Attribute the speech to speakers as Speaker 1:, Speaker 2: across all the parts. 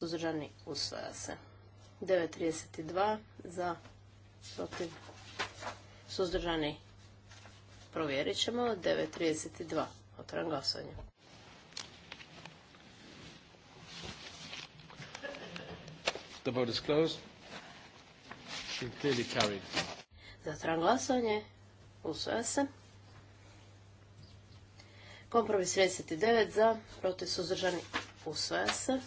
Speaker 1: suzdržani, usvaja se. 9.32 za, protiv, suzdržani, provjerit ćemo. 9.32, otvoram glasovanje.
Speaker 2: The vote is closed. She clearly carried.
Speaker 1: Zatran glasovanje. Usvaja se. Kompromis 39 za, protiv suzdržani. Usvaja se.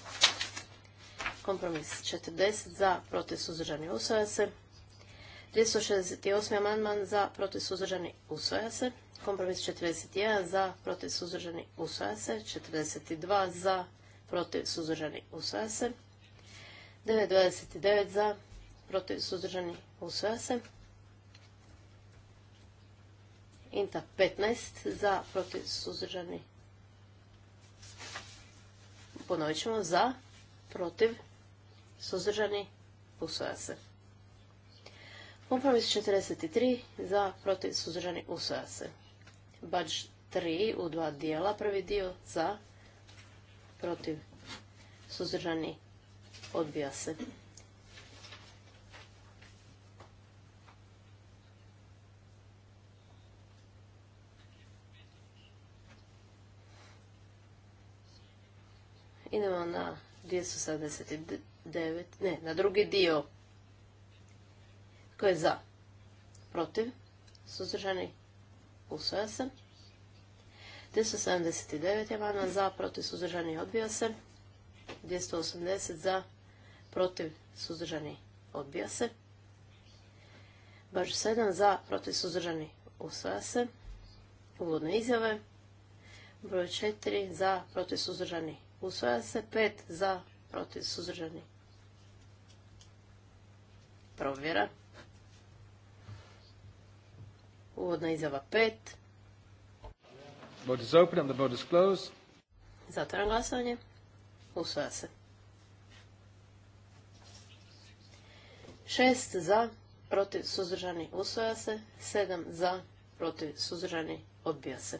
Speaker 1: Kompromis 40 za, protiv suzdržani usvoja se. osam amandman za, protiv suzdržani usvoja se. Kompromis 41 za, protiv suzdržani usvaja se. 42 za, protiv suzdržani usvoja se. 929 za, protiv suzdržani usvoja se. Inta 15 za, protiv suzdržani. Ponovit ćemo za, protiv suzdržani, usvaja se. Kompromis 43 za, protiv, suzdržani, usvaja se. Bač 3 u dva dijela, prvi dio za, protiv, suzdržani, odbija se. Idemo na 9, ne, na drugi dio. Tko je za? Protiv? Suzdržani? usvoja se. 279 je vana za, protiv suzdržani odbija se. 280 za, protiv suzdržani odbija se. Baš 7 za, protiv suzdržani usvoja se. Uvodne izjave. Broj 4 za, protiv suzdržani usvaja se. 5 za, protiv suzdržani provjera. Uvodna izjava 5.
Speaker 2: Vote is open and the vote is closed.
Speaker 1: glasovanje. Usvaja se. 6 za, protiv suzdržani usvaja se. 7 za, protiv suzdržani odbija se.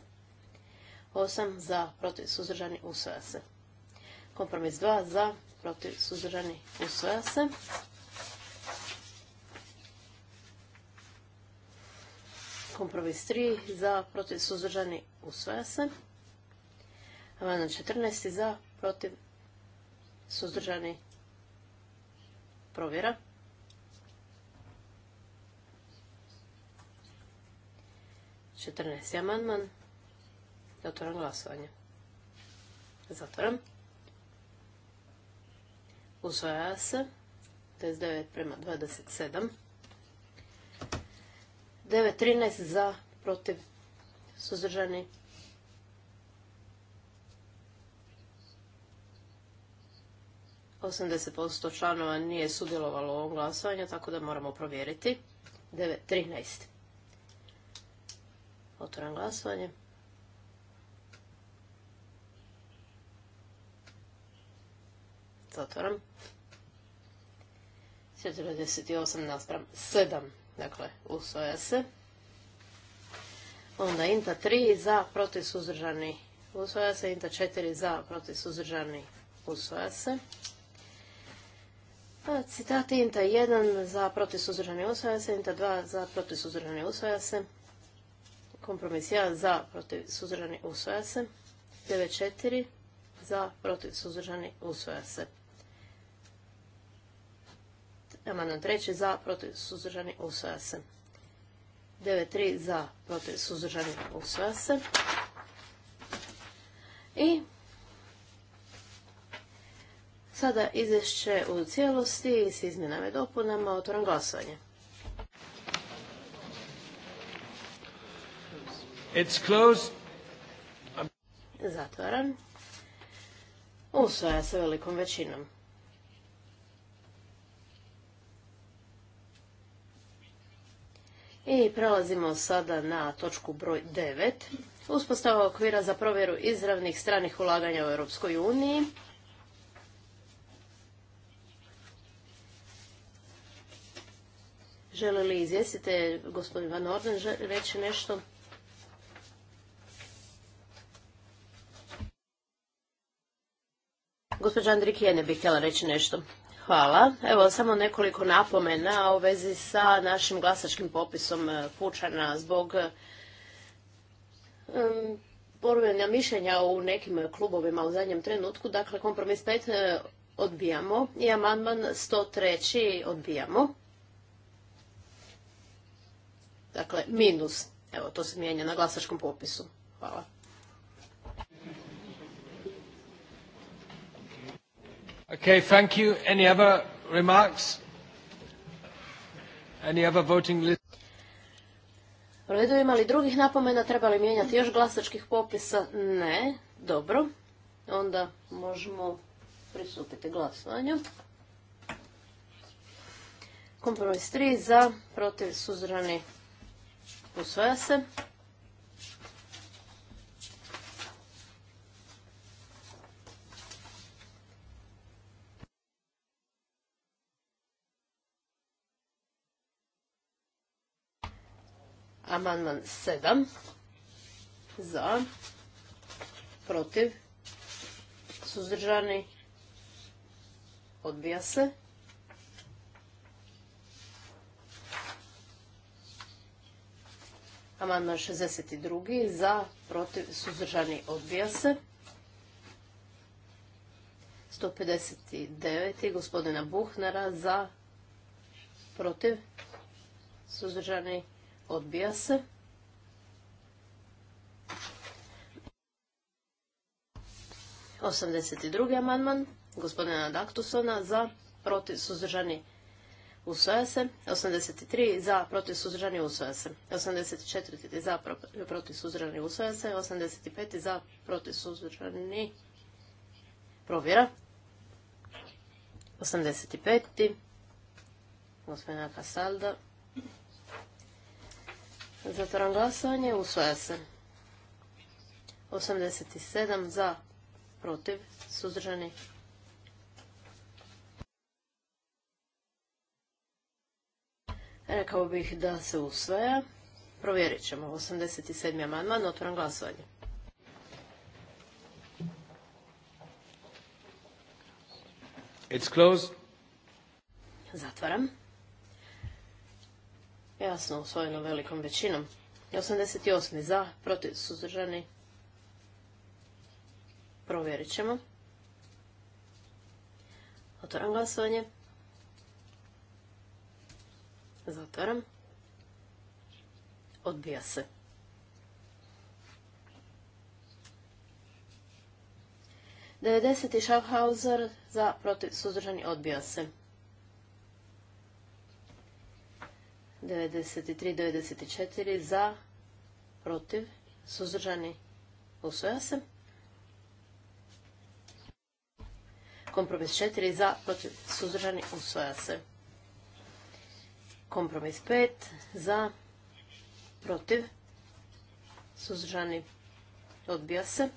Speaker 1: 8 za, protiv suzdržani usvaja se. Kompromis 2 za, protiv suzdržani usvaja se. Kompromis 3 za, protiv, suzdržani, usvaja se. Amandman 14 za, protiv, suzdržani, provjera. Četrnaest amandman. Zatvoram glasovanje. Zatvoram. Usvaja se. 29 prema 27. 9.13 za, protiv, suzdržani. 80% posto članova nije sudjelovalo u ovom glasovanju, tako da moramo provjeriti. 9.13. Otvoram glasovanje. Zatvoram. 48 naspram 7. Dakle, usvoja se. Onda INTA 3 za protiv suzdržani usvoja se. INTA 4 za protiv suzdržani usvoja se. citati INTA 1 za protiv suzdržani usvoja se. INTA 2 za protiv suzdržani usvoja se. Kompromis 1 za protiv suzdržani usvoja se. 94 za protiv suzdržani usvoja se. Amandman treći za, protiv, suzdržani, usvaja se. 9.3 za, protiv, suzdržani, usvaja se. I sada izvješće u cijelosti s izmjenama i dopunama, otvoram glasovanje. It's closed. Zatvaram. Usvaja se velikom većinom. I prelazimo sada na točku broj 9. Uspostava okvira za provjeru izravnih stranih ulaganja u Europskoj uniji. Žele li izvjestite gospodin Van Orden reći nešto? Gospođa Andrik Jene bi htjela reći nešto. Hvala. Evo samo nekoliko napomena u vezi sa našim glasačkim popisom e, pučana zbog um, mišljenja u nekim klubovima u zadnjem trenutku. Dakle, kompromis 5 e, odbijamo i amandman 103 odbijamo. Dakle, minus. Evo, to se mijenja na glasačkom popisu. Hvala.
Speaker 2: Okay, thank you. Any other remarks? Any other voting list?
Speaker 1: U redu ima li drugih napomena, treba li mijenjati još glasačkih popisa? Ne, dobro. Onda možemo pristupiti glasovanju. Kompromis 3 za, protiv, suzrani, usvoja se. Amandman 7. Za. Protiv. Suzdržani. Odbija se. Amandman 62. Za. Protiv. Suzdržani. Odbija se. 159. Gospodina Buhnara. Za. Protiv. Suzdržani. Odbija se. Osamdeset dva amandman gospodina Daktusona za protiv suzdržani usvaja se. 83 za protiv suzdržani usvaja se. četiri za protiv suzdržani usvaja se. osamdeset 85 za protiv suzdržani provjera. osamdeset 85. Gospodina Kasalda. Zatvaram glasovanje. Usvaja se. 87 za, protiv, suzdržani. Rekao bih da se usvaja. Provjerit ćemo. 87. amandman. otvaram glasovanje. It's closed. Zatvaram. Jasno, usvojeno velikom većinom. 88. za, protiv suzdržani. Provjerit ćemo. Otvaram glasovanje. Zatvaram. Odbija se. Devedeset Schaffhauser za protiv suzdržani odbija se. 93, 94 za, protiv, suzdržani, usvoja se. Kompromis 4 za, protiv, suzdržani, usvoja se. Kompromis 5 za, protiv, suzdržani, odbija se.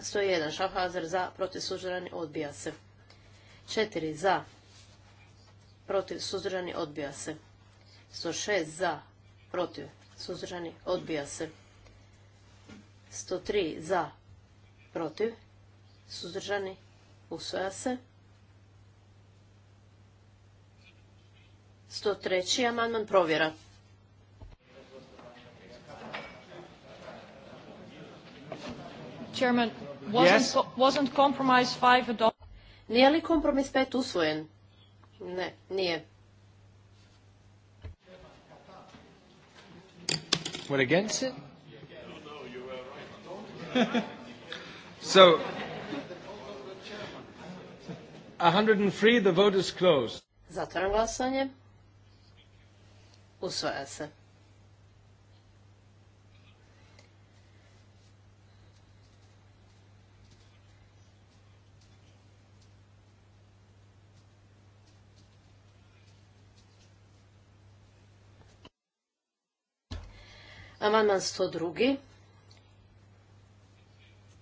Speaker 1: 101. Šalhazer za, protiv suzdržani, odbija se. 4. Za, protiv suzdržani, odbija se. 106. Za, protiv suzdržani, odbija se. 103. Za, protiv suzdržani, usvoja se. 103. amandman provjera. Chairman, Wasn't, wasn't compromise five adopted? Nije li kompromis 5 usvojen? Ne, nije.
Speaker 2: We're against it? so, 103, the vote is closed.
Speaker 1: Zatvaram glasanje. Usvaja se. Amandman 102.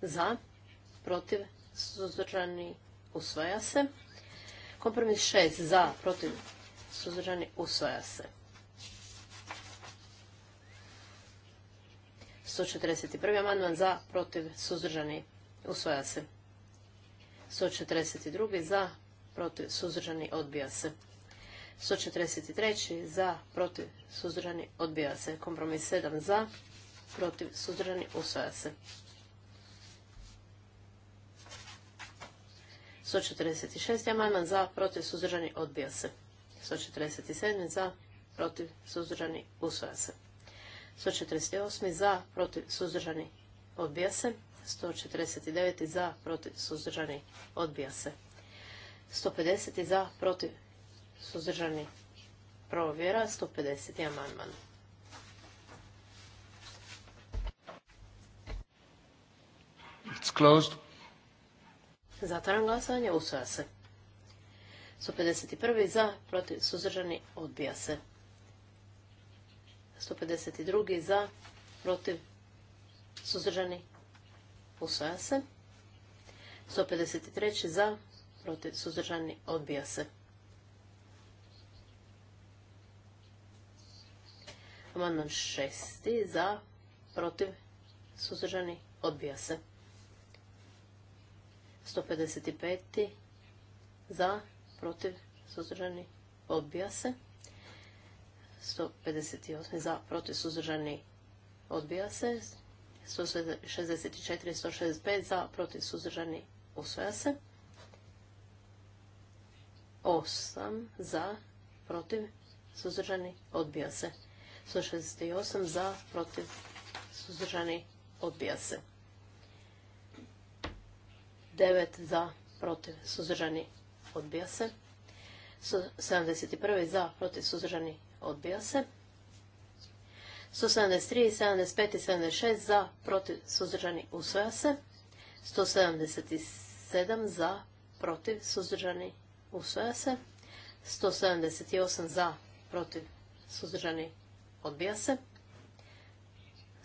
Speaker 1: Za. Protiv. Suzdržani. Usvaja se. Kompromis 6. Za. Protiv. Suzdržani. Usvaja se. 141. amandman za, protiv, suzdržani, usvaja se. 142. za, protiv, suzdržani, odbija se. 143 za, protiv, suzdržani, odbija se. Kompromis 7 za, protiv, suzdržani, usvaja se. 146 amandman za, protiv, suzdržani, odbija se. 147 za, protiv, suzdržani, usvaja se. 148 za, protiv, suzdržani, odbija se. 149 za, protiv, suzdržani, odbija se. 150 za, protiv, suzdržani provjera 150. amandman.
Speaker 2: It's closed.
Speaker 1: Zatvaram glasovanje, usvaja se. 151. za, protiv, suzdržani, odbija se. 152. za, protiv, suzdržani, usvaja se. 153. za, protiv, suzdržani, odbija se. Amandman šesti za, protiv, suzdržani, odbija se. 155. za, protiv, suzdržani, odbija se. 158. za, protiv, suzdržani, odbija se. 164 165 za, protiv, suzdržani, osvaja se. 8 za, protiv, suzdržani, odbija se. 168 za, protiv, suzdržani, odbija se. 9 za, protiv, suzdržani, odbija se. 71 za, protiv, suzdržani, odbija se. 173, 75 i 76 za, protiv, suzdržani, usvaja se. 177 za, protiv, suzdržani, usvaja se. 178 za, protiv, suzdržani, odbija se.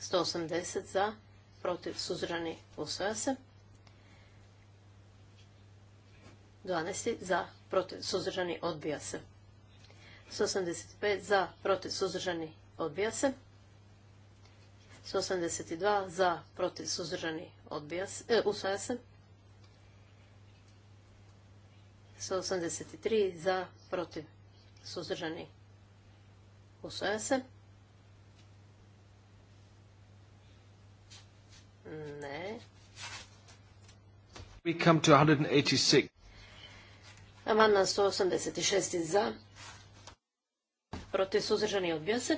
Speaker 1: 180 za, protiv, suzdržani, usvaja se. 12 za, protiv, suzdržani, odbija se. 185 za, protiv, suzdržani, odbija se. 182 za, protiv, suzdržani, odbija se, e, usvaja se. 183 za, protiv, suzdržani, usvaja se. Ne.
Speaker 2: We come to 186.
Speaker 1: Amandman 186 za. Protiv suzdržani odbija se.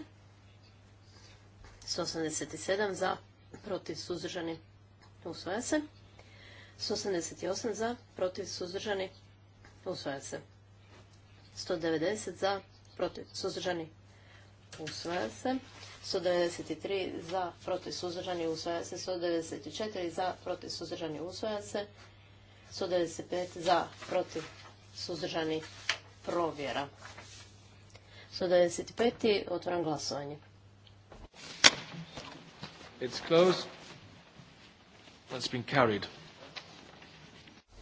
Speaker 1: 187 za. Protiv suzdržani usvaja se. 188 za. Protiv suzdržani usvaja se. 190 za. Protiv suzdržani usvaja se. 193 za, protiv suzdržani usvaja se, 194 za, protiv suzdržani usvaja se, 195 za, protiv suzdržani provjera. 195. Otvoram glasovanje.
Speaker 2: It's closed. It's been carried.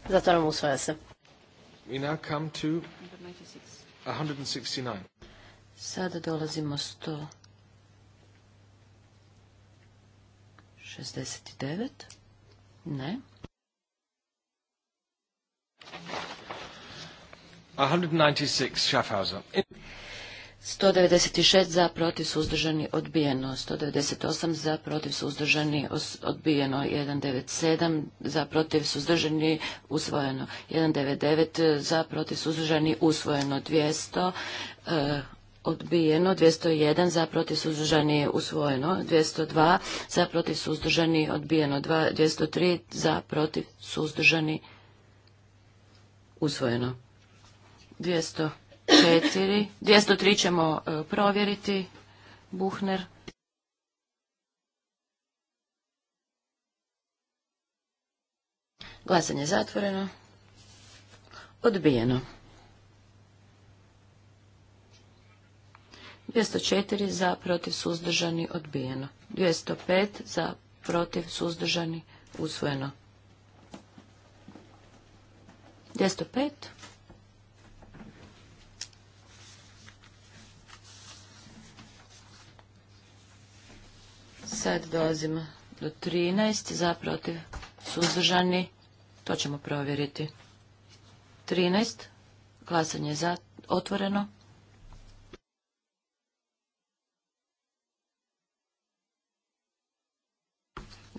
Speaker 1: Zatvaram usvaja se.
Speaker 2: We now come to 169.
Speaker 3: Sada dolazimo 100. 69? Ne.
Speaker 2: 196 Schaffhauser.
Speaker 3: 196 za, protiv, suzdržani, odbijeno. 198 za, protiv, suzdržani, odbijeno. 197 za, protiv, suzdržani, usvojeno. 199 za, protiv, suzdržani, usvojeno. 200 odbijeno, 201 za protiv suzdržani usvojeno, 202 za protiv suzdržani odbijeno, 203 za protiv suzdržani usvojeno. 204, 203 ćemo e, provjeriti, Buhner. Glasanje zatvoreno, odbijeno. 204 za, protiv, suzdržani, odbijeno. 205 za, protiv, suzdržani, usvojeno. 205. Sad dolazimo do 13 za, protiv, suzdržani, to ćemo provjeriti. 13, glasanje je za, otvoreno.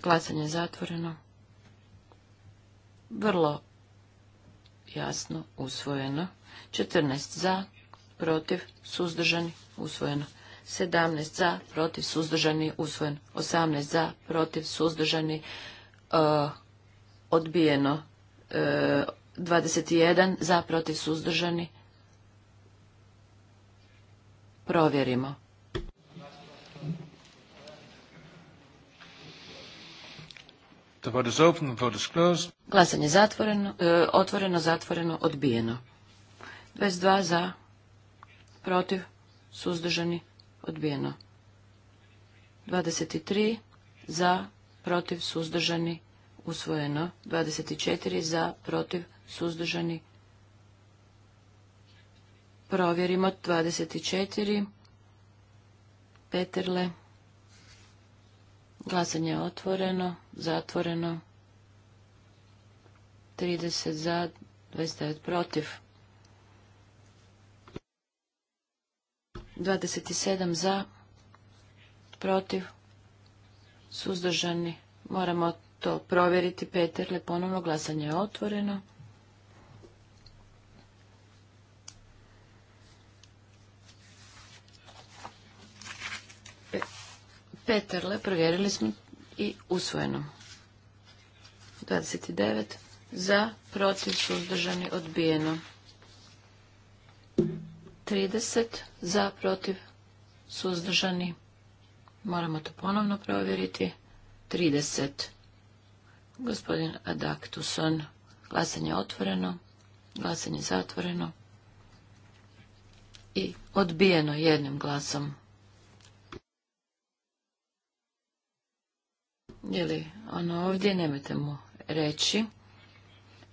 Speaker 3: Glasanje je zatvoreno. Vrlo jasno usvojeno. 14 za, protiv, suzdržani, usvojeno. 17 za, protiv, suzdržani, usvojeno. 18 za, protiv, suzdržani, e, odbijeno. 21 e, za, protiv, suzdržani. Provjerimo. The vote Glasanje zatvoreno, e, otvoreno, zatvoreno, odbijeno. 22 za, protiv, suzdržani, odbijeno. 23 za, protiv, suzdržani, usvojeno. 24 za, protiv, suzdržani, provjerimo. 24, Peterle, glasanje je otvoreno zatvoreno, 30 za, 29 protiv, 27 za, protiv, suzdržani, moramo to provjeriti, Peterle, ponovno glasanje je otvoreno. Peterle, provjerili smo i usvojeno. 29 za, protiv, suzdržani, odbijeno. 30 za, protiv, suzdržani. Moramo to ponovno provjeriti. 30. Gospodin Adaktuson. Glasanje otvoreno. Glasanje zatvoreno. I odbijeno jednim glasom. Je li ono ovdje? Nemojte mu reći.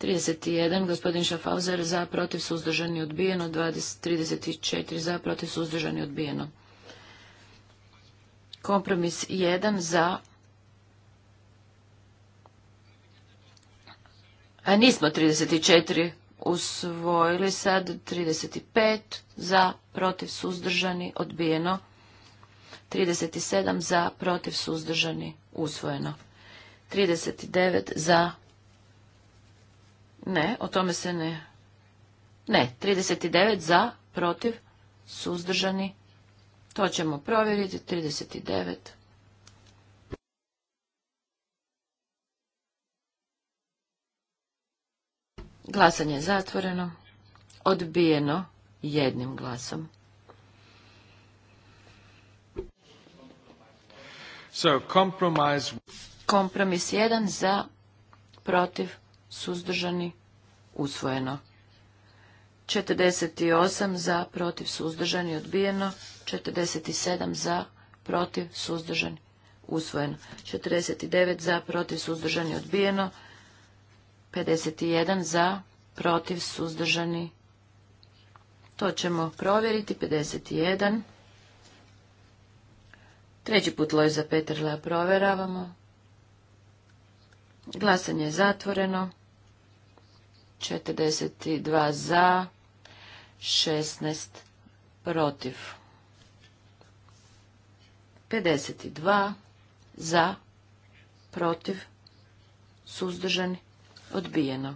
Speaker 3: 31, gospodin Šafauzer, za, protiv, suzdržani, odbijeno. 20, 34, za, protiv, suzdržani, odbijeno. Kompromis 1, za. A nismo 34 usvojili sad. 35, za, protiv, suzdržani, odbijeno. 37, za, protiv, suzdržani, usvojeno. 39 za, ne, o tome se ne, ne, 39 za, protiv, suzdržani, to ćemo provjeriti, 39. Glasanje je zatvoreno, odbijeno jednim glasom. Kompromis jedan za, protiv, suzdržani, usvojeno. 48 za, protiv, suzdržani, odbijeno. 47 za, protiv, suzdržani, usvojeno. 49 za, protiv, suzdržani, odbijeno. 51 za, protiv, suzdržani. To ćemo provjeriti. 51. Treći put Lojza Petrla proveravamo. Glasanje je zatvoreno. 42 za, 16 protiv. 52 za, protiv, suzdržani, odbijeno.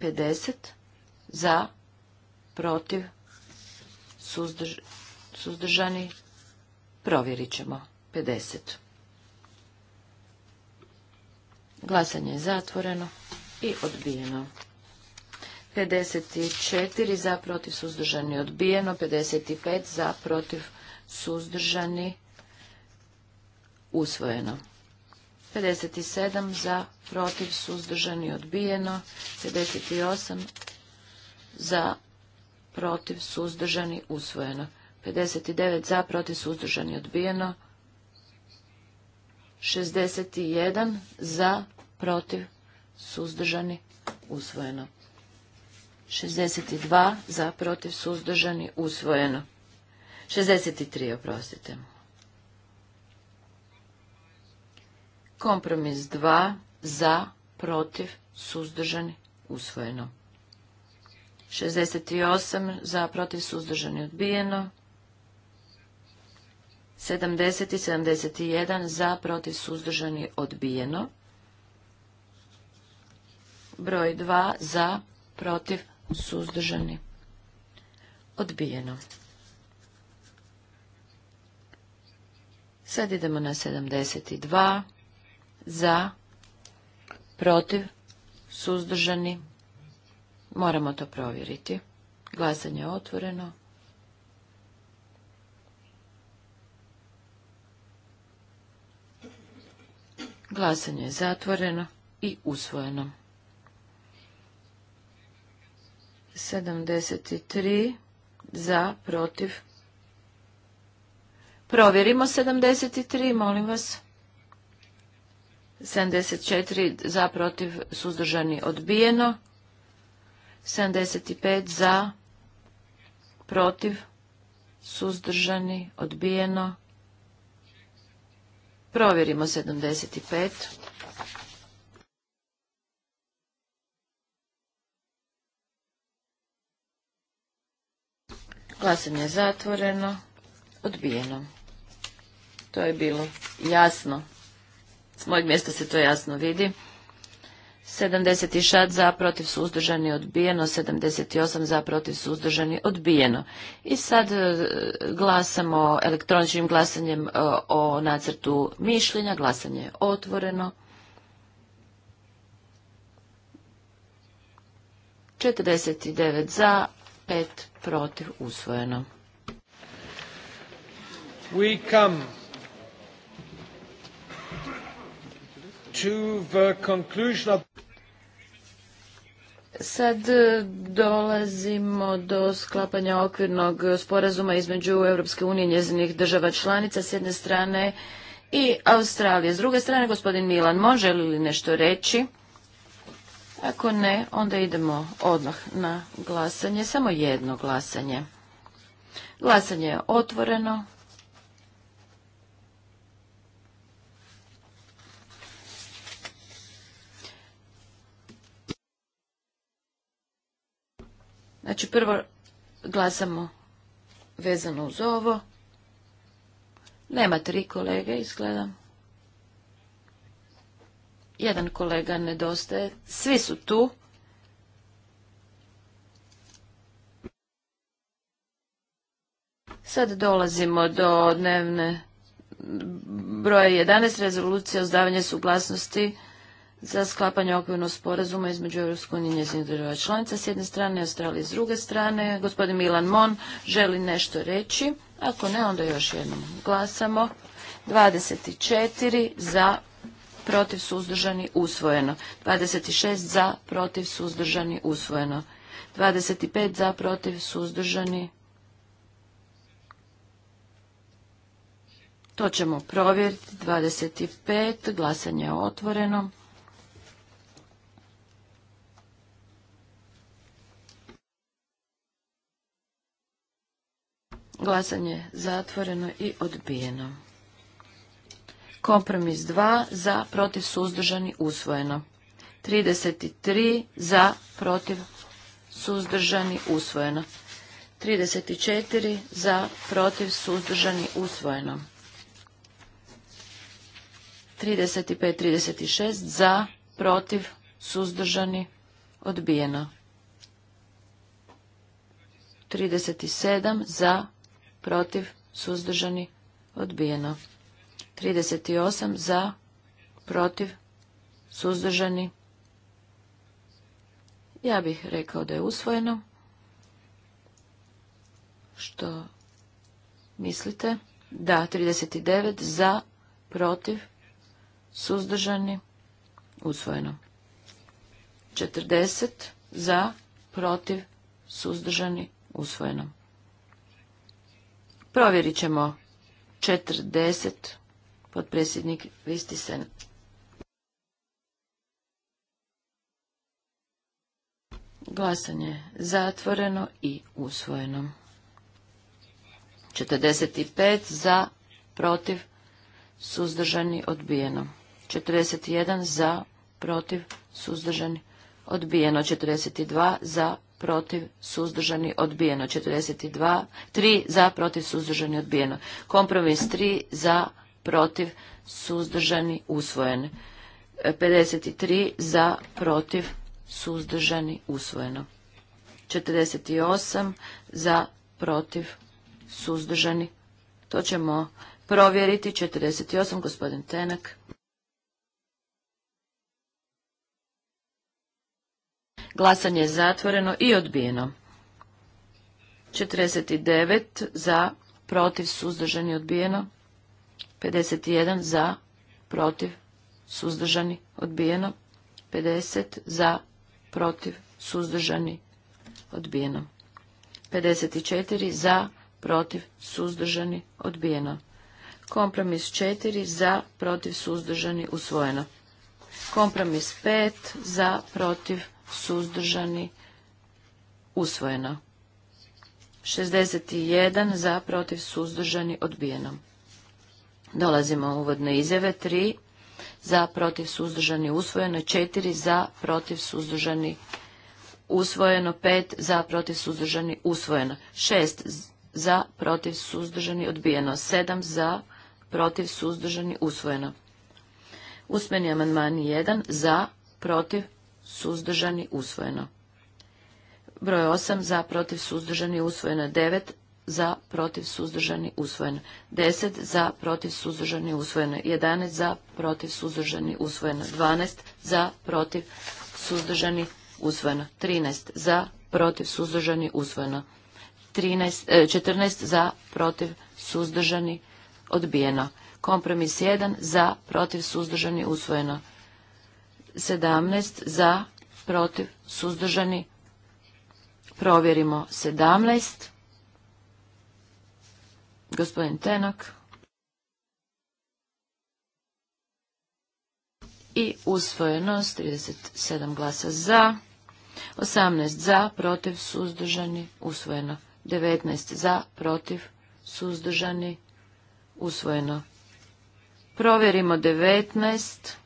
Speaker 3: 50 za, protiv, suzdržani suzdržani, provjerit ćemo 50. Glasanje je zatvoreno i odbijeno. 54 za protiv suzdržani odbijeno, 55 za protiv suzdržani usvojeno. 57 za protiv suzdržani odbijeno, 58 za protiv suzdržani usvojeno. 59 za, protiv, suzdržani, odbijeno. 61 za, protiv, suzdržani, usvojeno. 62 za, protiv, suzdržani, usvojeno. 63, oprostite. Kompromis 2 za, protiv, suzdržani, usvojeno. 68 za, protiv, suzdržani, odbijeno. 70 i 71 za, protiv, suzdržani, odbijeno. Broj 2 za, protiv, suzdržani, odbijeno. Sad idemo na 72 za, protiv, suzdržani, moramo to provjeriti. Glasanje je otvoreno. Glasanje je zatvoreno i usvojeno. 73 za, protiv. Provjerimo 73, molim vas. 74 za, protiv, suzdržani, odbijeno. 75 za, protiv, suzdržani, odbijeno. Provjerimo 75. Glasanje je zatvoreno. Odbijeno. To je bilo jasno. S mojeg mjesta se to jasno vidi. 76 za protiv suzdržani odbijeno, 78 za protiv suzdržani odbijeno. I sad e, glasamo elektroničnim glasanjem e, o nacrtu mišljenja, glasanje je otvoreno. 49 za, 5 protiv usvojeno. We come to the conclusion of Sad e, dolazimo do sklapanja okvirnog sporazuma između Europske unije i njezinih država članica s jedne strane i Australije. S druge strane, gospodin Milan, može li nešto reći? Ako ne, onda idemo odmah na glasanje. Samo jedno glasanje. Glasanje je otvoreno. Znači prvo glasamo vezano uz ovo. Nema tri kolege, izgledam. Jedan kolega nedostaje. Svi su tu. Sad dolazimo do dnevne broja 11 rezolucija o zdavanje suglasnosti za sklapanje okvirnog sporazuma između Europske unije i njezinih država članica s jedne strane i Australije s druge strane. Gospodin Milan Mon želi nešto reći. Ako ne, onda još jednom glasamo. 24 za, protiv suzdržani usvojeno. 26 za, protiv suzdržani usvojeno. 25 za, protiv suzdržani To ćemo provjeriti. 25. Glasanje je otvoreno. Glasanje zatvoreno i odbijeno. Kompromis 2 za protiv suzdržani usvojeno. 33 za protiv suzdržani usvojeno. 34 za protiv suzdržani usvojeno. 35 36 za protiv suzdržani odbijeno. 37 za protiv protiv, suzdržani, odbijeno. 38 za, protiv, suzdržani. Ja bih rekao da je usvojeno. Što mislite? Da, 39 za, protiv, suzdržani, usvojeno. 40 za, protiv, suzdržani, usvojeno. Provjerit ćemo 40, potpredsjednik Vistisen. Glasanje zatvoreno i usvojeno. 45 za, protiv, suzdržani, odbijeno. 41 za, protiv, suzdržani, odbijeno. 42 za, protiv, suzdržani, odbijeno. 42, 3 za, protiv, suzdržani, odbijeno. Kompromis 3 za, protiv, suzdržani, usvojen. 53 za, protiv, suzdržani, usvojeno. 48 za, protiv, suzdržani. To ćemo provjeriti. 48, gospodin Tenak. Glasanje je zatvoreno i odbijeno. 49 za, protiv, suzdržani, odbijeno. 51 za, protiv, suzdržani, odbijeno. 50 za, protiv, suzdržani, odbijeno. 54 za, protiv, suzdržani, odbijeno. Kompromis 4 za, protiv, suzdržani, usvojeno. Kompromis 5 za, protiv, suzdržani, usvojeno. 61 za, protiv, suzdržani, odbijeno. Dolazimo u uvodne izjave. 3 za, protiv, suzdržani, usvojeno. 4 za, protiv, suzdržani, usvojeno. 5 za, protiv, suzdržani, usvojeno. 6 za, protiv, suzdržani, odbijeno. 7 za, protiv, suzdržani, usvojeno. Usmeni amandman 1 za, protiv, suzdržani, usvojeno. Broj 8 za, protiv, suzdržani, usvojeno. 9 za, protiv, suzdržani, usvojeno. 10 za, protiv, suzdržani, usvojeno. 11 za, protiv, suzdržani, usvojeno. 12 za, protiv, suzdržani, usvojeno. 13 za, protiv, suzdržani, usvojeno. 13, 14 e, za, protiv, suzdržani, odbijeno. Kompromis 1 za, protiv, suzdržani, usvojeno. 17 za, protiv, suzdržani. Provjerimo 17. Gospodin Tenak. I usvojeno 37 glasa za, 18 za, protiv, suzdržani, usvojeno. 19 za, protiv, suzdržani, usvojeno. Provjerimo 19.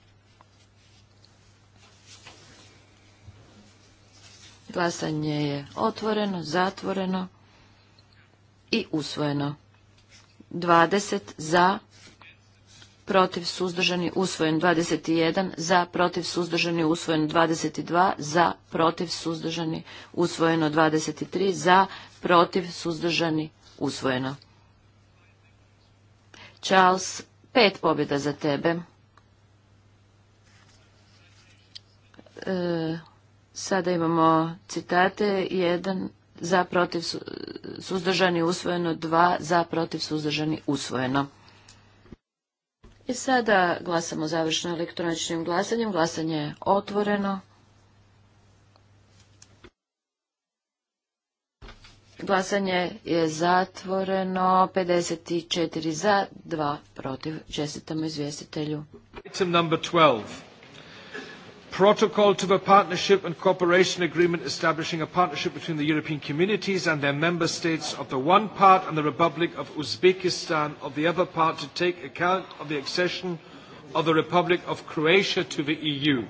Speaker 3: Glasanje je otvoreno, zatvoreno i usvojeno. 20 za, protiv suzdržani usvojen 21, za protiv suzdržani usvojen 22, za protiv suzdržani usvojeno 23, za protiv suzdržani usvojeno. Charles, pet pobjeda za tebe. E, Sada imamo citate, jedan za protiv suzdržani usvojeno, dva za protiv suzdržani usvojeno. I sada glasamo završno elektroničnim glasanjem. Glasanje je otvoreno. Glasanje je zatvoreno, 54 za, 2 protiv. Čestitamo izvjestitelju.
Speaker 2: Item number 12 protocol to the partnership and cooperation agreement establishing a partnership between the european communities and their member states of the one part and the republic of uzbekistan of the other part to take account of the accession of the republic of croatia to the eu.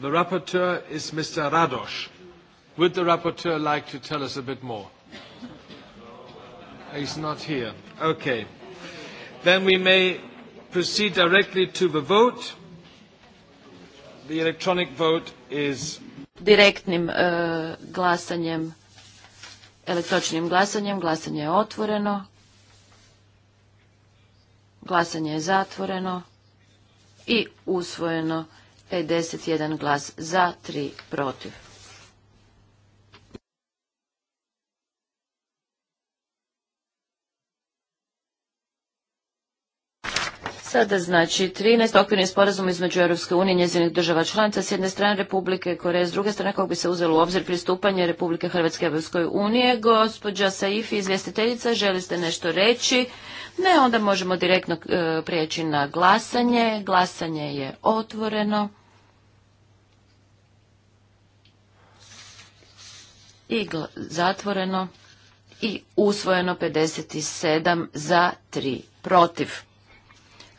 Speaker 2: the rapporteur is mr Radosh. would the rapporteur like to tell us a bit more? he's not here. okay. then we may proceed directly to the vote.
Speaker 3: Direktnim e, glasanjem, elektroničnim glasanjem, glasanje je otvoreno, glasanje je zatvoreno i usvojeno 51 glas za, 3 protiv. Sada znači 13. okvirni sporazum između Europske unije i njezinih država članica s jedne strane Republike Koreje, s druge strane kog bi se uzelo u obzir pristupanje Republike Hrvatske Europskoj unije. Gospođa Saifi, izvjestiteljica, želi ste nešto reći? Ne, onda možemo direktno e, prijeći na glasanje. Glasanje je otvoreno. I zatvoreno i usvojeno 57 za 3 protiv.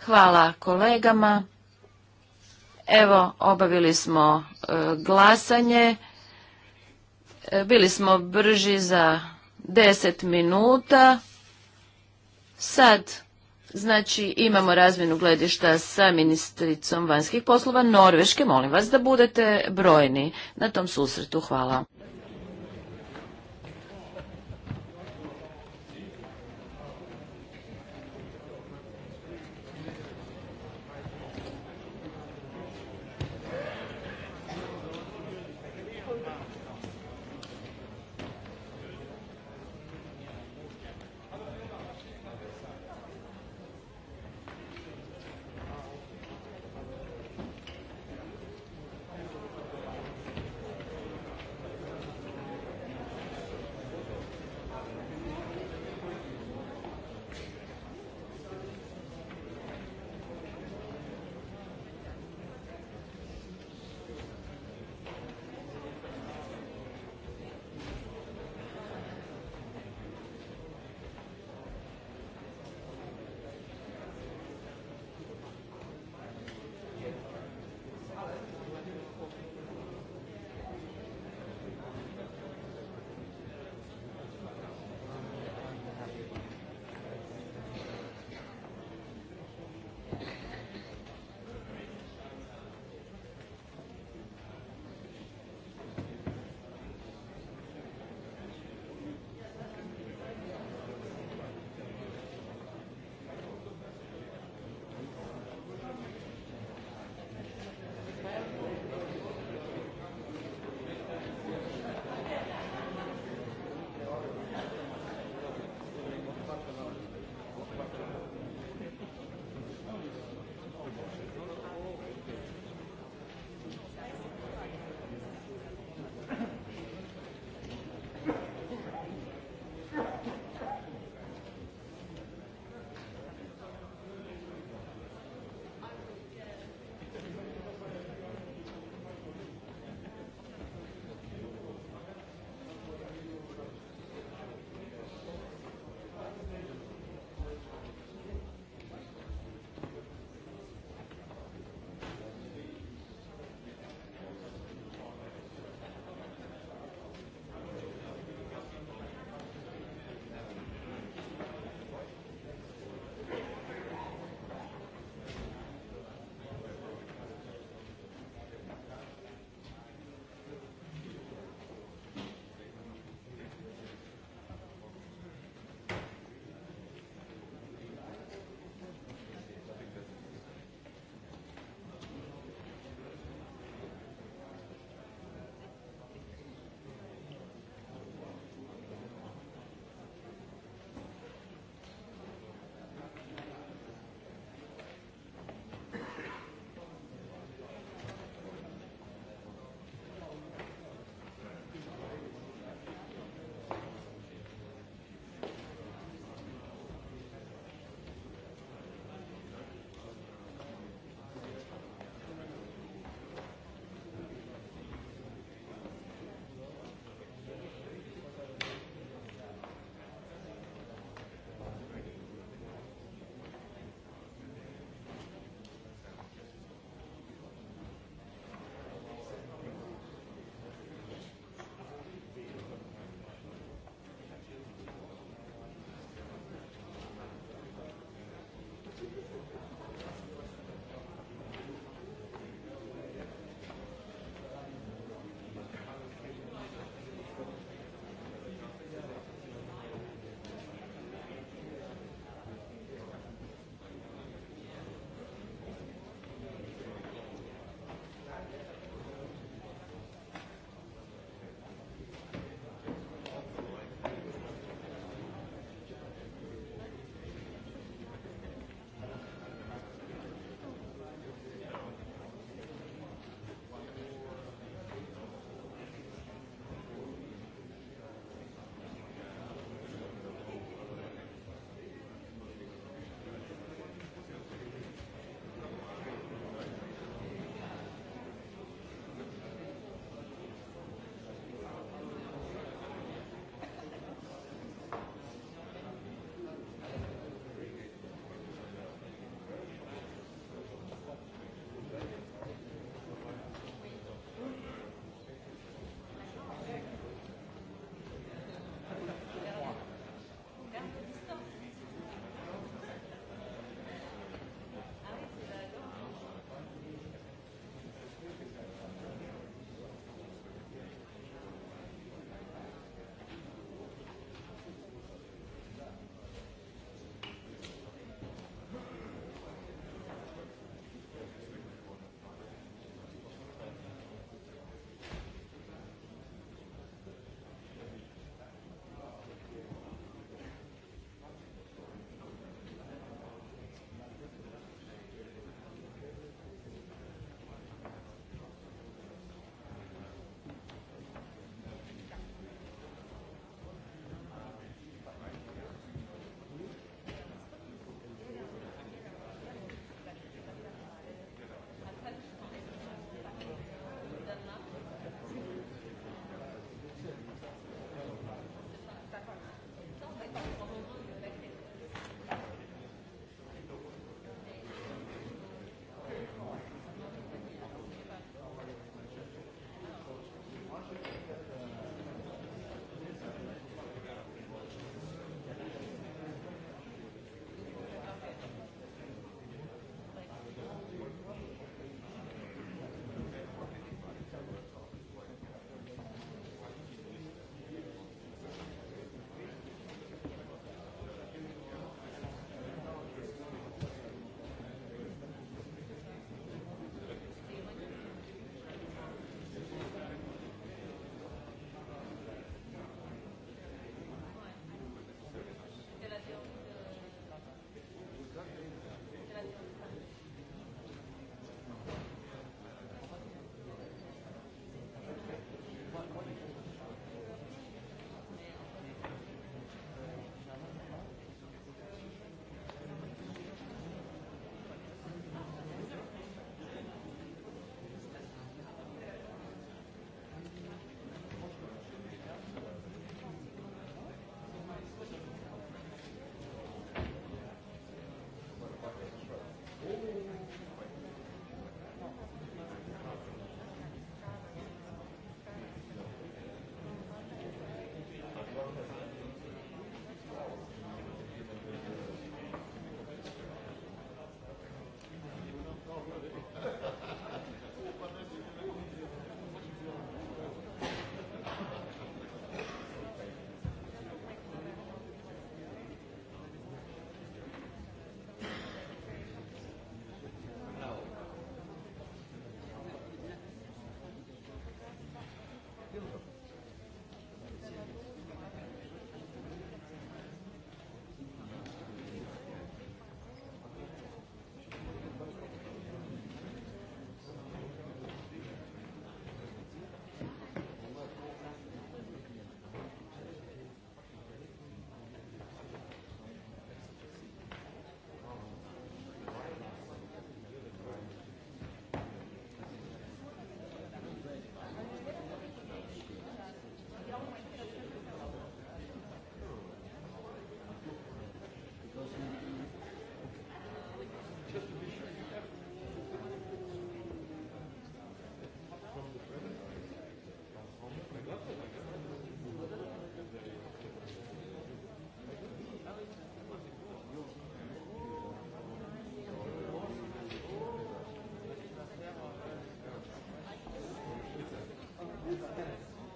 Speaker 3: Hvala kolegama. Evo, obavili smo e, glasanje. E, bili smo brži za 10 minuta. Sad, znači, imamo razmjenu gledišta sa ministricom vanjskih poslova Norveške. Molim vas da budete brojni na tom susretu. Hvala.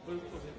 Speaker 4: gruppo del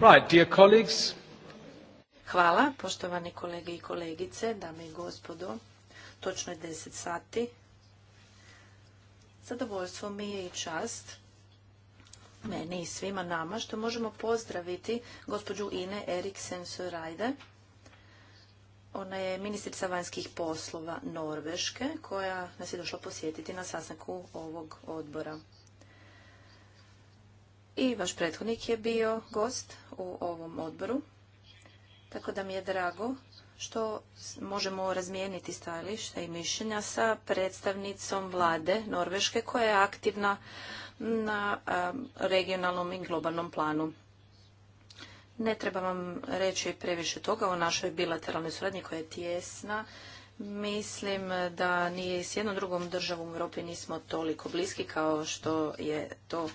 Speaker 2: Right, dear
Speaker 5: Hvala, poštovani kolege i kolegice, dame i gospodo. Točno je 10 sati. Zadovoljstvo mi je i čast meni i svima nama što možemo pozdraviti gospođu Ine Eriksen Sørajde. Ona je ministrica vanjskih poslova Norveške koja nas je došla posjetiti na sastanku ovog odbora. I vaš prethodnik je bio gost u ovom odboru. Tako da mi je drago što možemo razmijeniti stajališta i mišljenja sa predstavnicom vlade Norveške koja je aktivna na regionalnom i globalnom planu. Ne treba vam reći previše toga o našoj bilateralnoj suradnji koja je tjesna. Mislim da nije s jednom drugom državom u Europi nismo toliko bliski kao što je to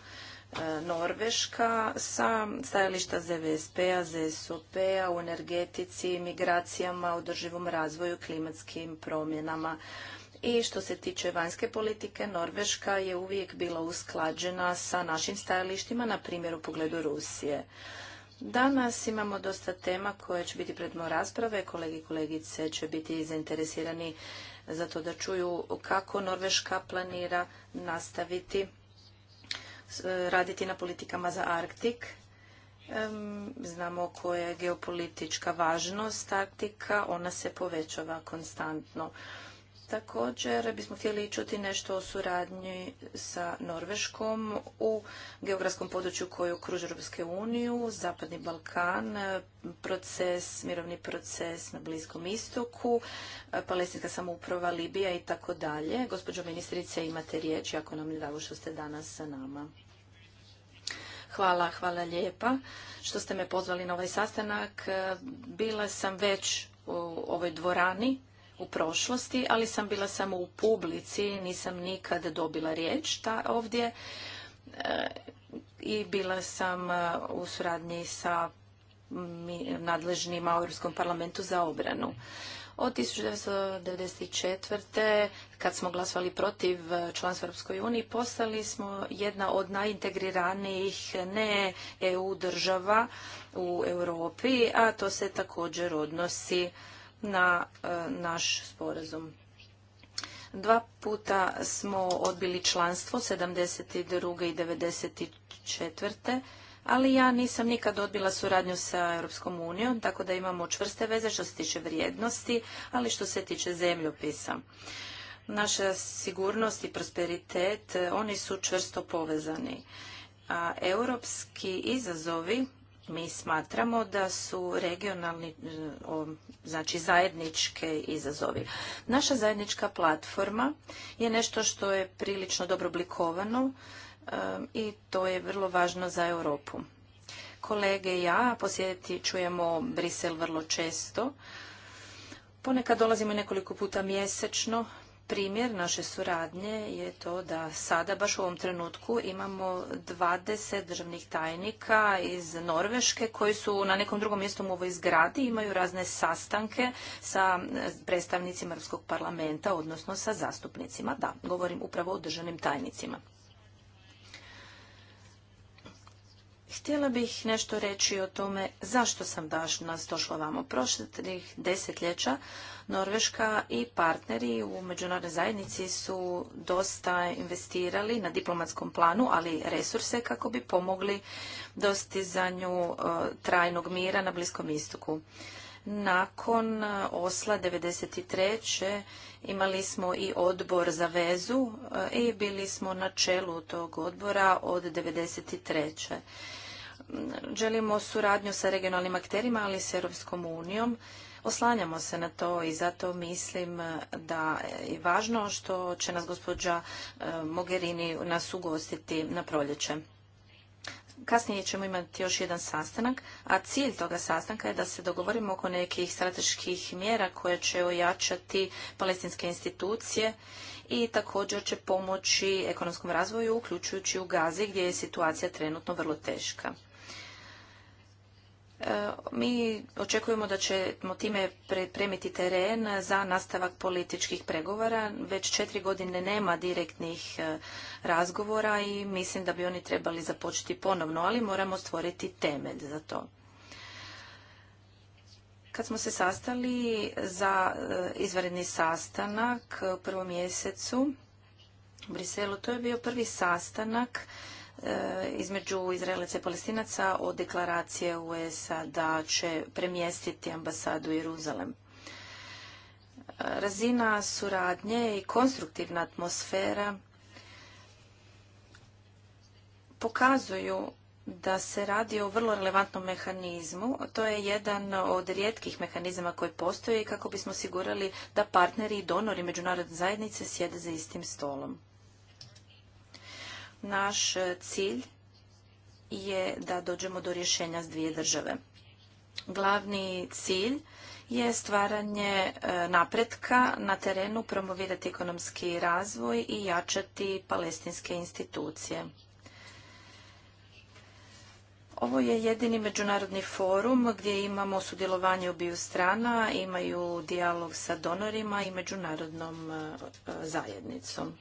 Speaker 5: E, Norveška sa stajališta ZVSP-a, ZSOP-a u energetici, migracijama, održivom razvoju, klimatskim promjenama. I što se tiče vanjske politike, Norveška je uvijek bila usklađena sa našim stajalištima, na primjer u pogledu Rusije. Danas imamo dosta tema koje će biti predmo rasprave. Kolegi i kolegice će biti zainteresirani za to da čuju kako Norveška planira nastaviti E, raditi na politikama za Arktik. Znamo koja je geopolitička važnost Arktika, ona se povećava konstantno. Također bismo htjeli čuti nešto o suradnji sa Norveškom u geografskom području koju okružuje Europske uniju, Zapadni Balkan, proces, mirovni proces na Bliskom istoku, palestinska samouprava Libija i tako dalje. Gospođo ministrice, imate riječ, jako nam je drago što ste danas sa nama. Hvala, hvala lijepa što ste me pozvali na ovaj sastanak. Bila sam već u ovoj dvorani u prošlosti, ali sam bila samo u publici, nisam nikad dobila riječ ta ovdje e, i bila sam e, u suradnji sa mm, nadležnima Europskom parlamentu za obranu. Od 1994. kad smo glasovali protiv e, članstva Europskoj uniji, postali smo jedna od najintegriranijih ne EU država u Europi, a to se također odnosi na e, naš sporazum. Dva puta smo odbili članstvo, 72. i 94. Ali ja nisam nikad odbila suradnju sa Europskom unijom, tako da imamo čvrste veze što se tiče vrijednosti, ali što se tiče zemljopisa. Naša sigurnost i prosperitet, e, oni su čvrsto povezani. A europski izazovi mi smatramo da su regionalni, e, znači zajedničke izazovi. Naša zajednička platforma je nešto što je prilično dobro oblikovano e, i to je vrlo važno za Europu. Kolege i ja posjetiti čujemo Brisel vrlo često. Ponekad dolazimo nekoliko puta mjesečno primjer naše suradnje je to da sada, baš u ovom trenutku, imamo 20 državnih tajnika iz Norveške koji su na nekom drugom mjestu u ovoj zgradi, imaju razne sastanke sa predstavnicima Europskog parlamenta, odnosno sa zastupnicima. Da, govorim upravo o državnim tajnicima. Htjela bih nešto reći o tome zašto sam daš nas došla vamo. Prošlih desetljeća Norveška i partneri u međunarodnoj zajednici su dosta investirali na diplomatskom planu, ali resurse kako bi pomogli dostizanju e, trajnog mira na Bliskom istoku. Nakon e, Osla 1993. imali smo i odbor za vezu e, i bili smo na čelu tog odbora od 1993. Želimo suradnju sa regionalnim akterima, ali i s Europskom unijom Oslanjamo se na to i zato mislim e, da je važno što će nas gospođa e, Mogherini nas ugostiti na proljeće. Kasnije ćemo imati još jedan sastanak, a cilj toga sastanka je da se dogovorimo oko nekih strateških mjera koje će ojačati palestinske institucije i također će pomoći ekonomskom razvoju, uključujući u Gazi gdje je situacija trenutno vrlo teška. E, mi očekujemo da ćemo time pripremiti teren za nastavak političkih pregovora. Već četiri godine nema direktnih e, razgovora i mislim da bi oni trebali započeti ponovno, ali moramo stvoriti temelj za to. Kad smo se sastali za e, izvanredni sastanak u prvom mjesecu u Briselu, to je bio prvi sastanak Eh, između Izraelaca i Palestinaca o deklaracije USA da će premjestiti ambasadu Jeruzalem. Eh, razina suradnje i konstruktivna atmosfera pokazuju da se radi o vrlo relevantnom mehanizmu. To je jedan od rijetkih mehanizama koji postoji kako bismo osigurali da partneri i donori međunarodne zajednice sjede za istim stolom. Naš e, cilj je da dođemo do rješenja s dvije države. Glavni cilj je stvaranje e, napretka na terenu, promovirati ekonomski razvoj i jačati palestinske institucije. Ovo je jedini međunarodni forum gdje imamo sudjelovanje obiju strana, imaju dijalog sa donorima i međunarodnom e, zajednicom.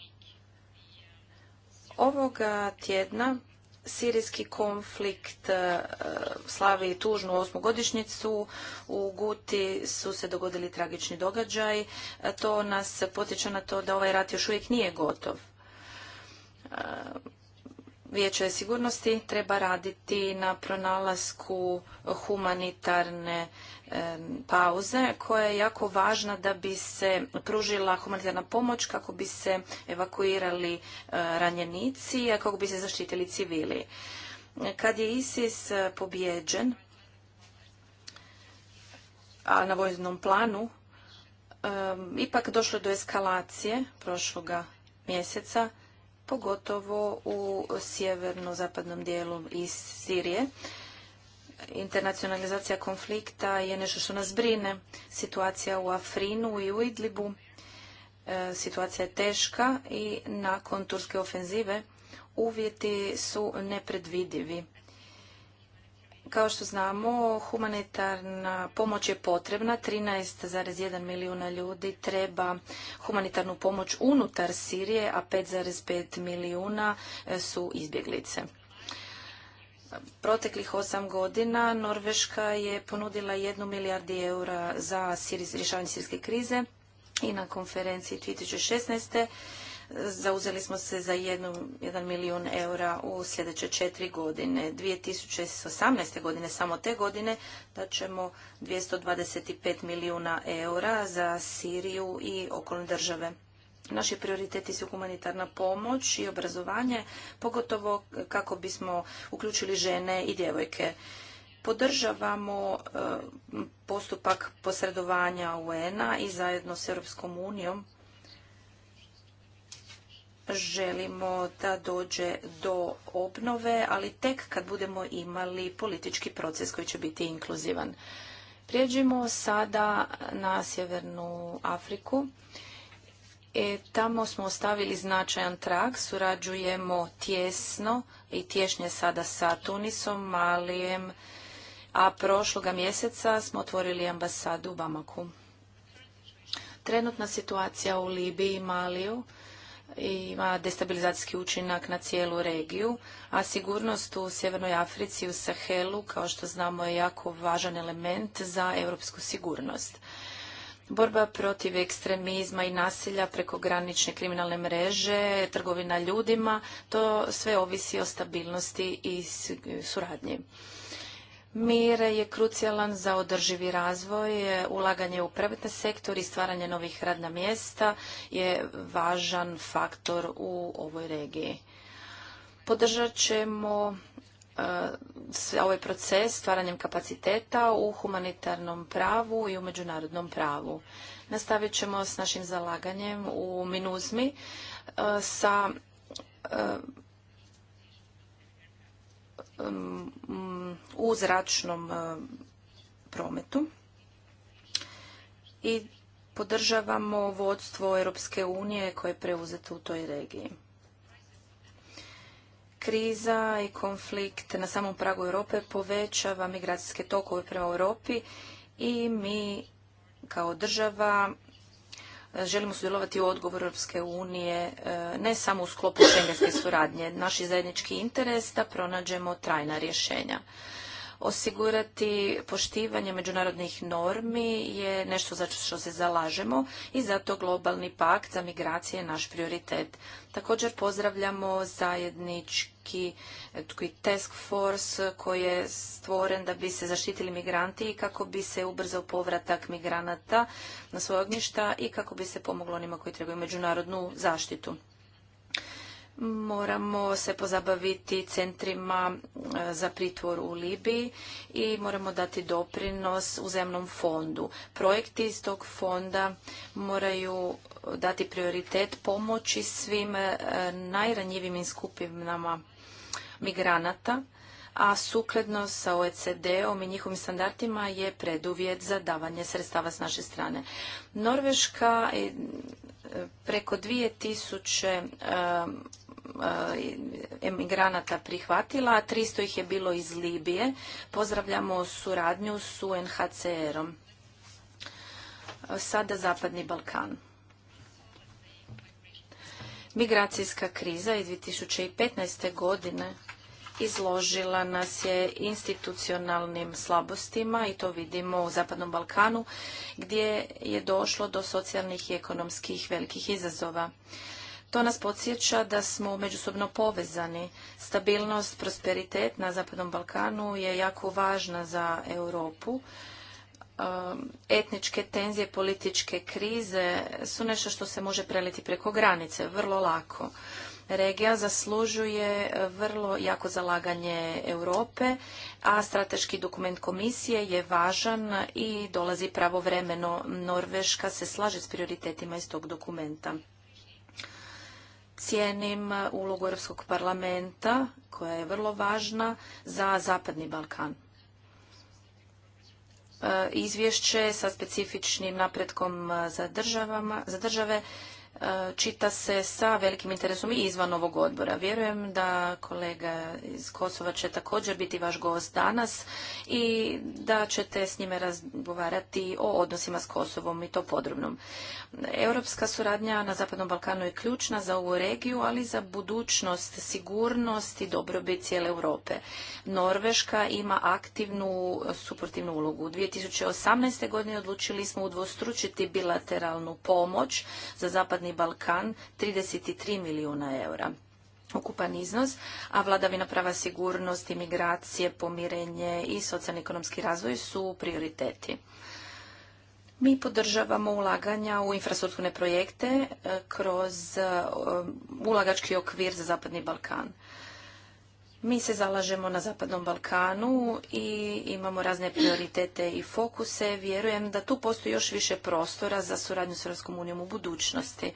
Speaker 5: Ovoga tjedna sirijski konflikt e, slavi tužnu osmogodišnjicu. U Guti su se dogodili tragični događaj. E, to nas potiče na to da ovaj rat još uvijek nije gotov. E, Vijeće sigurnosti treba raditi na pronalasku humanitarne pauze koja je jako važna da bi se pružila humanitarna pomoć kako bi se evakuirali eh, ranjenici, a kako bi se zaštitili civili. Kad je ISIS eh, pobjeđen, a na vojnom planu, ipak došlo do eskalacije prošloga mjeseca, pogotovo u sjeverno-zapadnom dijelu iz Sirije internacionalizacija konflikta je nešto što nas brine. Situacija u Afrinu i u Idlibu, e, situacija je teška i nakon turske ofenzive uvjeti su nepredvidivi. Kao što znamo, humanitarna pomoć je potrebna. 13,1 milijuna ljudi treba humanitarnu pomoć unutar Sirije, a 5,5 milijuna e, su izbjeglice proteklih osam godina Norveška je ponudila jednu milijardi eura za rješavanje sirijske krize i na konferenciji 2016. zauzeli smo se za jedan milijun eura u sljedeće četiri godine. 2018. godine, samo te godine, da ćemo 225 milijuna eura za Siriju i okolne države. Naši prioriteti su humanitarna pomoć i obrazovanje, pogotovo kako bismo uključili žene i djevojke. Podržavamo e, postupak posredovanja UN-a i zajedno s Europskom unijom želimo da dođe do obnove, ali tek kad budemo imali politički proces koji će biti inkluzivan. Prijeđimo sada na Sjevernu Afriku. E, tamo smo ostavili značajan trag, surađujemo tjesno i tješnje sada sa Tunisom, Malijem, a prošloga mjeseca smo otvorili ambasadu u Bamaku. Trenutna situacija u Libiji i Maliju ima destabilizacijski učinak na cijelu regiju, a sigurnost u Sjevernoj Africi i u Sahelu, kao što znamo, je jako važan element za europsku sigurnost. Borba protiv ekstremizma i nasilja preko granične kriminalne mreže, trgovina ljudima, to sve ovisi o stabilnosti i suradnji. Mir je krucijalan za održivi razvoj, ulaganje u privatni sektor i stvaranje novih radna mjesta je važan faktor u ovoj regiji. Podržat ćemo ovaj proces stvaranjem kapaciteta u humanitarnom pravu i u međunarodnom pravu. Nastavit ćemo s našim zalaganjem u Minuzmi e, sa e, mm, u zračnom e, prometu i podržavamo vodstvo Europske unije koje je preuzeto u toj regiji. Kriza i konflikt na samom pragu Europe povećava migracijske tokove prema Europi i mi kao država e, želimo sudjelovati u odgovoru Europske unije e, ne samo u sklopu šengenske suradnje. naši zajednički interes da pronađemo trajna rješenja. Osigurati poštivanje međunarodnih normi je nešto za što se zalažemo i zato globalni pakt za migracije je naš prioritet. Također pozdravljamo zajednički eh, task force koji je stvoren da bi se zaštitili migranti i kako bi se ubrzao povratak migranata na svoje ognjišta i kako bi se pomoglo onima koji trebaju međunarodnu zaštitu. Moramo se pozabaviti centrima e, za pritvor u Libiji i moramo dati doprinos u zemnom fondu. Projekti iz tog fonda moraju dati prioritet pomoći svim e, najranjivim skupinama migranata, a sukladno sa OECD-om i njihovim standardima je preduvjet za davanje sredstava s naše strane. Norveška e, preko 2000 E, emigranata prihvatila, a 300 ih je bilo iz Libije. Pozdravljamo suradnju s UNHCR-om. Sada Zapadni Balkan. Migracijska kriza iz 2015. godine izložila nas je institucionalnim slabostima i to vidimo u Zapadnom Balkanu gdje je došlo do socijalnih i ekonomskih velikih izazova. To nas podsjeća da smo međusobno povezani. Stabilnost, prosperitet na Zapadnom Balkanu je jako važna za Europu. Etničke tenzije, političke krize su nešto što se može preliti preko granice, vrlo lako. Regija zaslužuje vrlo jako zalaganje Europe, a strateški dokument komisije je važan i dolazi pravovremeno. Norveška se slaže s prioritetima iz tog dokumenta cijenim ulogu Europskog parlamenta koja je vrlo važna za Zapadni Balkan. E, izvješće sa specifičnim napretkom za, državama, za države E, čita se sa velikim interesom i izvan ovog odbora. Vjerujem da kolega iz Kosova će također biti vaš gost danas i da ćete s njime razgovarati o odnosima s Kosovom i to podrobnom. Europska suradnja na Zapadnom Balkanu je ključna za ovu regiju, ali za budućnost, sigurnost i dobrobit cijele Europe. Norveška ima aktivnu suportivnu ulogu. U 2018. godine odlučili smo udvostručiti bilateralnu pomoć za zapadni Zapadni Balkan 33 milijuna eura ukupan iznos, a vladavina prava sigurnost, imigracije, pomirenje i socijalno-ekonomski razvoj su prioriteti. Mi podržavamo ulaganja u infrastrukturne projekte eh, kroz eh, ulagački okvir za Zapadni Balkan. Mi se zalažemo na Zapadnom Balkanu i imamo razne prioritete i fokuse. Vjerujem da tu postoji još više prostora za suradnju s Europskom unijom u budućnosti.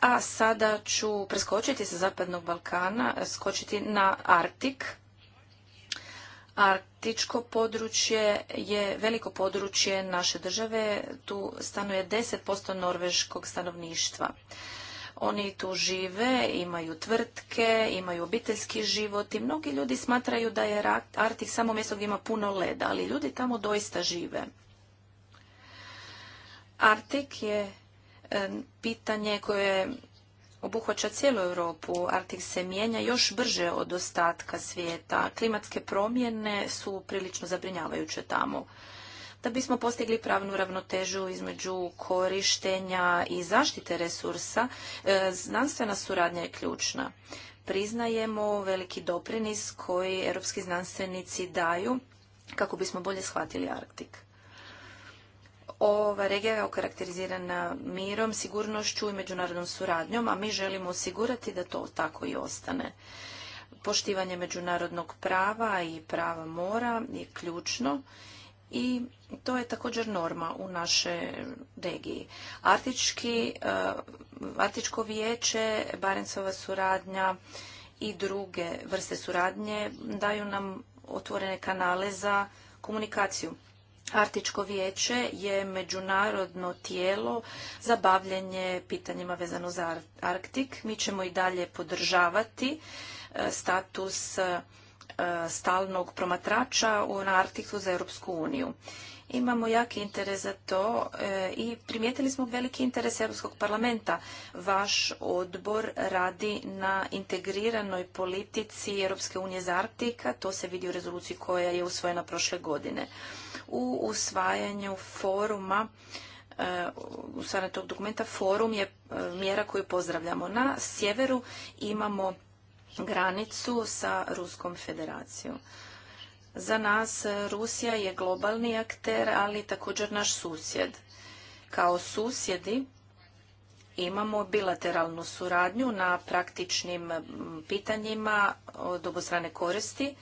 Speaker 5: A sada ću preskočiti sa Zapadnog Balkana, skočiti na Arktik. Arktičko područje je veliko područje naše države, tu stanuje 10% norveškog stanovništva. Oni tu žive, imaju tvrtke, imaju obiteljski život i mnogi ljudi smatraju da je Artik samo mjesto gdje ima puno leda, ali ljudi tamo doista žive. Artik je e, pitanje koje obuhvaća cijelu Europu. Artik se mijenja još brže od ostatka svijeta. Klimatske promjene su prilično zabrinjavajuće tamo da bismo postigli pravnu ravnotežu između korištenja i zaštite resursa, e, znanstvena suradnja je ključna. Priznajemo veliki doprinis koji europski znanstvenici daju kako bismo bolje shvatili Arktik. Ova regija je okarakterizirana mirom, sigurnošću i međunarodnom suradnjom, a mi želimo osigurati da to tako i ostane. Poštivanje međunarodnog prava i prava mora je ključno i to je također norma u našoj regiji. Artički, e, Artičko vijeće, Barencova suradnja i druge vrste suradnje daju nam otvorene kanale za komunikaciju. Artičko vijeće je međunarodno tijelo za bavljenje pitanjima vezano za Arktik. Mi ćemo i dalje podržavati e, status E, stalnog promatrača na Arktiku za Europsku uniju. Imamo jaki interes za to e, i primijetili smo veliki interes Europskog parlamenta. Vaš odbor radi na integriranoj politici Europske unije za Arktika. To se vidi u rezoluciji koja je usvojena prošle godine. U usvajanju foruma e, u tog dokumenta forum je mjera koju pozdravljamo. Na sjeveru imamo granicu sa Ruskom federacijom. Za nas Rusija je globalni akter, ali također naš susjed. Kao susjedi imamo bilateralnu suradnju na praktičnim pitanjima od obostrane koristi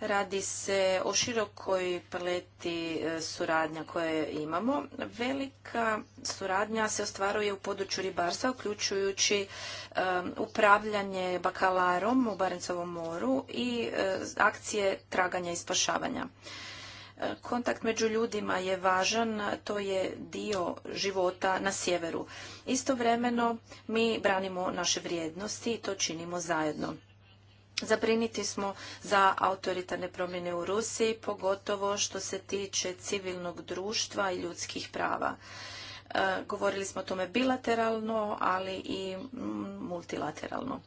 Speaker 5: Radi se o širokoj paleti e, suradnja koje imamo. Velika suradnja se ostvaruje u području ribarstva, uključujući e, upravljanje bakalarom u Barencovom moru i e, akcije traganja i spašavanja. Kontakt među ljudima je važan, to je dio života na sjeveru. Istovremeno mi branimo naše vrijednosti i to činimo zajedno. Zabriniti smo za autoritarne promjene u Rusiji, pogotovo što se tiče civilnog društva i ljudskih prava. E, govorili smo o tome bilateralno, ali i multilateralno.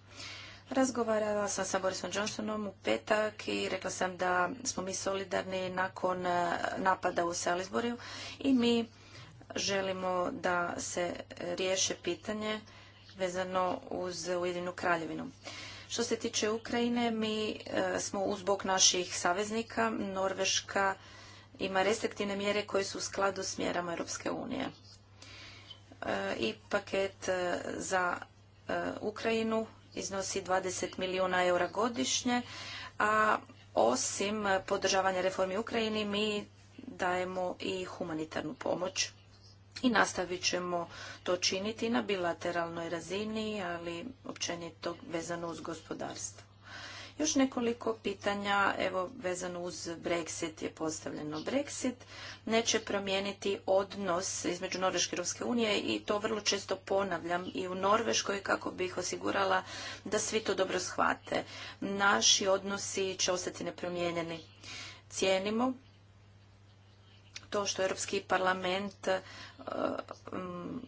Speaker 5: Razgovarala sam sa Borisom Johnsonom u petak i rekla sam da smo mi solidarni nakon e, napada u Salisburyu i mi želimo da se riješe pitanje vezano uz Ujedinu kraljevinu. Što se tiče Ukrajine, mi e, smo uzbog naših saveznika. Norveška ima restriktivne mjere koje su u skladu s mjerama Europske unije. E, I paket e, za Ukrajinu iznosi 20 milijuna eura godišnje, a osim podržavanja reformi Ukrajini mi dajemo i humanitarnu pomoć i nastavit ćemo to činiti na bilateralnoj razini, ali općenito vezano uz gospodarstvo. Još nekoliko pitanja, evo vezano uz Brexit je postavljeno. Brexit neće promijeniti odnos između Norveške i Europske unije i to vrlo često ponavljam i u Norveškoj kako bih osigurala da svi to dobro shvate. Naši odnosi će ostati nepromijenjeni. Cijenimo to što je Europski parlament e, mm,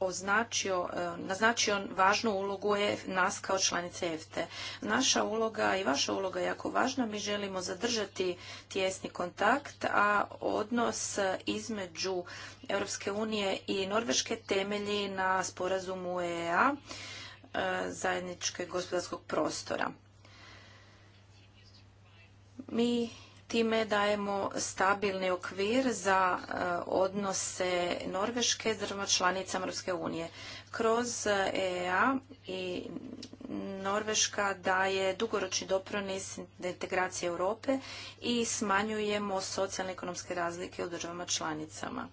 Speaker 5: označio, e, naznačio važnu ulogu je nas kao članice EFTE. Naša uloga i vaša uloga je jako važna. Mi želimo zadržati tjesni kontakt, a odnos između Europske unije i Norveške temelji na sporazumu EEA e, zajedničkog gospodarskog prostora. Mi Time dajemo stabilni okvir za e, odnose Norveške s državama članicama Europske unije. Kroz EEA i Norveška daje dugoročni doprinos integracije Europe i smanjujemo socijalne ekonomske razlike u državama članicama.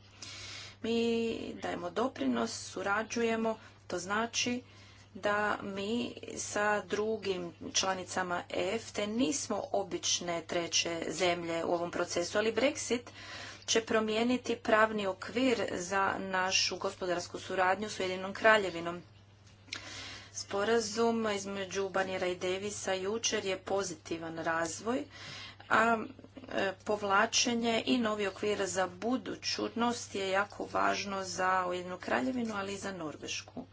Speaker 5: Mi dajemo doprinos, surađujemo, to znači da mi sa drugim članicama EFTE nismo obične treće zemlje u ovom procesu, ali Brexit će promijeniti pravni okvir za našu gospodarsku suradnju s Ujedinom kraljevinom. Sporazum između Banjera i Devisa jučer je pozitivan razvoj, a e, povlačenje i novi okvir za budućnost je jako važno za Ujedinu kraljevinu, ali i za Norvešku.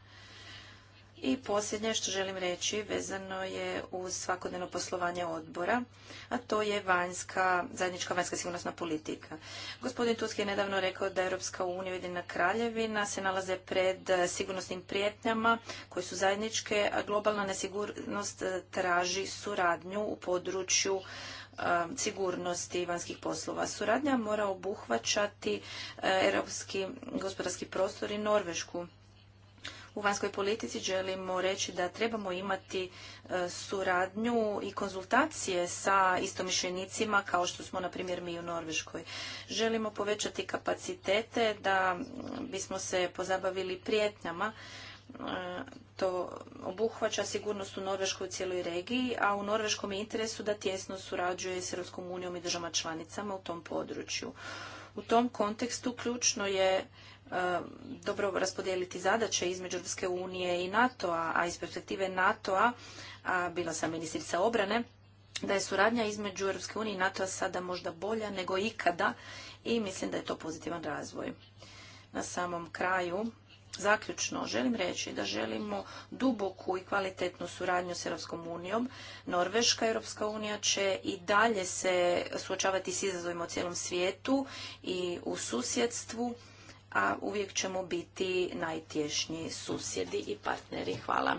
Speaker 5: I posljednje što želim reći vezano je uz svakodnevno poslovanje odbora, a to je vanjska, zajednička vanjska sigurnosna politika. Gospodin Tusk je nedavno rekao da Europska unija i Ujedinjena kraljevina se nalaze pred sigurnosnim prijetnjama koje su zajedničke, a globalna nesigurnost e, traži suradnju u području e, sigurnosti vanjskih poslova. Suradnja mora obuhvaćati e, europski gospodarski prostor i Norvešku u vanjskoj politici želimo reći da trebamo imati e, suradnju i konzultacije sa istomišljenicima kao što smo na primjer mi u Norveškoj. Želimo povećati kapacitete da bismo se pozabavili prijetnjama e, to obuhvaća sigurnost u Norveškoj u cijeloj regiji, a u norveškom je interesu da tjesno surađuje s Europskom unijom i državama članicama u tom području. U tom kontekstu ključno je e, dobro raspodijeliti zadaće između Europske unije i NATO-a, a iz perspektive NATO-a, a bila sam ministrica obrane, da je suradnja između Europske unije i NATO-a sada možda bolja nego ikada i mislim da je to pozitivan razvoj. Na samom kraju Zaključno, želim reći da želimo duboku i kvalitetnu suradnju s Europskom unijom. Norveška Europska unija će i dalje se suočavati s izazovima u cijelom svijetu i u susjedstvu, a uvijek ćemo biti najtješnji susjedi i partneri. Hvala.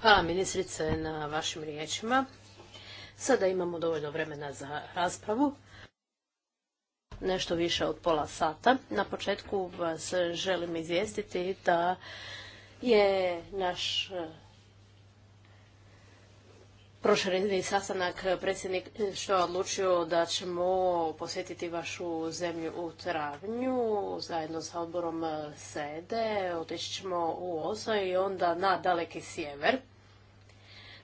Speaker 1: Hvala ministrice na vašim riječima. Sada imamo dovoljno vremena za raspravu, nešto više od pola sata. Na početku vas želim izvijestiti da je naš e, prošireni sastanak predsjednik što je odlučio da ćemo posjetiti vašu zemlju u travnju zajedno sa odborom sede. Otići ćemo u osaj i onda na daleki sjever.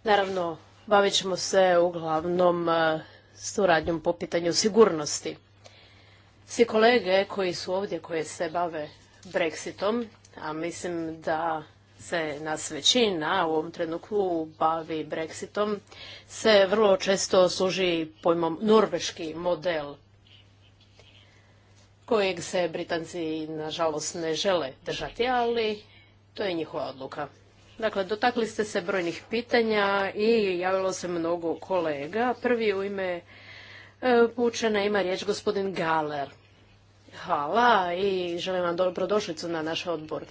Speaker 1: Naravno, Bavit ćemo se uglavnom e, suradnjom po pitanju sigurnosti. Svi kolege koji su ovdje, koje se bave Brexitom, a mislim da se nas većina u ovom trenutku bavi Brexitom, se vrlo često služi pojmom norveški model kojeg se Britanci nažalost ne žele držati, ali to je njihova odluka. Dakle, dotakli ste se brojnih pitanja i javilo se mnogo kolega. Prvi u ime e, pučena ima riječ gospodin Galer. Hvala i želim vam dobrodošlicu na naš odbor.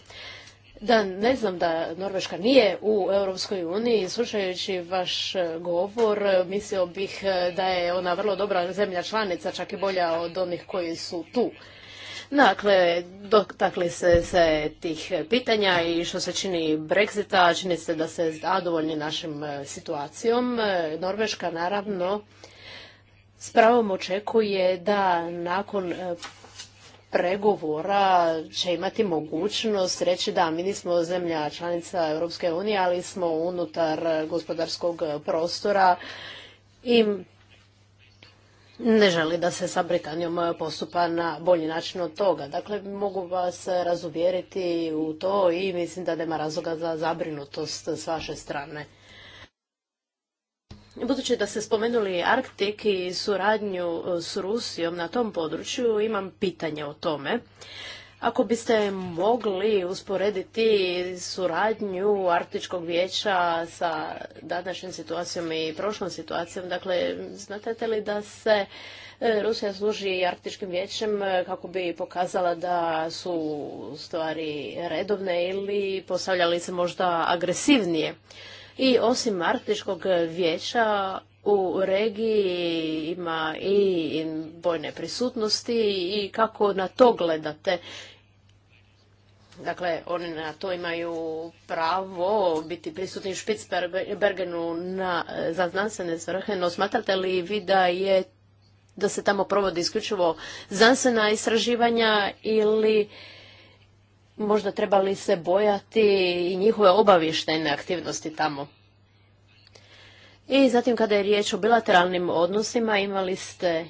Speaker 1: Da, ne znam da Norveška nije u Europskoj uniji. Slušajući vaš govor, mislio bih e, da je ona vrlo dobra zemlja članica, čak i bolja od onih koji su tu. Dakle, dotakli se, se tih pitanja i što se čini Brexita, čini se da se zadovoljni našim e, situacijom. E, Norveška naravno s pravom očekuje da nakon e, pregovora će imati mogućnost reći da mi nismo zemlja članica Europske unije, ali smo unutar gospodarskog prostora i ne želi da se sa Britanijom postupa na bolji način od toga. Dakle, mogu vas razuvjeriti u to i mislim da nema razloga za zabrinutost s vaše strane. Budući da ste spomenuli Arktik i suradnju s Rusijom na tom području, imam pitanje o tome. Ako biste mogli usporediti suradnju Arktičkog vijeća sa današnjom situacijom i prošlom situacijom, dakle, znate li da se e, Rusija služi Arktičkim vijećem e, kako bi pokazala da su stvari redovne ili postavljali se možda agresivnije? I osim Arktičkog vijeća, u regiji ima i bojne prisutnosti i kako na to gledate Dakle, oni na to imaju pravo biti prisutni u Spitsbergenu na, za znanstvene svrhe, no smatrate li vi da je da se tamo provodi isključivo znanstvena istraživanja ili možda trebali se bojati i njihove obavištene aktivnosti tamo? I zatim kada je riječ o bilateralnim odnosima imali ste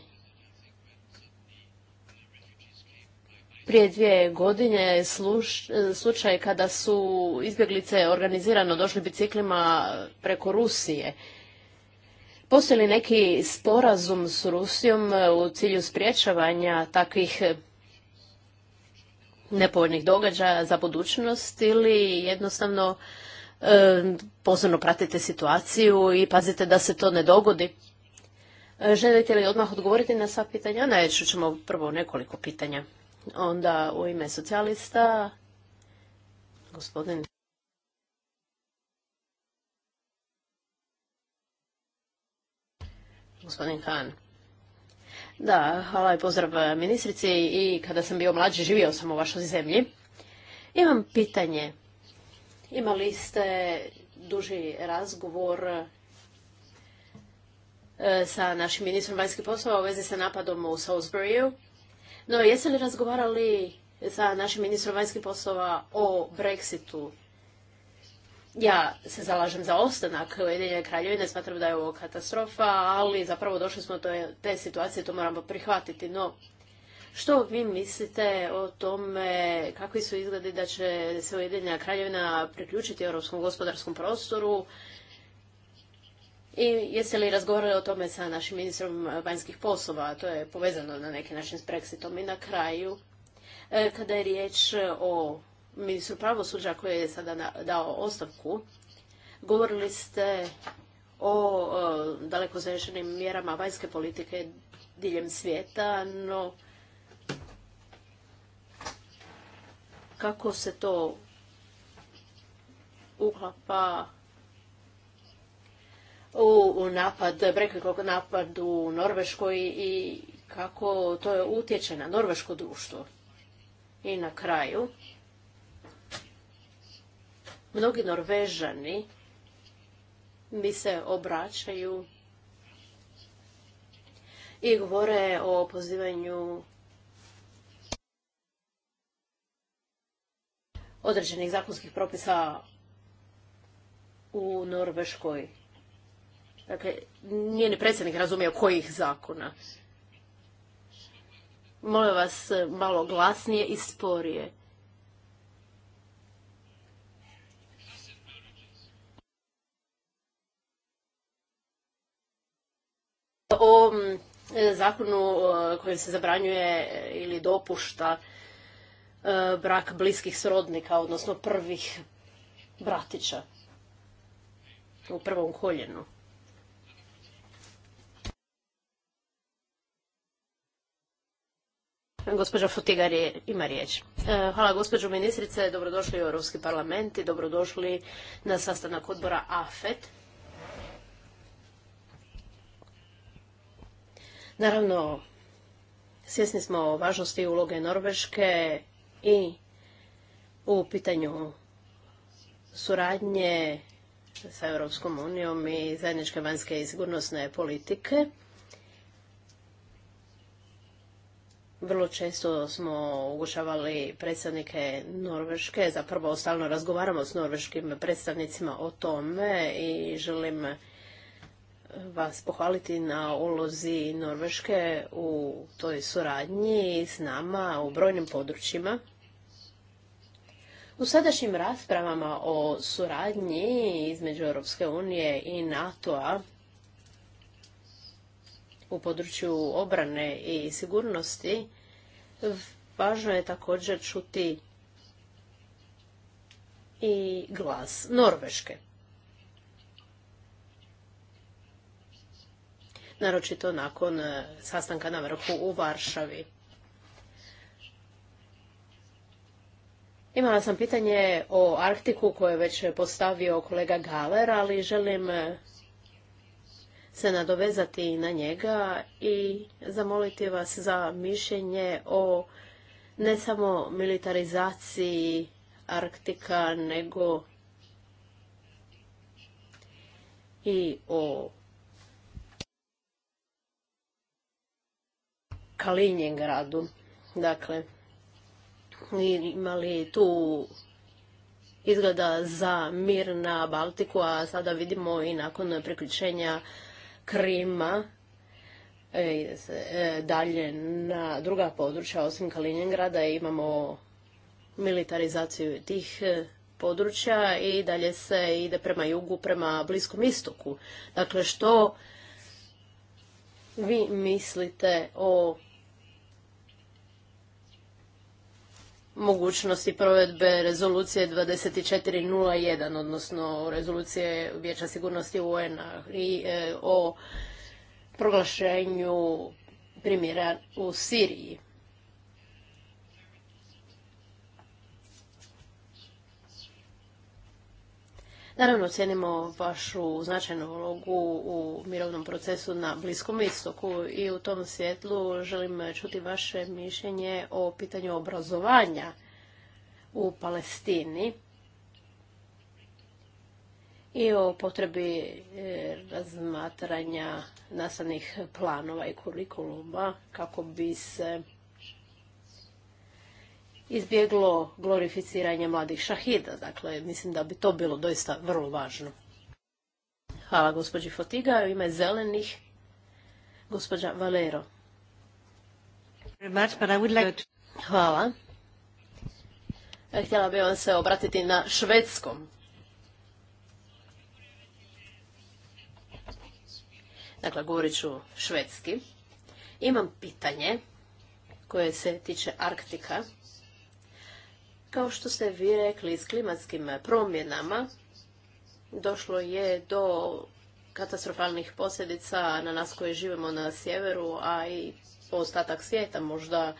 Speaker 1: prije dvije godine slučaj kada su izbjeglice organizirano došli biciklima preko Rusije. Postoji li neki sporazum s Rusijom e, u cilju spriječavanja takvih nepovoljnih događaja za budućnost ili jednostavno e, pozorno pratite situaciju i pazite da se to ne dogodi? E, želite li odmah odgovoriti na sva pitanja? Najveće ćemo prvo nekoliko pitanja. Onda u ime socijalista, gospodin gospodin Han. Da, hvala i pozdrav eh, ministrici i kada sam bio mlađi živio sam u vašoj zemlji. Imam pitanje. Imali ste duži razgovor eh, sa našim ministrom vanjskih poslova u vezi sa napadom u Salisburyu no, jeste li razgovarali sa našim ministrom vanjskih poslova o Brexitu? Ja se zalažem za ostanak Ujedinjene kraljevine, smatram da je ovo katastrofa, ali zapravo došli smo do te situacije, to moramo prihvatiti. No, što vi mislite o tome kakvi su izgledi da će se Ujedinjena kraljevina priključiti europskom gospodarskom prostoru? I jeste li razgovarali o tome sa našim ministrom vanjskih poslova, a to je povezano na neki način s Brexitom. I na kraju, e, kada je riječ o ministru pravosuđa koji je sada dao ostavku, govorili ste o e, daleko zrešenim mjerama vanjske politike diljem svijeta, no kako se to uklapa u napad, brekiklog napad u Norveškoj i kako to je utječe na norveško društvo. I na kraju, mnogi norvežani mi se obraćaju i govore o pozivanju određenih zakonskih propisa u Norveškoj Dakle, nije ni predsjednik razumio kojih zakona. Molim vas e, malo glasnije i sporije. O mm, e, zakonu kojim se zabranjuje ili dopušta e, brak bliskih srodnika, odnosno prvih bratića u prvom koljenu. Gospođa Futigar ima riječ. E, hvala gospođo ministrice, dobrodošli u Europski parlament i dobrodošli na sastanak odbora AFET. Naravno, svjesni smo o važnosti uloge Norveške i u pitanju suradnje sa Europskom unijom i zajedničke vanjske i sigurnosne politike. Vrlo često smo ugušavali predstavnike Norveške, zapravo ostalno razgovaramo s norveškim predstavnicima o tome i želim vas pohvaliti na ulozi Norveške u toj suradnji s nama u brojnim područjima. U sadašnjim raspravama o suradnji između Europske unije i NATO-a u području obrane i sigurnosti, važno je također čuti i glas Norveške. Naročito nakon e, sastanka na vrhu u Varšavi. Imala sam pitanje o Arktiku koje je već postavio kolega Galer, ali želim e, se nadovezati na njega i zamoliti vas za mišljenje o ne samo militarizaciji Arktika, nego i o gradu. Dakle, imali tu izgleda za mir na Baltiku, a sada vidimo i nakon priključenja Krima e, e, dalje na druga područja osim Kaliningrada e, imamo militarizaciju tih područja i dalje se ide prema jugu, prema Bliskom istoku. Dakle, što vi mislite o mogućnosti provedbe rezolucije 2401, odnosno rezolucije Vijeća sigurnosti un i e, o proglašenju primjera u Siriji. Naravno, cijenimo vašu značajnu ulogu u mirovnom procesu na Bliskom istoku i u tom svjetlu želim čuti vaše mišljenje o pitanju obrazovanja u Palestini i o potrebi e, razmatranja nastavnih planova i kurikuluma kako bi se izbjeglo glorificiranje mladih šahida. Dakle, mislim da bi to bilo doista vrlo važno. Hvala gospođi Fotiga. U ime zelenih, gospođa Valero. Hvala. Htjela bih vam se obratiti na švedskom. Dakle, govorit ću švedski. Imam pitanje koje se tiče Arktika. Kao što ste vi rekli, s klimatskim promjenama došlo je do katastrofalnih posljedica na nas koji živimo na sjeveru, a i ostatak svijeta možda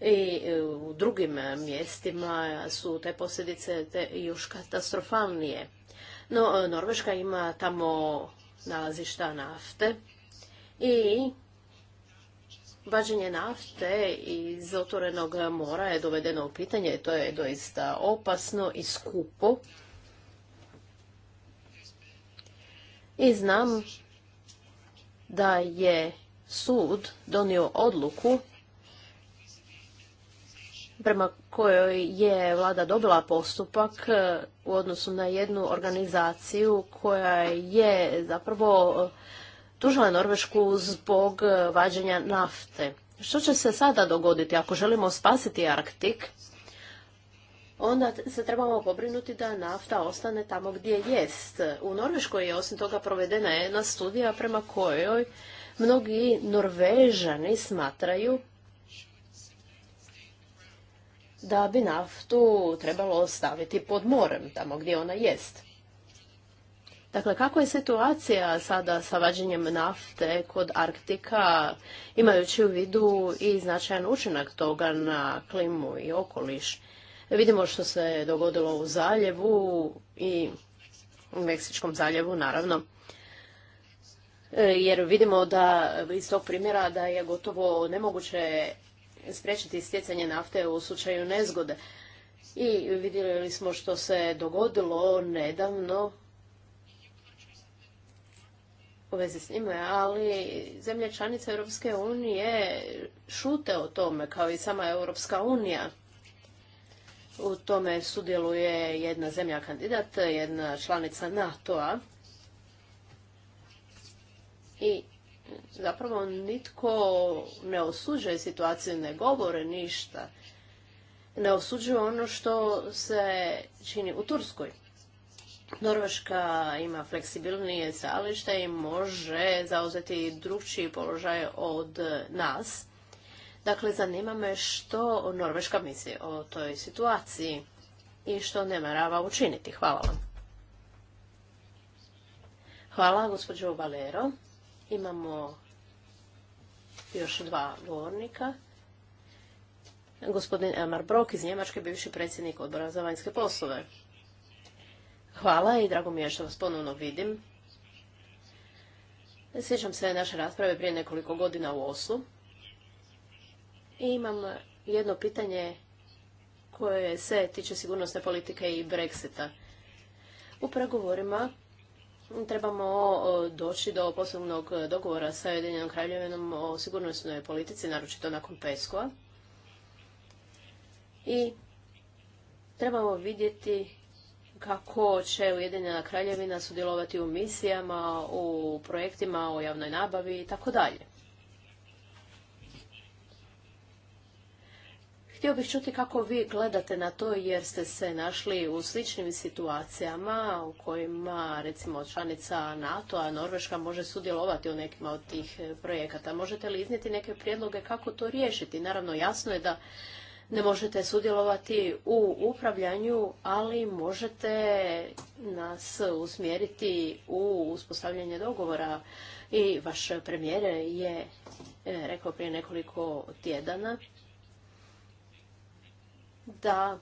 Speaker 1: i e, u drugim mjestima su te posljedice još katastrofalnije. No, Norveška ima tamo nalazišta nafte i Vađenje nafte iz otvorenog mora je dovedeno u pitanje, to je doista opasno i skupo. I znam da je sud donio odluku prema kojoj je vlada dobila postupak e, u odnosu na jednu organizaciju koja je zapravo tužila je Norvešku zbog e, vađenja nafte. Što će se sada dogoditi ako želimo spasiti Arktik? onda se trebamo pobrinuti da nafta ostane tamo gdje jest. U Norveškoj je osim toga provedena jedna studija prema kojoj mnogi Norvežani smatraju da bi naftu trebalo ostaviti pod morem, tamo gdje ona jest. Dakle, kako je situacija sada sa vađenjem nafte kod Arktika, imajući u vidu i značajan učinak toga na klimu i okoliš? Vidimo što se dogodilo u zaljevu i u Meksičkom zaljevu, naravno. E, jer vidimo da iz tog primjera da je gotovo nemoguće spriječiti stjecanje nafte u slučaju nezgode. I vidjeli smo što se dogodilo nedavno u vezi s njime, ali zemlje članice Europske unije šute o tome, kao i sama Europska unija. U tome sudjeluje jedna zemlja kandidat, jedna članica NATO-a. I zapravo nitko ne osuđuje situaciju, ne govore ništa. Ne osuđuje ono što se čini u Turskoj. Norveška ima fleksibilnije stajalište i može zauzeti drugčiji položaj od nas. Dakle, zanima me što Norveška misli o toj situaciji i što ne marava učiniti. Hvala vam. Hvala, gospođo Valero. Imamo još dva govornika. Gospodin Elmar Brok iz Njemačke, bivši predsjednik odbora za vanjske poslove. Hvala i drago mi je što vas ponovno vidim. Sjećam se naše rasprave prije nekoliko godina u Oslu. I imam jedno pitanje koje se tiče sigurnosne politike i Brexita. U pregovorima trebamo doći do posebnog dogovora sa Ujedinjenom kraljevinom o sigurnosnoj politici, naročito nakon Peskova. I trebamo vidjeti kako će Ujedinjena kraljevina sudjelovati u misijama, u projektima, o javnoj nabavi i tako dalje. Htio bih čuti kako vi gledate na to jer ste se našli u sličnim situacijama u kojima recimo članica NATO-a Norveška može sudjelovati u nekima od tih projekata. Možete li iznijeti neke prijedloge kako to riješiti? Naravno jasno je da ne možete sudjelovati u upravljanju, ali možete nas usmjeriti u uspostavljanje dogovora. I vaš premijer je e, rekao prije nekoliko tjedana da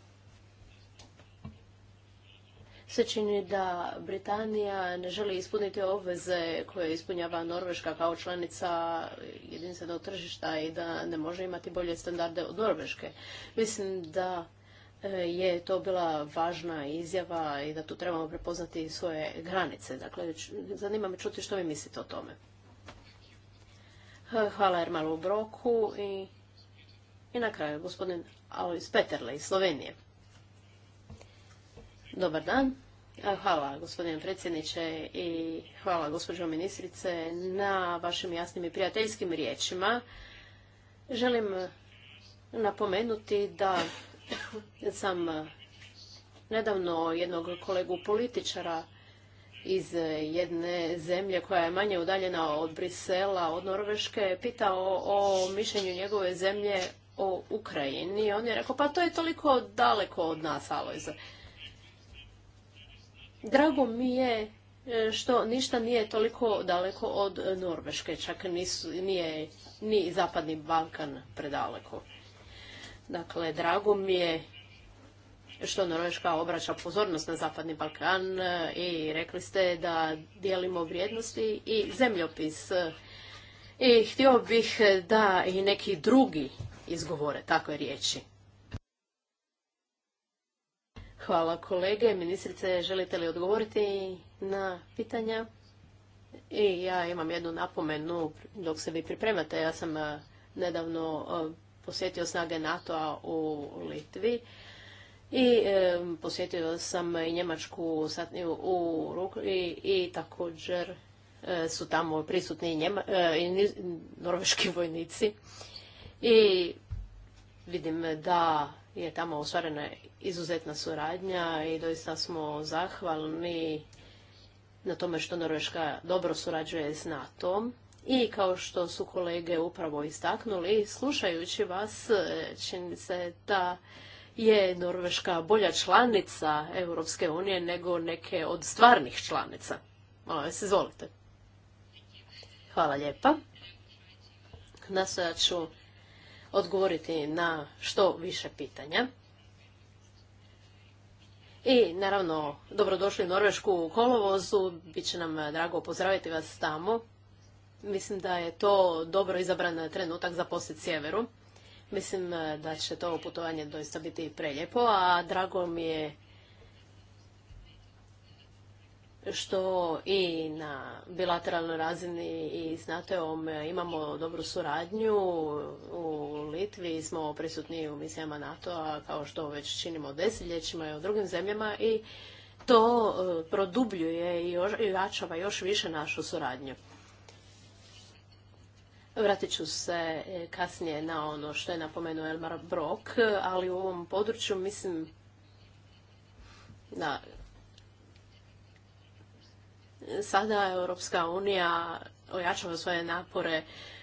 Speaker 1: se čini da Britanija ne želi ispuniti obveze koje ispunjava Norveška kao članica jedinstvenog tržišta i da ne može imati bolje standarde od Norveške. Mislim da e, je to bila važna izjava i da tu trebamo prepoznati svoje granice. Dakle, zanima me čuti što vi mislite o tome. Hvala Ermalu Broku i, i na kraju gospodin Alois Peterle iz Slovenije. Dobar dan. Hvala gospodine predsjedniče i hvala gospođo ministrice na vašim jasnim i prijateljskim riječima. Želim napomenuti da sam nedavno jednog kolegu političara iz jedne zemlje koja je manje udaljena od Brisela, od Norveške, pitao o mišljenju njegove zemlje o Ukrajini. On je rekao, pa to je toliko daleko od nas, Alojza. Drago mi je e, što ništa nije toliko daleko od Norveške, čak nisu, nije ni Zapadni Balkan predaleko. Dakle, drago mi je što Norveška obraća pozornost na Zapadni Balkan e, i rekli ste da dijelimo vrijednosti i zemljopis. E, I htio bih da i neki drugi izgovore takve riječi. Hvala kolege. Ministrice, želite li odgovoriti na pitanja? I ja imam jednu napomenu dok se vi pripremate. Ja sam eh, nedavno eh, posjetio snage NATO-a u Litvi i eh, posjetio sam i Njemačku satniju u Rukli i, također su tamo prisutni i norveški vojnici i vidim da je tamo ostvarena izuzetna suradnja i doista smo zahvalni na tome što Norveška dobro surađuje s NATO-om. I kao što su kolege upravo istaknuli, slušajući vas, čini se da je Norveška bolja članica Europske unije nego neke od stvarnih članica. Molim vas, izvolite. Hvala lijepa. Nastojat ću odgovoriti na što više pitanja. I naravno, dobrodošli u Norvešku u kolovozu, bit će nam eh, drago pozdraviti vas tamo. Mislim da je to dobro izabran eh, trenutak za posjet sjeveru. Mislim eh, da će to putovanje doista biti prelijepo, a drago mi je što i na bilateralnoj razini i s NATO-om imamo dobru suradnju. U Litvi smo prisutni u misijama NATO-a kao što već činimo desetljećima i u drugim zemljama i to e, produbljuje i jačava još više našu suradnju. Vratit ću se e, kasnije na ono što je napomenuo Elmar Brok, ali u ovom području mislim da sada Europska unija ojačava svoje napore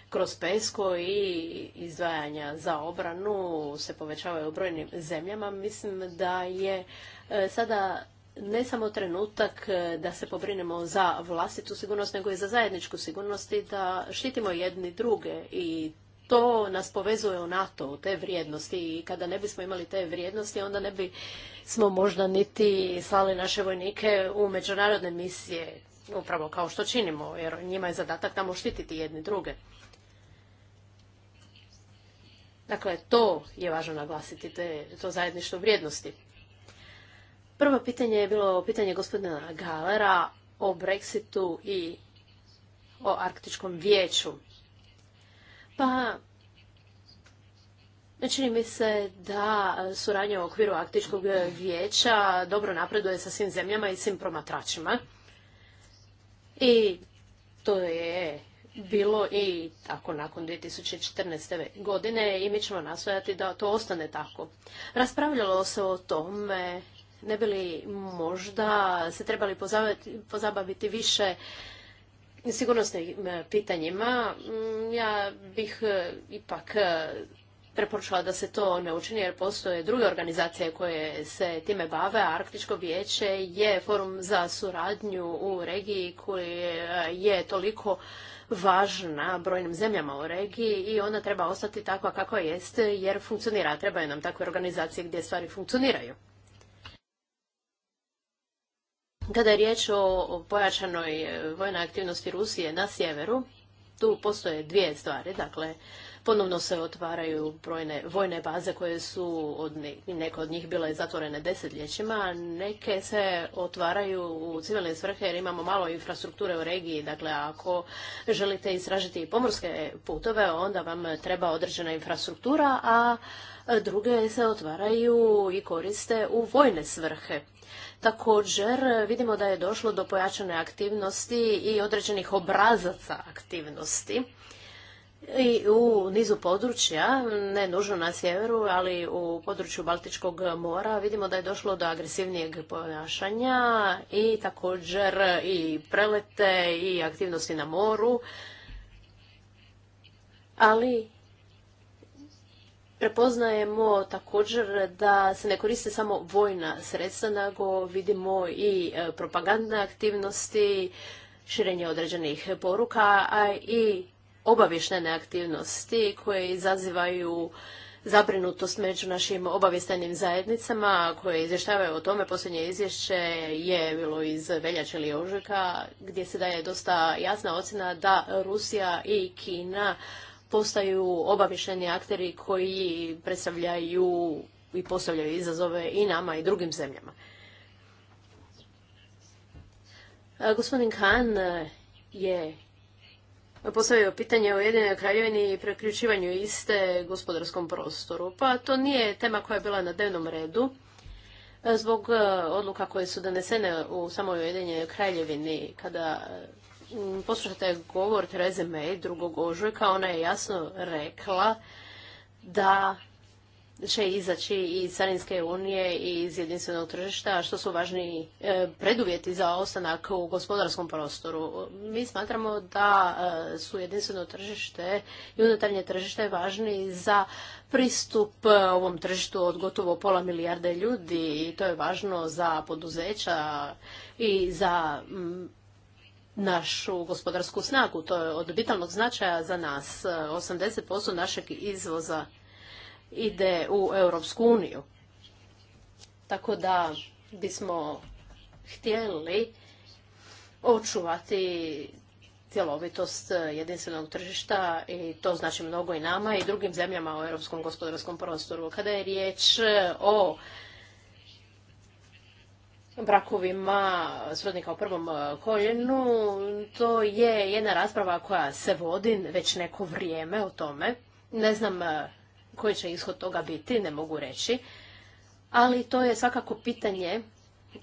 Speaker 1: kroz PESCO i izdvajanja za obranu se povećavaju u brojnim zemljama. Mislim da je e, sada ne samo trenutak e, da se pobrinemo za vlastitu sigurnost, nego i za zajedničku sigurnost i da štitimo jedni druge i to nas povezuje u NATO, u te vrijednosti i kada ne bismo imali te vrijednosti, onda ne bismo možda niti slali naše vojnike u međunarodne misije upravo kao što činimo, jer njima je zadatak tamo štititi jedni druge. Dakle, to je važno naglasiti, te, to zajedništvo vrijednosti. Prvo pitanje je bilo pitanje gospodina Galera o Brexitu i o Arktičkom vijeću. Pa, čini mi se da suradnja u okviru Arktičkog vijeća dobro napreduje sa svim zemljama i svim promatračima. I to je bilo i tako nakon 2014. godine i mi ćemo nastojati da to ostane tako. Raspravljalo se o tome ne bi li možda se trebali pozabaviti, više sigurnosnim e, pitanjima. Mm, ja bih e, ipak e, preporučila da se to ne učini jer postoje druge organizacije koje se time bave. Arktičko vijeće je forum za suradnju u regiji koji je toliko važna brojnim zemljama u regiji i ona treba ostati takva kakva jest jer funkcionira. Trebaju nam takve organizacije gdje stvari funkcioniraju. Kada je riječ o pojačanoj vojnoj aktivnosti Rusije na sjeveru, tu postoje dvije stvari. Dakle, Ponovno se otvaraju brojne vojne baze koje su od neke od njih bile zatvorene desetljećima, neke se otvaraju u civilne svrhe jer imamo malo infrastrukture u regiji. Dakle, ako želite istražiti i pomorske putove, onda vam treba određena infrastruktura, a druge se otvaraju i koriste u vojne svrhe. Također vidimo da je došlo do pojačane aktivnosti i određenih obrazaca aktivnosti i u nizu područja, ne nužno na sjeveru, ali u području Baltičkog mora vidimo da je došlo do agresivnijeg ponašanja i također i prelete i aktivnosti na moru. Ali prepoznajemo također da se ne koriste samo vojna sredstva, nego vidimo i e, propagandne aktivnosti, širenje određenih poruka, a i obavještene aktivnosti koje izazivaju zabrinutost među našim obavještajnim zajednicama koje izvještavaju o tome. Posljednje izvješće je bilo iz veljače ili ožujka gdje se daje dosta jasna ocjena da Rusija i Kina postaju obavišteni akteri koji predstavljaju i postavljaju izazove i nama i drugim zemljama. E, gospodin Khan je postavio pitanje o Jedinoj kraljevini i preključivanju iste gospodarskom prostoru. Pa to nije tema koja je bila na dnevnom redu e, zbog e, odluka koje su donesene u samoj Ujedinjenoj kraljevini kada poslušate govor Tereze May 2. ožujka, ona je jasno rekla da će izaći iz Carinske unije i iz jedinstvenog tržišta, što su važni e, preduvjeti za ostanak u gospodarskom prostoru. Mi smatramo da e, su jedinstveno tržište i unutarnje tržište važni za pristup e, ovom tržištu od gotovo pola milijarde ljudi i to je važno za poduzeća i za našu gospodarsku snagu. To je od vitalnog značaja za nas. 80% našeg izvoza ide u Europsku uniju. Tako da bismo htjeli očuvati cjelovitost jedinstvenog tržišta i to znači mnogo i nama i drugim zemljama u europskom gospodarskom prostoru. Kada je riječ o brakovima srodnika u prvom koljenu, to je jedna rasprava koja se vodi već neko vrijeme o tome. Ne znam koji će ishod toga biti, ne mogu reći. Ali to je svakako pitanje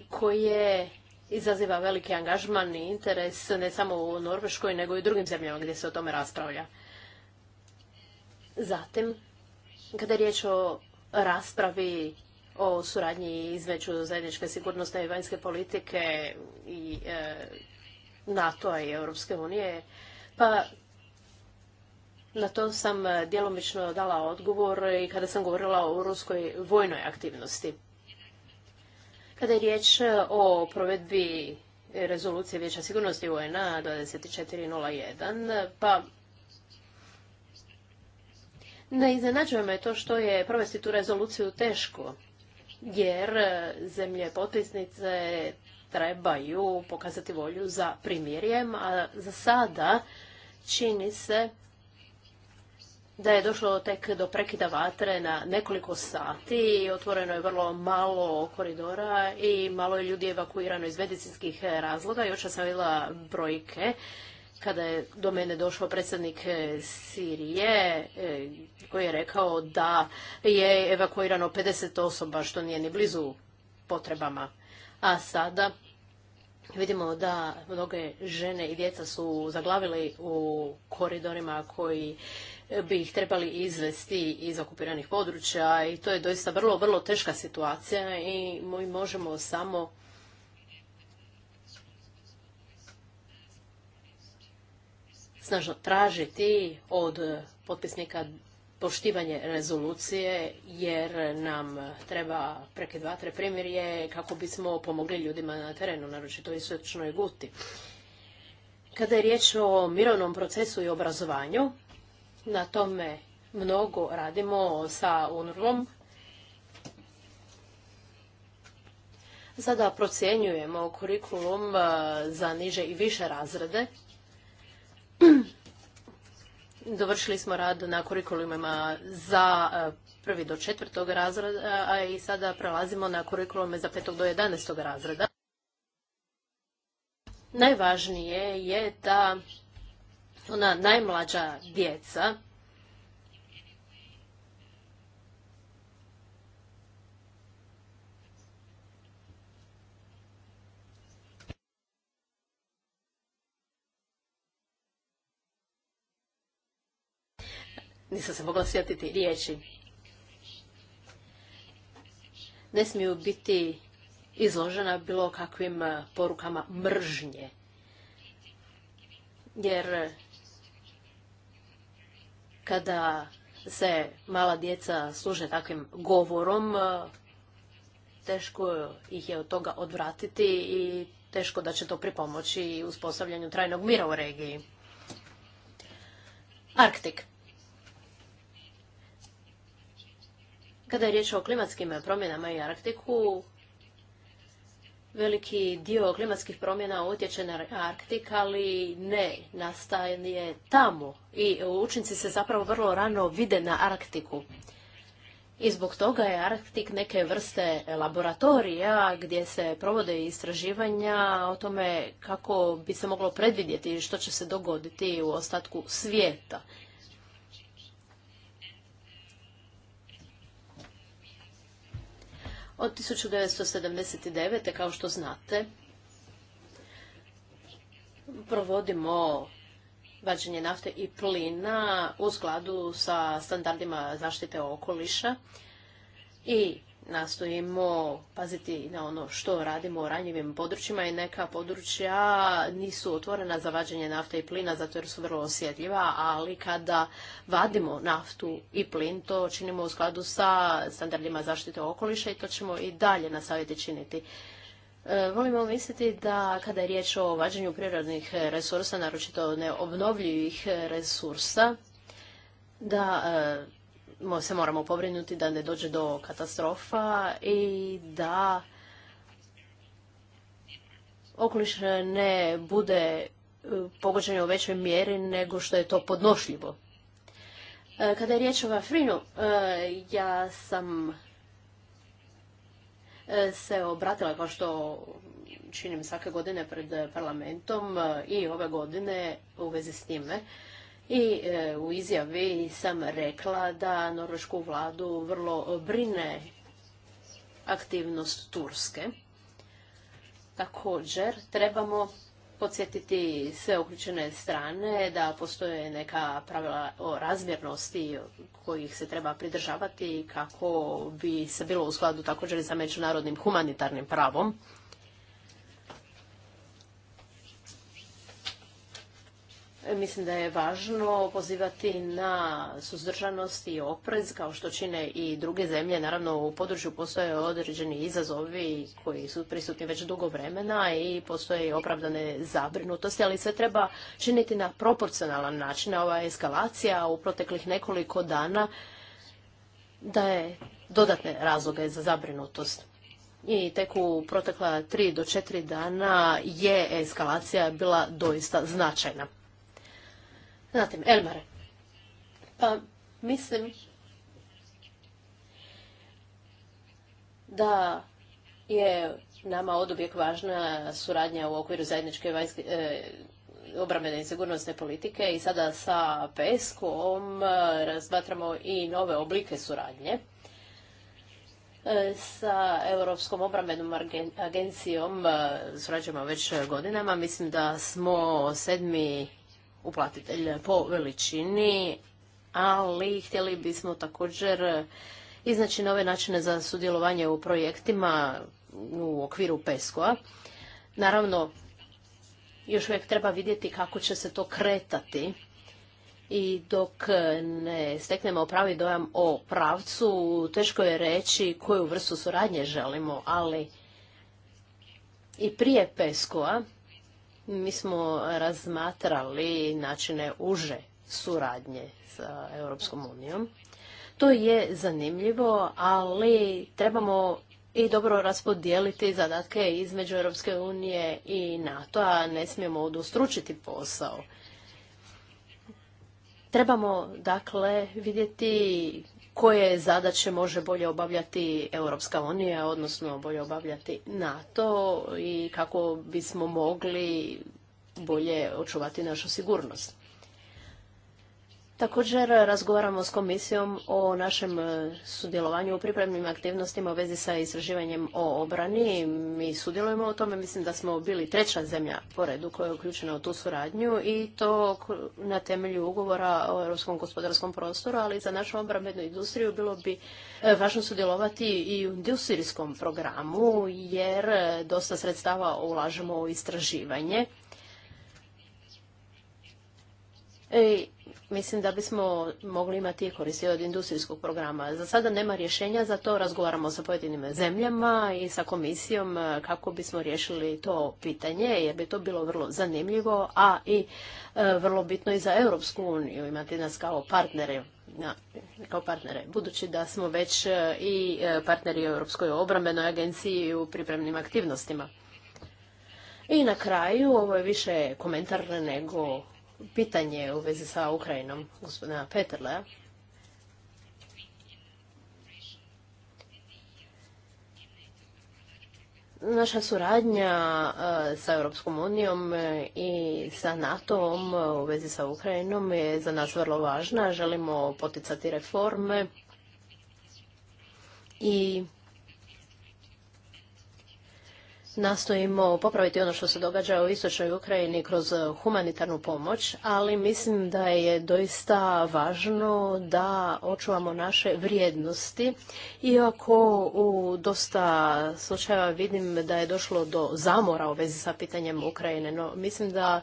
Speaker 1: koje izaziva veliki angažman i interes ne samo u Norveškoj nego i u drugim zemljama gdje se o tome raspravlja. Zatim, kada je riječ o raspravi o suradnji između zajedničke sigurnosti i vanjske politike i e, NATO-a i Europske unije, pa na to sam e, djelomično dala odgovor i kada sam govorila o ruskoj vojnoj aktivnosti. Kada je riječ e, o provedbi rezolucije Vijeća sigurnosti UN-a 2401, pa ne iznenađuje me to što je provesti tu rezoluciju teško, jer e, zemlje potpisnice trebaju pokazati volju za primjerjem, a za sada čini se da je došlo tek do prekida vatre na nekoliko sati i otvoreno je vrlo malo koridora i malo je ljudi evakuirano iz medicinskih razloga. Još sam vidjela brojke kada je do mene došao predsjednik Sirije e, koji je rekao da je evakuirano 50 osoba što nije ni blizu potrebama. A sada vidimo da mnoge žene i djeca su zaglavili u koridorima koji bi ih trebali izvesti iz okupiranih područja i to je doista vrlo, vrlo teška situacija i mi možemo samo snažno tražiti od potpisnika poštivanje rezolucije jer nam treba dva, tri primirje kako bismo pomogli ljudima na terenu, naročito i Svečnoj Guti. Kada je riječ o mirovnom procesu i obrazovanju, na tome mnogo radimo sa UNRVOM. Sada procjenjujemo kurikulum e, za niže i više razrede. Dovršili smo rad na kurikulumima za e, prvi do četvrtog razreda, a i sada prelazimo na kurikulume za petog do jedanestog razreda. Najvažnije je da ona najmlađa djeca nisam se mogla sjetiti riječi. Ne smiju biti izložena bilo kakvim porukama mržnje. Jer kada se mala djeca služe takvim govorom, teško ih je od toga odvratiti i teško da će to pripomoći uspostavljanju trajnog mira u regiji. Arktik. Kada je riječ o klimatskim promjenama i Arktiku, veliki dio klimatskih promjena utječe na Arktik, ali ne, nastaje tamo i učinci se zapravo vrlo rano vide na Arktiku. I zbog toga je Arktik neke vrste laboratorija gdje se provode istraživanja o tome kako bi se moglo predvidjeti što će se dogoditi u ostatku svijeta. Od 1979. kao što znate, provodimo vađenje nafte i plina u skladu sa standardima zaštite okoliša i nastojimo paziti na ono što radimo u ranjivim područjima i neka područja nisu otvorena za vađenje nafte i plina zato jer su vrlo osjetljiva, ali kada vadimo naftu i plin to činimo u skladu sa standardima zaštite okoliša i to ćemo i dalje na savjeti činiti. E, volimo misliti da kada je riječ o vađenju prirodnih resursa, naročito neobnovljivih resursa, da e, se moramo pobrinuti da ne dođe do katastrofa i da okoliš ne bude e, pogođen u većoj mjeri nego što je to podnošljivo. E, kada je riječ o Vafrinu, e, ja sam se obratila kao što činim svake godine pred parlamentom i ove godine u vezi s time. I e, u izjavi sam rekla da norvešku vladu vrlo brine aktivnost Turske. Također trebamo podsjetiti sve uključene strane da postoje neka pravila o razmjernosti kojih se treba pridržavati kako bi se bilo u skladu također i sa međunarodnim humanitarnim pravom. Mislim da je važno pozivati na suzdržanost i oprez, kao što čine i druge zemlje. Naravno, u području postoje određeni izazovi koji su prisutni već dugo vremena i postoje i opravdane zabrinutosti, ali sve treba činiti na proporcionalan način. Ova eskalacija u proteklih nekoliko dana daje dodatne razloge za zabrinutost. I tek u protekla tri do četiri dana je eskalacija bila doista značajna. Zatim, Elmare. Pa, mislim da je nama od važna suradnja u okviru zajedničke vanjske, e, obrambene i sigurnosne politike i sada sa PESKOM e, razmatramo i nove oblike suradnje e, sa Europskom obrambenom agencijom surađujemo već godinama. Mislim da smo sedmi uplatitelj po veličini, ali htjeli bismo također iznaći nove načine za sudjelovanje u projektima u okviru PESCO-a. Naravno, još uvijek treba vidjeti kako će se to kretati i dok ne steknemo pravi dojam o pravcu, teško je reći koju vrstu suradnje želimo, ali i prije PESCO-a mi smo razmatrali načine uže suradnje sa e, Europskom unijom. To je zanimljivo, ali trebamo i dobro raspodijeliti zadatke između Europske unije i NATO, a ne smijemo odustručiti posao. Trebamo dakle vidjeti koje zadaće može bolje obavljati Europska unija, odnosno bolje obavljati NATO i kako bismo mogli bolje očuvati našu sigurnost. Također razgovaramo s komisijom o našem e, sudjelovanju u pripremnim aktivnostima u vezi sa istraživanjem o obrani. Mi sudjelujemo u tome, mislim da smo bili treća zemlja po redu koja je uključena u tu suradnju i to na temelju ugovora o europskom gospodarskom prostoru, ali za našu obrambenu industriju bilo bi e, važno sudjelovati i u industrijskom programu jer e, dosta sredstava ulažemo u istraživanje. I Mislim da bismo mogli imati koristi od industrijskog programa. Za sada nema rješenja, za to razgovaramo sa pojedinim zemljama i sa komisijom e, kako bismo riješili to pitanje, jer bi to bilo vrlo zanimljivo, a i e, vrlo bitno i za Europsku uniju imati nas kao partnere. kao partnere. Budući da smo već e, i partneri u Europskoj obrambenoj agenciji u pripremnim aktivnostima. I na kraju, ovo je više komentar nego pitanje u vezi sa Ukrajinom gospodina Peterle. Naša suradnja eh, sa Europskom unijom eh, i sa NATO-om eh, u vezi sa Ukrajinom je za nas vrlo važna. Želimo poticati reforme i nastojimo popraviti ono što se događa u istočnoj Ukrajini kroz eh, humanitarnu pomoć, ali mislim da je doista važno da očuvamo naše vrijednosti. Iako u dosta slučajeva vidim da je došlo do zamora u vezi sa pitanjem Ukrajine, no mislim da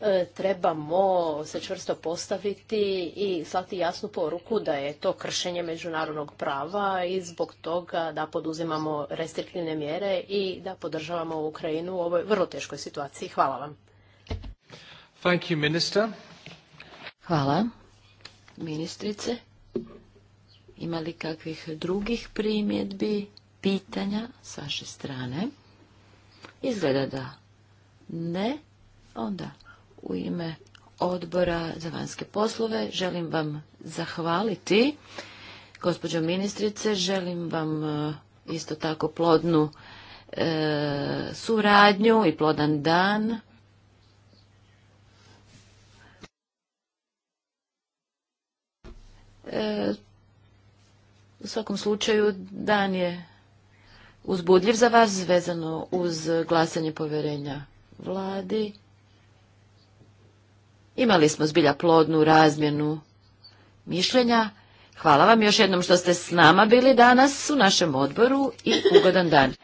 Speaker 1: E, trebamo se čvrsto postaviti i slati jasnu poruku da je to kršenje međunarodnog prava i zbog toga da poduzimamo restriktivne mjere i da podržavamo Ukrajinu u ovoj vrlo teškoj situaciji. Hvala vam.
Speaker 2: Thank
Speaker 3: Hvala.
Speaker 1: Ministrice,
Speaker 3: ima li kakvih drugih primjedbi, pitanja s vaše strane? Izgleda da ne. Onda u ime odbora za vanjske poslove. Želim vam zahvaliti, gospođo ministrice, želim vam e, isto tako plodnu e, suradnju i plodan dan. E, u svakom slučaju dan je uzbudljiv za vas vezano uz glasanje povjerenja vladi. Imali smo zbilja plodnu razmjenu mišljenja. Hvala vam još jednom što ste s nama bili danas u našem odboru i ugodan
Speaker 4: dan.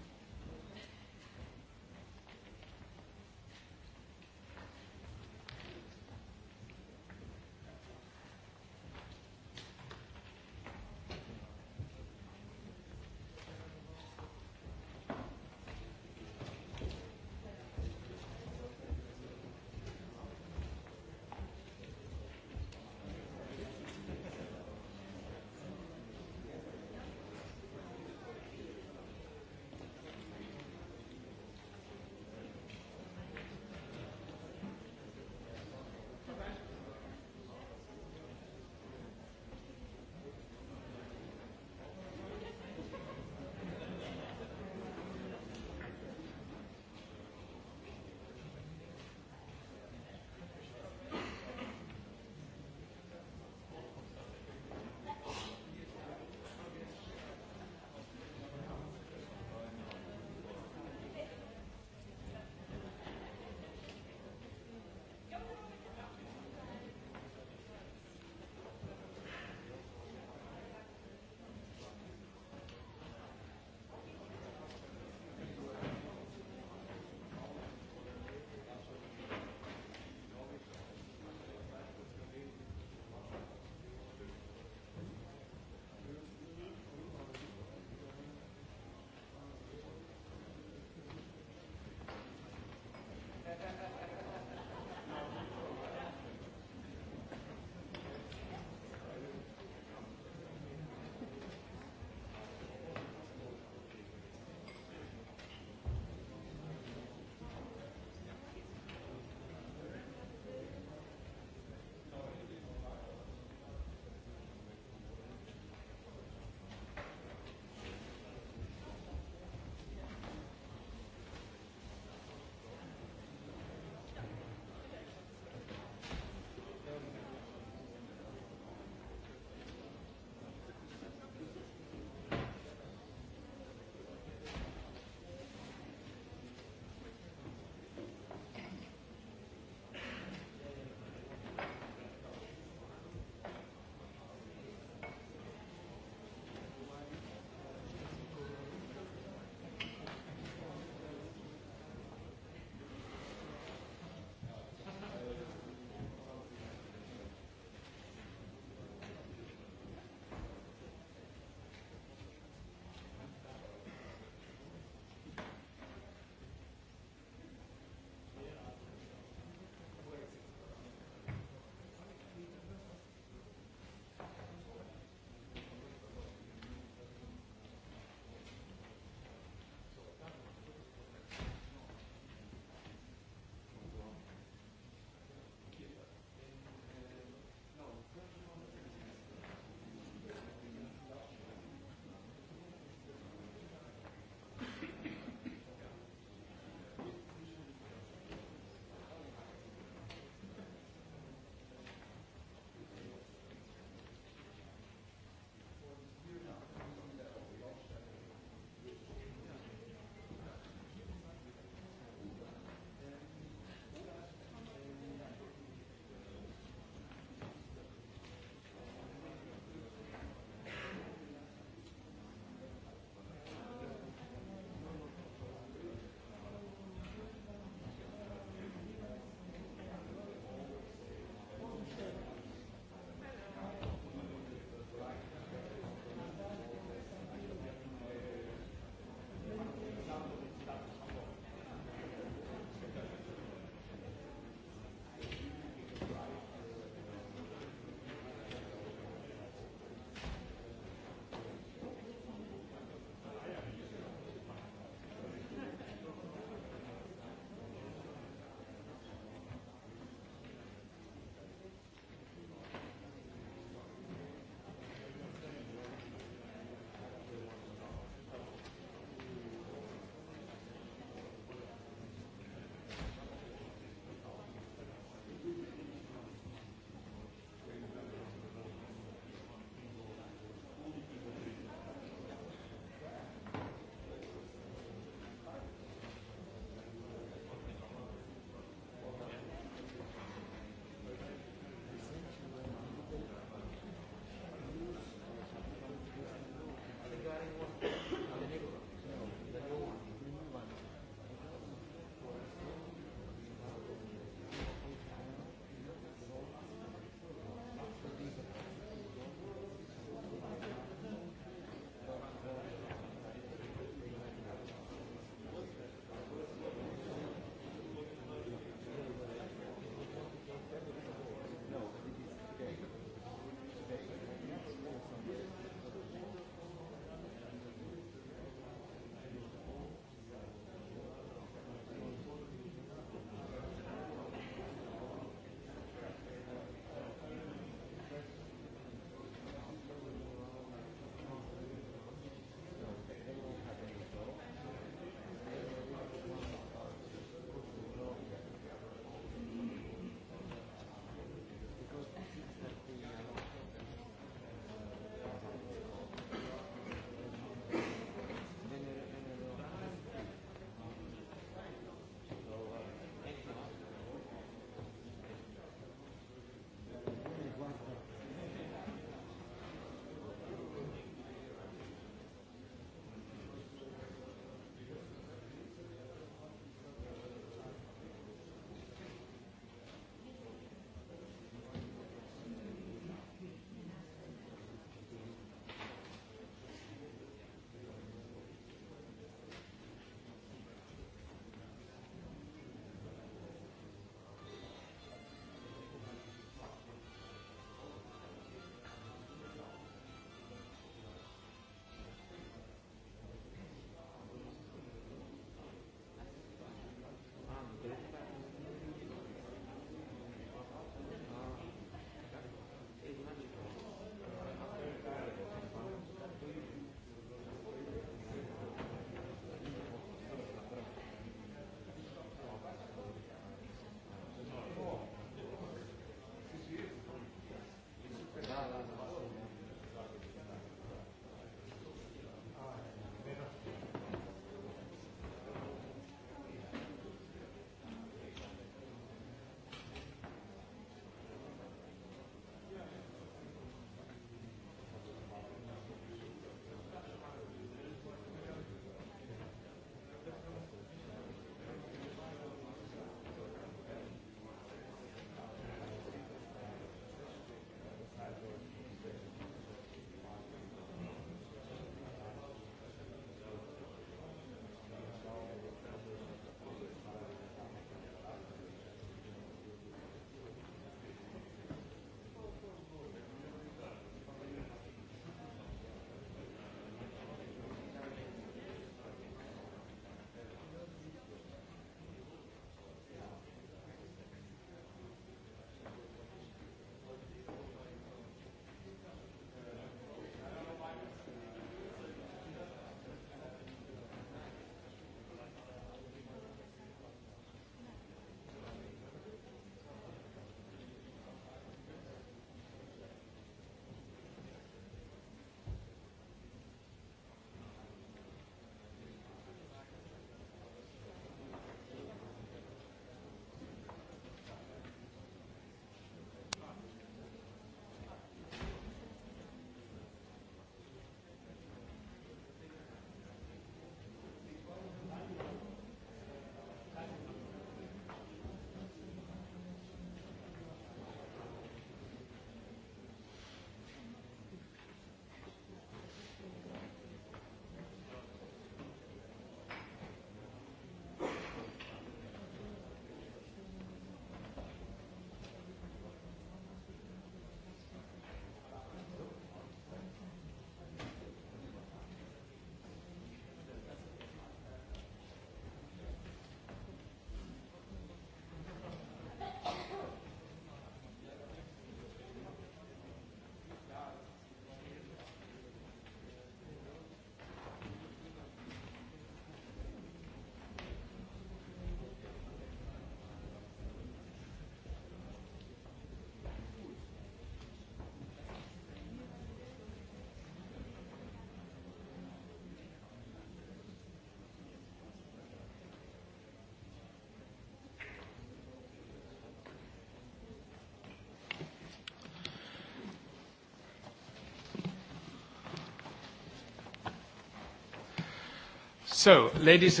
Speaker 2: ladies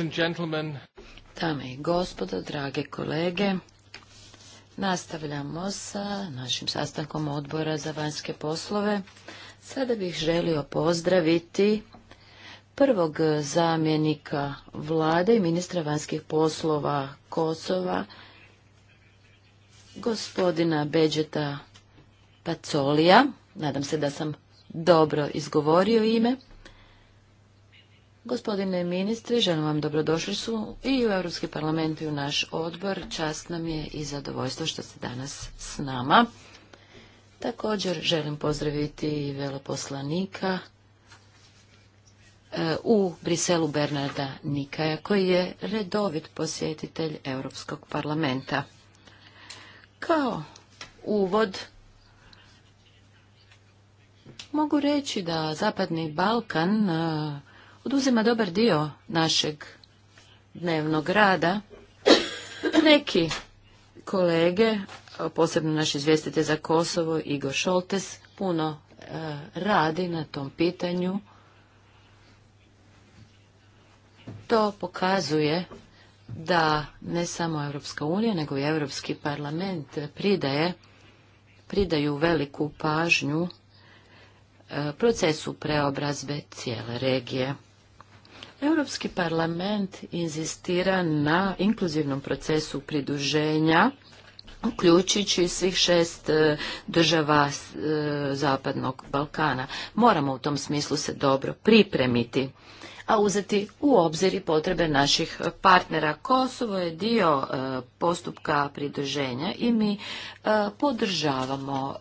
Speaker 3: Dame i gospodo, drage kolege, nastavljamo sa našim sastankom odbora za vanjske poslove. Sada bih želio pozdraviti prvog zamjenika vlade i ministra vanjskih poslova Kosova, gospodina Beđeta Pacolija. Nadam se da sam dobro izgovorio ime. Gospodine ministri, želim vam dobrodošli su i u Europski parlament i u naš odbor. Čast nam je i zadovoljstvo što ste danas s nama. Također želim pozdraviti veleposlanika e, u Briselu Bernarda Nikaja, koji je redovit posjetitelj Europskog parlamenta. Kao uvod mogu reći da Zapadni Balkan e, oduzima dobar dio našeg dnevnog rada. Neki kolege, posebno naš izvjestitelj za Kosovo, Igor Šoltes, puno e, radi na tom pitanju. To pokazuje da ne samo Europska unija, nego i Europski parlament pridaje, pridaju veliku pažnju e, procesu preobrazbe cijele regije. Europski parlament inzistira na inkluzivnom procesu pridruženja uključujući svih šest e, država e, Zapadnog Balkana. Moramo u tom smislu se dobro pripremiti a uzeti u obzir i potrebe naših partnera. Kosovo je dio e, postupka pridruženja i mi podržavamo,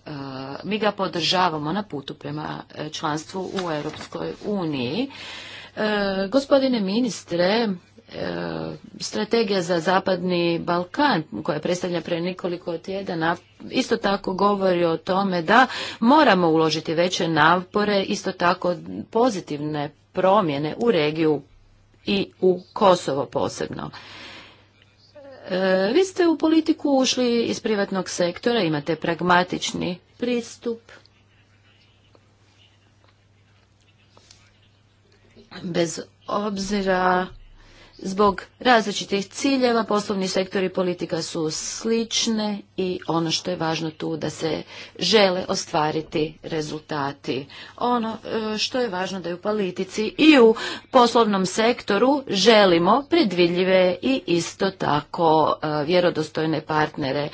Speaker 3: mi ga podržavamo na putu prema članstvu u Europskoj uniji. E, gospodine ministre, e, strategija za zapadni Balkan koja predstavlja predstavlja pre nekoliko tjedana isto tako govori o tome da moramo uložiti veće napore, isto tako pozitivne promjene u regiju i u Kosovo posebno. E, vi ste u politiku ušli iz privatnog sektora, imate pragmatični pristup bez obzira Zbog različitih ciljeva poslovni sektor i politika su slične i ono što je važno tu da se žele ostvariti rezultati. Ono e, što je važno da je u politici i u poslovnom sektoru želimo predvidljive i isto tako e, vjerodostojne partnere.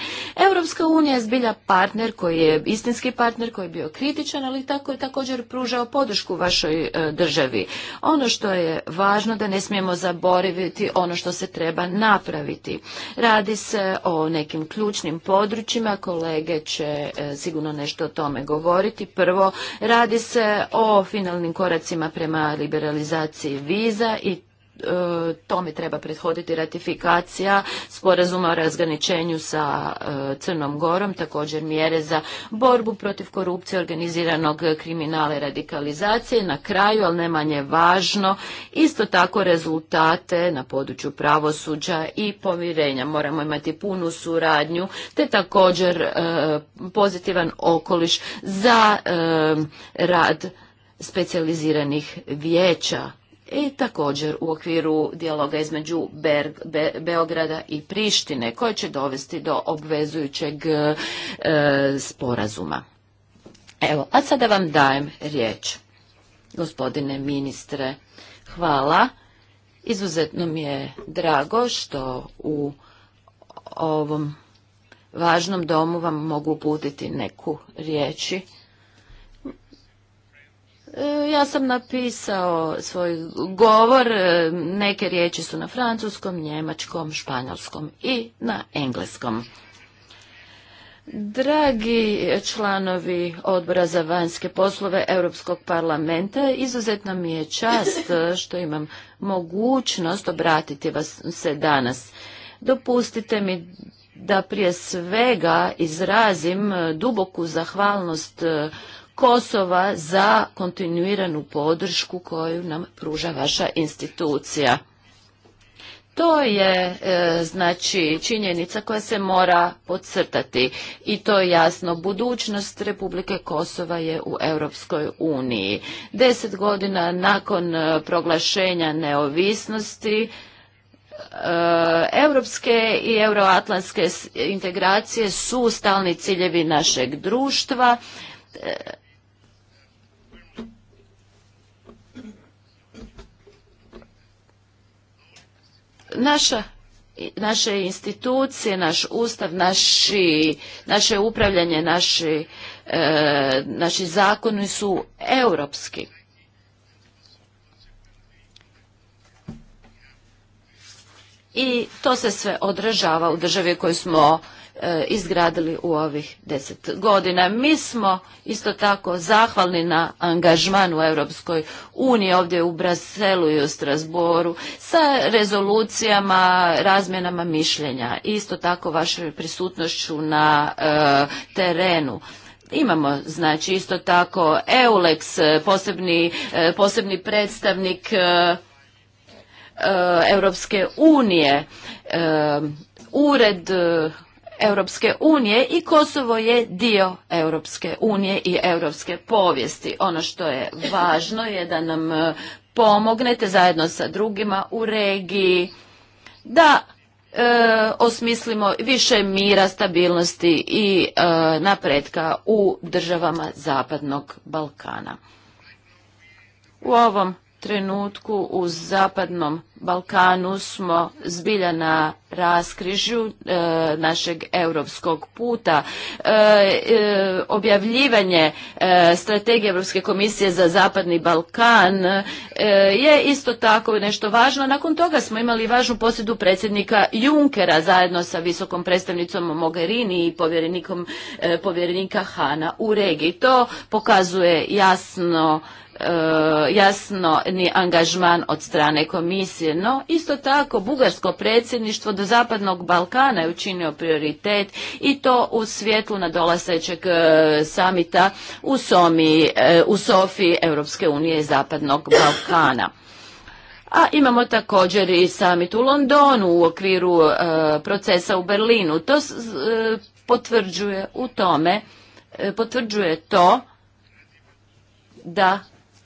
Speaker 3: Europska unija je zbilja partner koji je istinski partner koji je bio kritičan, ali tako je također pružao podršku vašoj e, državi. Ono što je važno da ne smijemo zaboraviti napraviti ono što se treba napraviti. Radi se o nekim ključnim područjima, kolege će e, sigurno nešto o tome govoriti. Prvo, radi se o finalnim koracima prema liberalizaciji viza i E, tome treba prethoditi ratifikacija sporazuma o razgraničenju sa e, Crnom Gorom, također mjere za borbu protiv korupcije, organiziranog kriminala i radikalizacije. Na kraju, ali ne manje važno, isto tako rezultate na području pravosuđa i povjerenja. Moramo imati punu suradnju, te također e, pozitivan okoliš za rad specijaliziranih vijeća i također u okviru dijaloga između Beograda i Prištine koje će dovesti do obvezujućeg e, sporazuma. Evo, a sada vam dajem riječ. Gospodine ministre, hvala. Izuzetno mi je drago što u ovom važnom domu vam mogu uputiti neku riječi E, ja sam napisao svoj govor, e, neke riječi su na francuskom, njemačkom, španjolskom i na engleskom. Dragi članovi odbora za vanjske poslove Europskog parlamenta, izuzetna mi je čast e, što imam mogućnost obratiti vas se danas. Dopustite mi da prije svega izrazim duboku zahvalnost Kosova za kontinuiranu podršku koju nam pruža vaša institucija. To je e, znači činjenica koja se mora podcrtati i to je jasno. Budućnost Republike Kosova je u Europskoj uniji. Deset godina nakon e, proglašenja neovisnosti e, europske i euroatlantske integracije su stalni ciljevi našeg društva. naša naše institucije, naš ustav, naši, naše upravljanje, naši, e, naši zakoni su europski. I to se sve odražava u državi koju smo E, izgradili u ovih deset godina. Mi smo isto tako zahvalni na angažman u Europskoj uniji ovdje u Braselu i u Strasboru sa rezolucijama, razmjenama mišljenja. Isto tako vašoj prisutnošću na e, terenu. Imamo znači isto tako EULEX, e, posebni, posebni predstavnik Europske unije, ured Europske unije i Kosovo je dio Europske unije i europske povijesti. Ono što je važno je da nam e, pomognete zajedno sa drugima u regiji da e, osmislimo više mira, stabilnosti i e, napretka u državama Zapadnog Balkana. U ovom trenutku u Zapadnom Balkanu smo zbilja na raskrižju e, našeg europskog puta. E, e, objavljivanje strategije Europske komisije za Zapadni Balkan je isto tako nešto važno. Nakon toga smo imali važnu posjedu predsjednika Junkera zajedno sa visokom predstavnicom Mogherini i povjerenikom povjerenika Hana u regiji. To pokazuje jasno E, jasno ni angažman od strane komisije. No, isto tako, bugarsko predsjedništvo do Zapadnog Balkana je učinio prioritet i to u svjetlu nadolazećeg e, samita u, Somi, e, u Sofiji Europske unije i Zapadnog Balkana. A imamo također i samit u Londonu u okviru procesa u Berlinu. To potvrđuje u tome, potvrđuje to da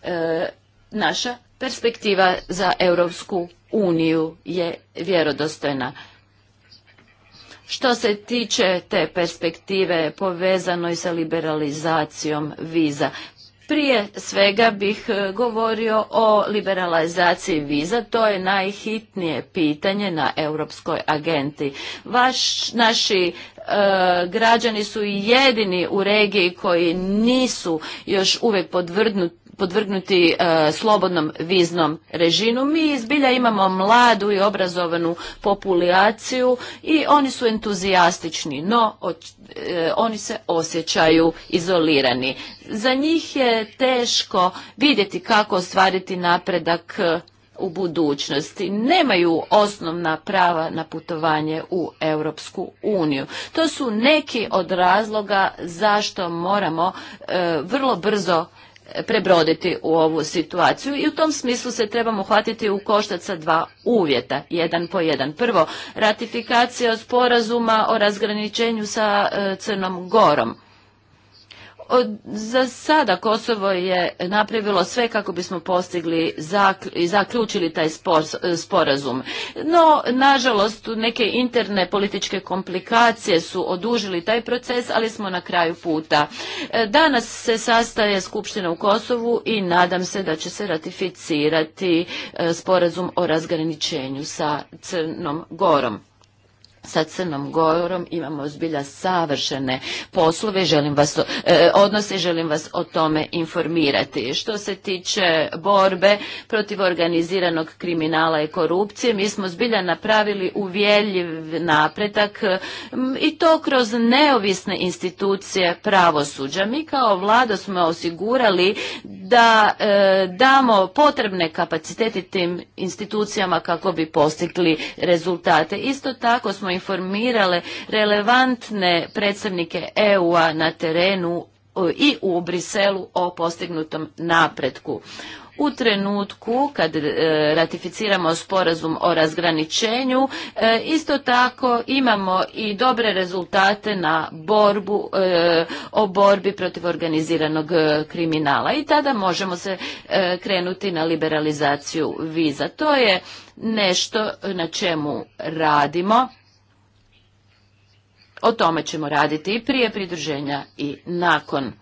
Speaker 3: E, naša perspektiva za Europsku uniju je vjerodostojna. Što se tiče te perspektive povezanoj sa liberalizacijom viza, prije svega bih e, govorio o liberalizaciji viza, to je najhitnije pitanje na europskoj agenti. Vaš, naši e, građani su jedini u regiji koji nisu još uvijek podvrgnuti podvrgnuti e, slobodnom viznom režimu. Mi izbilja imamo mladu i obrazovanu populaciju i oni su entuzijastični, no e, oni se osjećaju izolirani. Za njih je teško vidjeti kako ostvariti napredak e, u budućnosti nemaju osnovna prava na putovanje u Europsku uniju. To su neki od razloga zašto moramo vrlo brzo prebroditi u ovu situaciju i u tom smislu se trebamo hvatiti u koštac sa dva uvjeta, jedan po jedan. Prvo, ratifikacija sporazuma o razgraničenju sa e, Crnom Gorom za sada Kosovo je napravilo sve kako bismo postigli i zaključili taj sporazum. No, nažalost, neke interne političke komplikacije su odužili taj proces, ali smo na kraju puta. E, danas se sastaje Skupština u Kosovu i nadam se da će se ratificirati e, sporazum o razgraničenju sa Crnom Gorom sa Crnom Gorom imamo zbilja savršene poslove, želim vas, e, odnose, želim vas o tome informirati. Što se tiče borbe protiv organiziranog kriminala i korupcije, mi smo zbilja napravili uvjeljiv napretak i to kroz neovisne institucije pravosuđa. Mi kao vlada smo osigurali da e, damo potrebne kapacitete tim institucijama kako bi postigli rezultate. Isto tako smo informirale relevantne predstavnike EU-a na terenu e, i u Briselu o postignutom napretku. U trenutku kad e, ratificiramo sporazum o razgraničenju, e, isto tako imamo i dobre rezultate na borbu o borbi protiv organiziranog kriminala i tada možemo se krenuti na liberalizaciju viza. To je nešto na čemu radimo o tome ćemo raditi i prije pridruženja i nakon.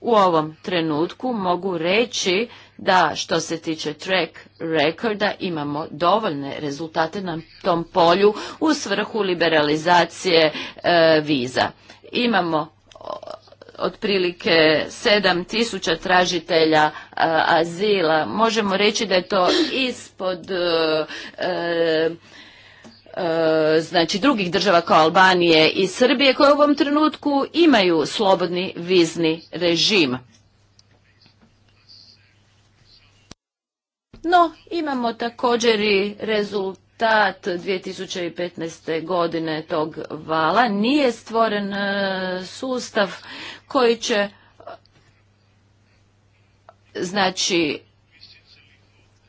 Speaker 3: U ovom trenutku mogu reći da što se tiče track rekorda, imamo dovoljne rezultate na tom polju u svrhu liberalizacije e, viza. Imamo otprilike 7000 tražitelja e, azila. Možemo reći da je to ispod e, E, znači drugih država kao Albanije i Srbije koje u ovom trenutku imaju slobodni vizni režim. No, imamo također i rezultat 2015. godine tog vala. Nije stvoren e, sustav koji će e, znači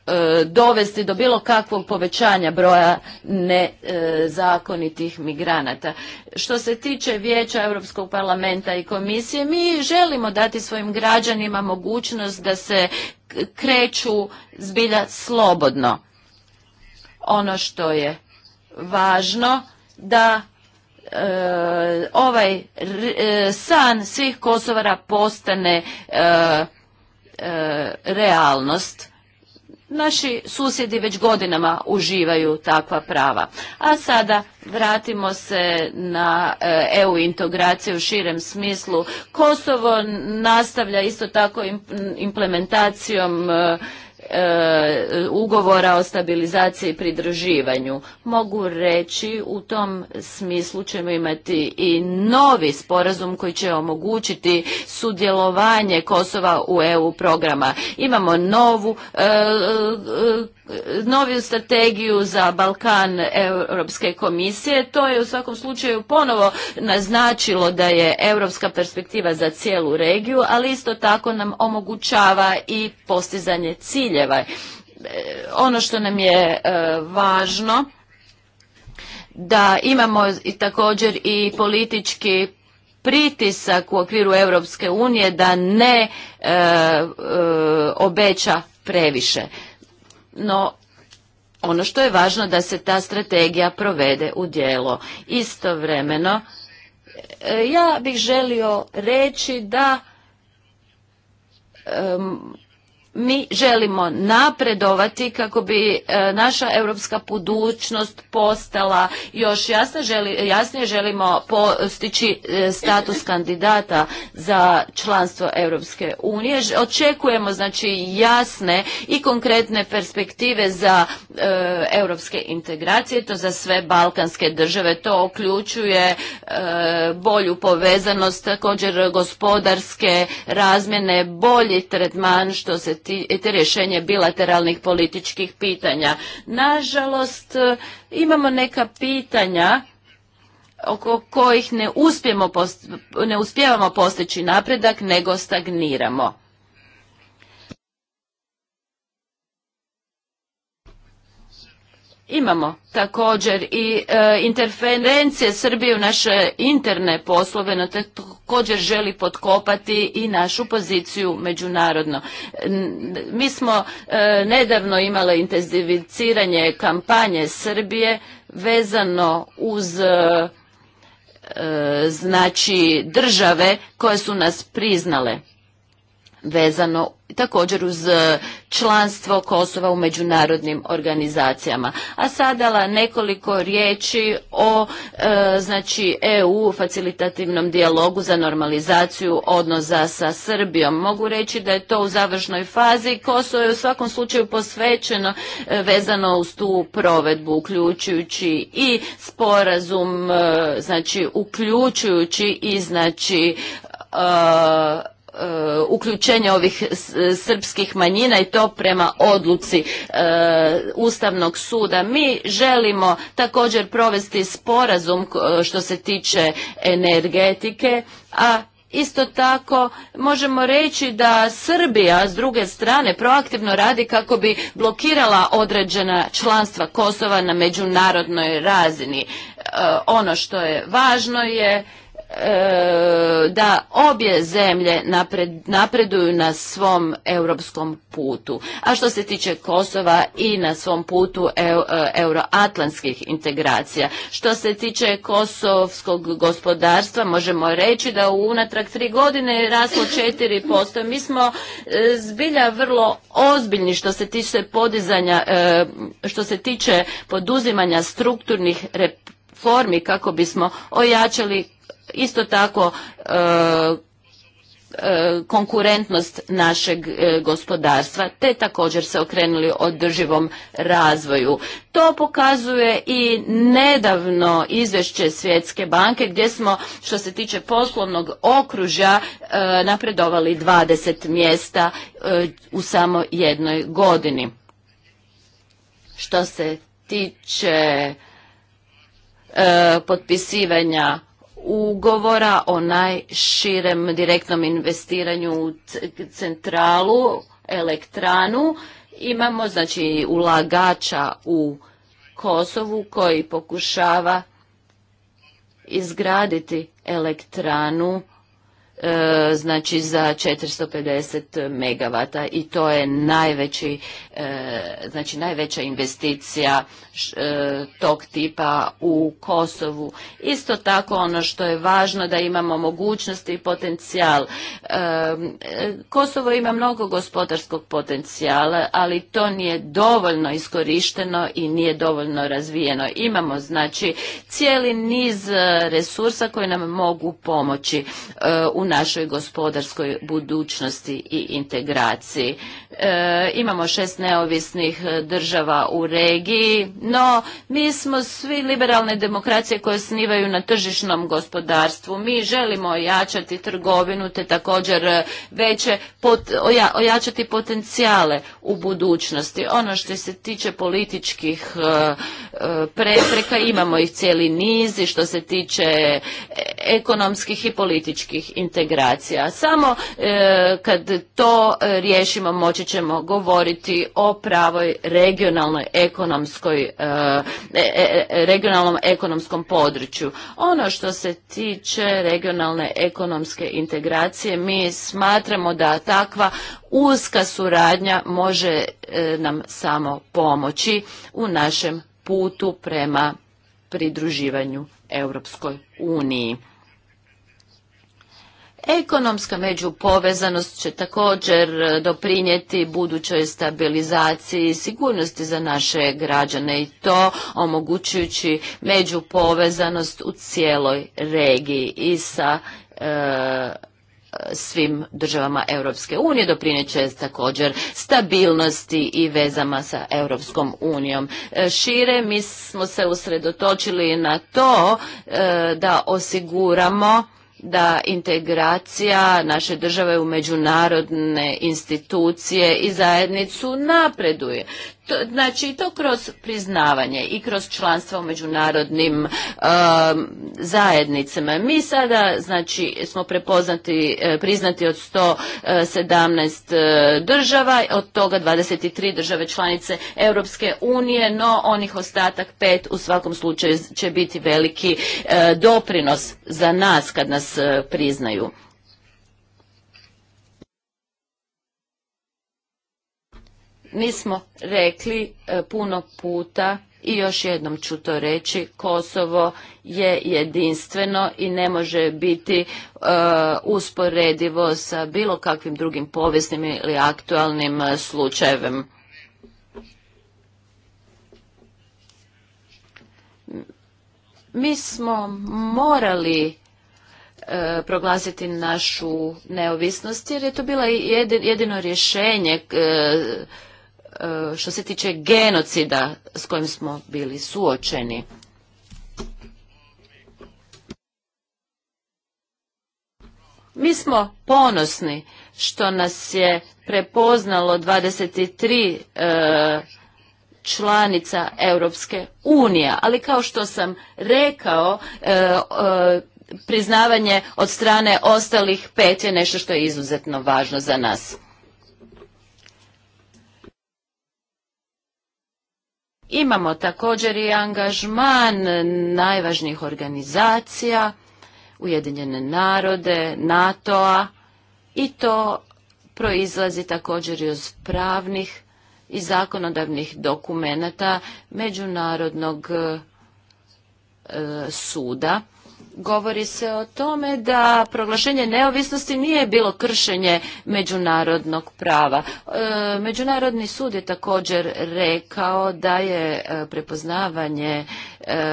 Speaker 3: E, dovesti do bilo kakvog povećanja broja nezakonitih migranata. Što se tiče Vijeća Europskog parlamenta i komisije, mi želimo dati svojim građanima mogućnost da se kreću zbilja slobodno. Ono što je važno da e, ovaj e, san svih Kosovara postane realnost Naši susjedi već godinama uživaju takva prava. A sada vratimo se na e, EU integraciju u širem smislu. Kosovo nastavlja isto tako implementacijom e, E, ugovora o stabilizaciji i pridruživanju. Mogu reći u tom smislu ćemo imati i novi sporazum koji će omogućiti sudjelovanje Kosova u EU programa. Imamo novu e, e, noviju strategiju za Balkan Europske komisije. To je u svakom slučaju ponovo naznačilo da je europska perspektiva za cijelu regiju, ali isto tako nam omogućava i postizanje ciljeva. E, ono što nam je e, važno da imamo i također i politički pritisak u okviru Europske unije da ne e, obeća previše no ono što je važno da se ta strategija provede u djelo. Istovremeno, e, ja bih želio reći da mi želimo napredovati kako bi e, naša europska budućnost postala još jasna, jasnije želimo postići e, status kandidata za članstvo Europske unije. Očekujemo znači jasne i konkretne perspektive za e, europske integracije, to za sve balkanske države. To uključuje bolju povezanost, također gospodarske razmjene, bolji tretman što se te rješenje bilateralnih političkih pitanja. Nažalost, e, imamo neka pitanja oko kojih ne, uspijemo ne uspijevamo postići napredak, nego stagniramo. Imamo također i e, interferencije Srbije u naše interne poslove, no također želi potkopati i našu poziciju međunarodno. Mi smo e, nedavno imali intenziviciranje kampanje Srbije vezano uz e, znači države koje su nas priznale vezano također uz e, članstvo Kosova u međunarodnim organizacijama. A sadala nekoliko riječi o e, znači EU facilitativnom dijalogu za normalizaciju odnosa sa Srbijom. Mogu reći da je to u završnoj fazi. Kosovo je u svakom slučaju posvećeno e, vezano uz tu provedbu, uključujući i sporazum, e, znači uključujući i znači E, uključenje ovih e, srpskih manjina i to prema odluci e, Ustavnog suda. Mi želimo također provesti sporazum što se tiče energetike, a Isto tako možemo reći da Srbija s druge strane proaktivno radi kako bi blokirala određena članstva Kosova na međunarodnoj razini. ono što je važno je E, da obje zemlje napreduju na svom europskom putu. A što se tiče Kosova i na svom putu e, euroatlantskih integracija. Što se tiče kosovskog gospodarstva, možemo reći da unatrag tri godine je raslo 4%. Mi smo e, zbilja vrlo ozbiljni što se tiče podizanja, što se tiče poduzimanja strukturnih reformi kako bismo ojačali isto tako e, e, konkurentnost našeg e, gospodarstva te također se okrenuli održivom razvoju. To pokazuje i nedavno izvješće Svjetske banke gdje smo što se tiče poslovnog okružja napredovali 20 mjesta u samo jednoj godini. Što se tiče potpisivanja ugovora o najširem direktnom investiranju u centralu, elektranu. Imamo znači ulagača u Kosovu koji pokušava izgraditi elektranu E, znači za 450 megavata i to je najveći, e, znači najveća investicija e, tog tipa u Kosovu. Isto tako ono što je važno da imamo mogućnosti i potencijal. Kosovo ima mnogo gospodarskog potencijala, ali to nije dovoljno iskorišteno i nije dovoljno razvijeno. Imamo znači cijeli niz resursa koji nam mogu pomoći u našoj gospodarskoj budućnosti i integraciji. E, imamo šest neovisnih država u regiji, no mi smo svi liberalne demokracije koje snivaju na tržišnom gospodarstvu. Mi želimo ojačati trgovinu te također veće pot, oja, ojačati potencijale u budućnosti. Ono što se tiče političkih e, e, prepreka, imamo ih cijeli niz i što se tiče ekonomskih i političkih integracija integracija. Samo e, kad to e, riješimo moći ćemo govoriti o pravoj regionalnoj ekonomskoj e, regionalnom ekonomskom području. Ono što se tiče regionalne ekonomske integracije mi smatramo da takva uska suradnja može nam samo pomoći u našem putu prema pridruživanju Europskoj uniji. Ekonomska međupovezanost će također e, doprinijeti budućoj stabilizaciji i sigurnosti za naše građane i to omogućujući međupovezanost u cijeloj regiji i sa e, svim državama Europske unije doprineće također stabilnosti i vezama sa Europskom unijom. E, šire mi smo se usredotočili na to da osiguramo da integracija naše države u međunarodne institucije i zajednicu napreduje to, znači to kroz priznavanje i kroz članstvo u međunarodnim um, zajednicama. Mi sada znači smo prepoznati, eh, priznati od 117 eh, eh, država, od toga 23 države članice Europske unije, no onih ostatak pet u svakom slučaju će biti veliki doprinos za nas kad nas priznaju. Mi smo rekli e, puno puta i još jednom ću to reći, Kosovo je jedinstveno i ne može biti e, usporedivo sa bilo kakvim drugim povijesnim ili aktualnim e, slučajem. Mi smo morali proglasiti našu neovisnost jer je to bilo jedino rješenje E, što se tiče genocida s kojim smo bili suočeni. Mi smo ponosni što nas je prepoznalo 23 e, članica Europske unije, ali kao što sam rekao, e, priznavanje od strane ostalih pet je nešto što je izuzetno važno za nas. Imamo također i angažman najvažnijih organizacija, Ujedinjene narode, NATO-a i to proizlazi također iz pravnih i zakonodavnih dokumenata Međunarodnog e, suda govori se o tome da proglašenje neovisnosti nije bilo kršenje međunarodnog prava. E, međunarodni sud je također rekao da je e, prepoznavanje e,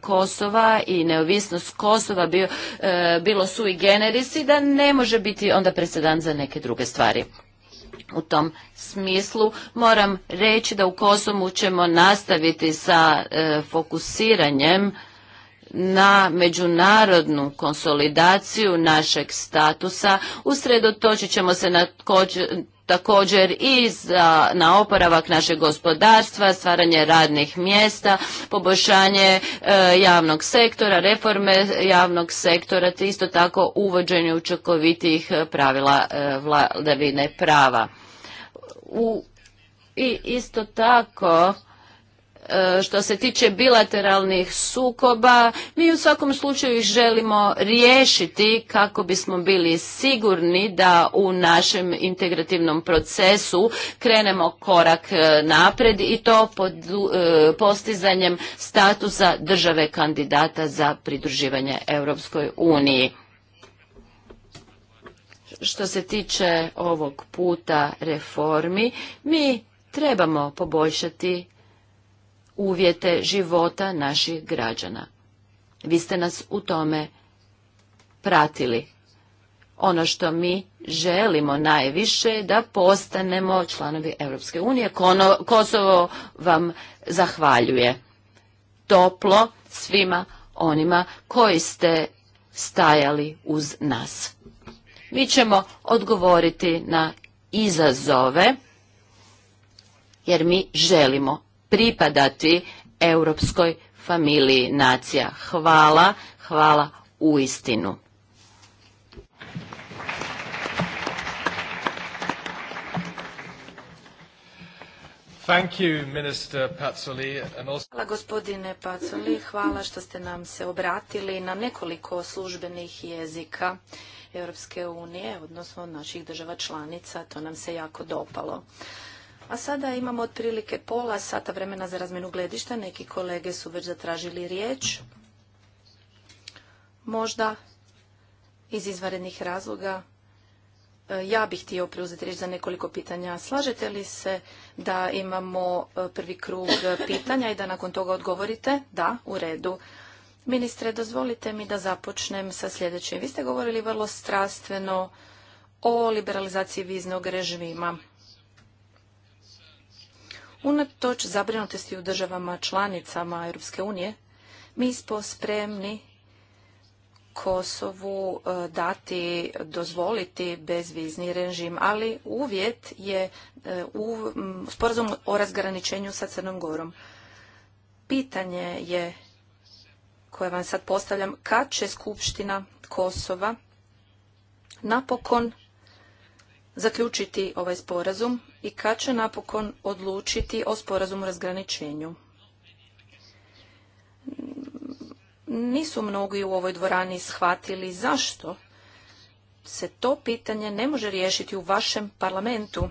Speaker 3: Kosova i neovisnost Kosova bio, bilo sui generis i da ne može biti onda presedan za neke druge stvari. U tom smislu moram reći da u Kosovu ćemo nastaviti sa fokusiranjem na međunarodnu konsolidaciju našeg statusa. Usredotočit ćemo se također i za, na oporavak našeg gospodarstva, stvaranje radnih mjesta, poboljšanje e, javnog sektora, reforme javnog sektora, te isto tako uvođenje učinkovitijih e, pravila e, vladavine prava. U, I isto tako E, što se tiče bilateralnih sukoba, mi u svakom slučaju ih želimo riješiti kako bismo bili sigurni da u našem integrativnom procesu krenemo korak e, napred i to pod e, postizanjem statusa države kandidata za pridruživanje Europskoj uniji što se tiče ovog puta reformi, mi trebamo poboljšati uvjete života naših građana. Vi ste nas u tome pratili. Ono što mi želimo najviše je da postanemo članovi Europske unije. Kosovo vam zahvaljuje toplo svima onima koji ste stajali uz nas. Mi ćemo odgovoriti na izazove jer mi želimo pripadati europskoj familiji nacija. Hvala, hvala u istinu.
Speaker 2: Thank
Speaker 5: Hvala gospodine Pacoli, hvala što ste nam se obratili na nekoliko službenih jezika Europske unije, odnosno naših država članica, to nam se jako dopalo. A sada imamo otprilike pola sata vremena za razmenu gledišta. Neki kolege su već zatražili riječ. Možda iz izvarenih razloga e, ja bih htio preuzeti riječ za nekoliko pitanja. Slažete li se da imamo e, prvi krug pitanja i da nakon toga odgovorite? Da, u redu. Ministre, dozvolite mi da započnem sa sljedećim. Vi ste govorili vrlo strastveno o liberalizaciji viznog režima. Unatoč zabrinutosti u državama članicama Europske unije, mi smo spremni Kosovu e, dati, dozvoliti bezvizni režim, ali uvjet je e, u sporazum o razgraničenju sa Crnom Gorom. Pitanje je koje vam sad postavljam, kad će Skupština Kosova napokon zaključiti ovaj sporazum i kad će napokon odlučiti o sporazumu razgraničenju. Nisu mnogi u ovoj dvorani shvatili zašto se to pitanje ne može riješiti u vašem parlamentu.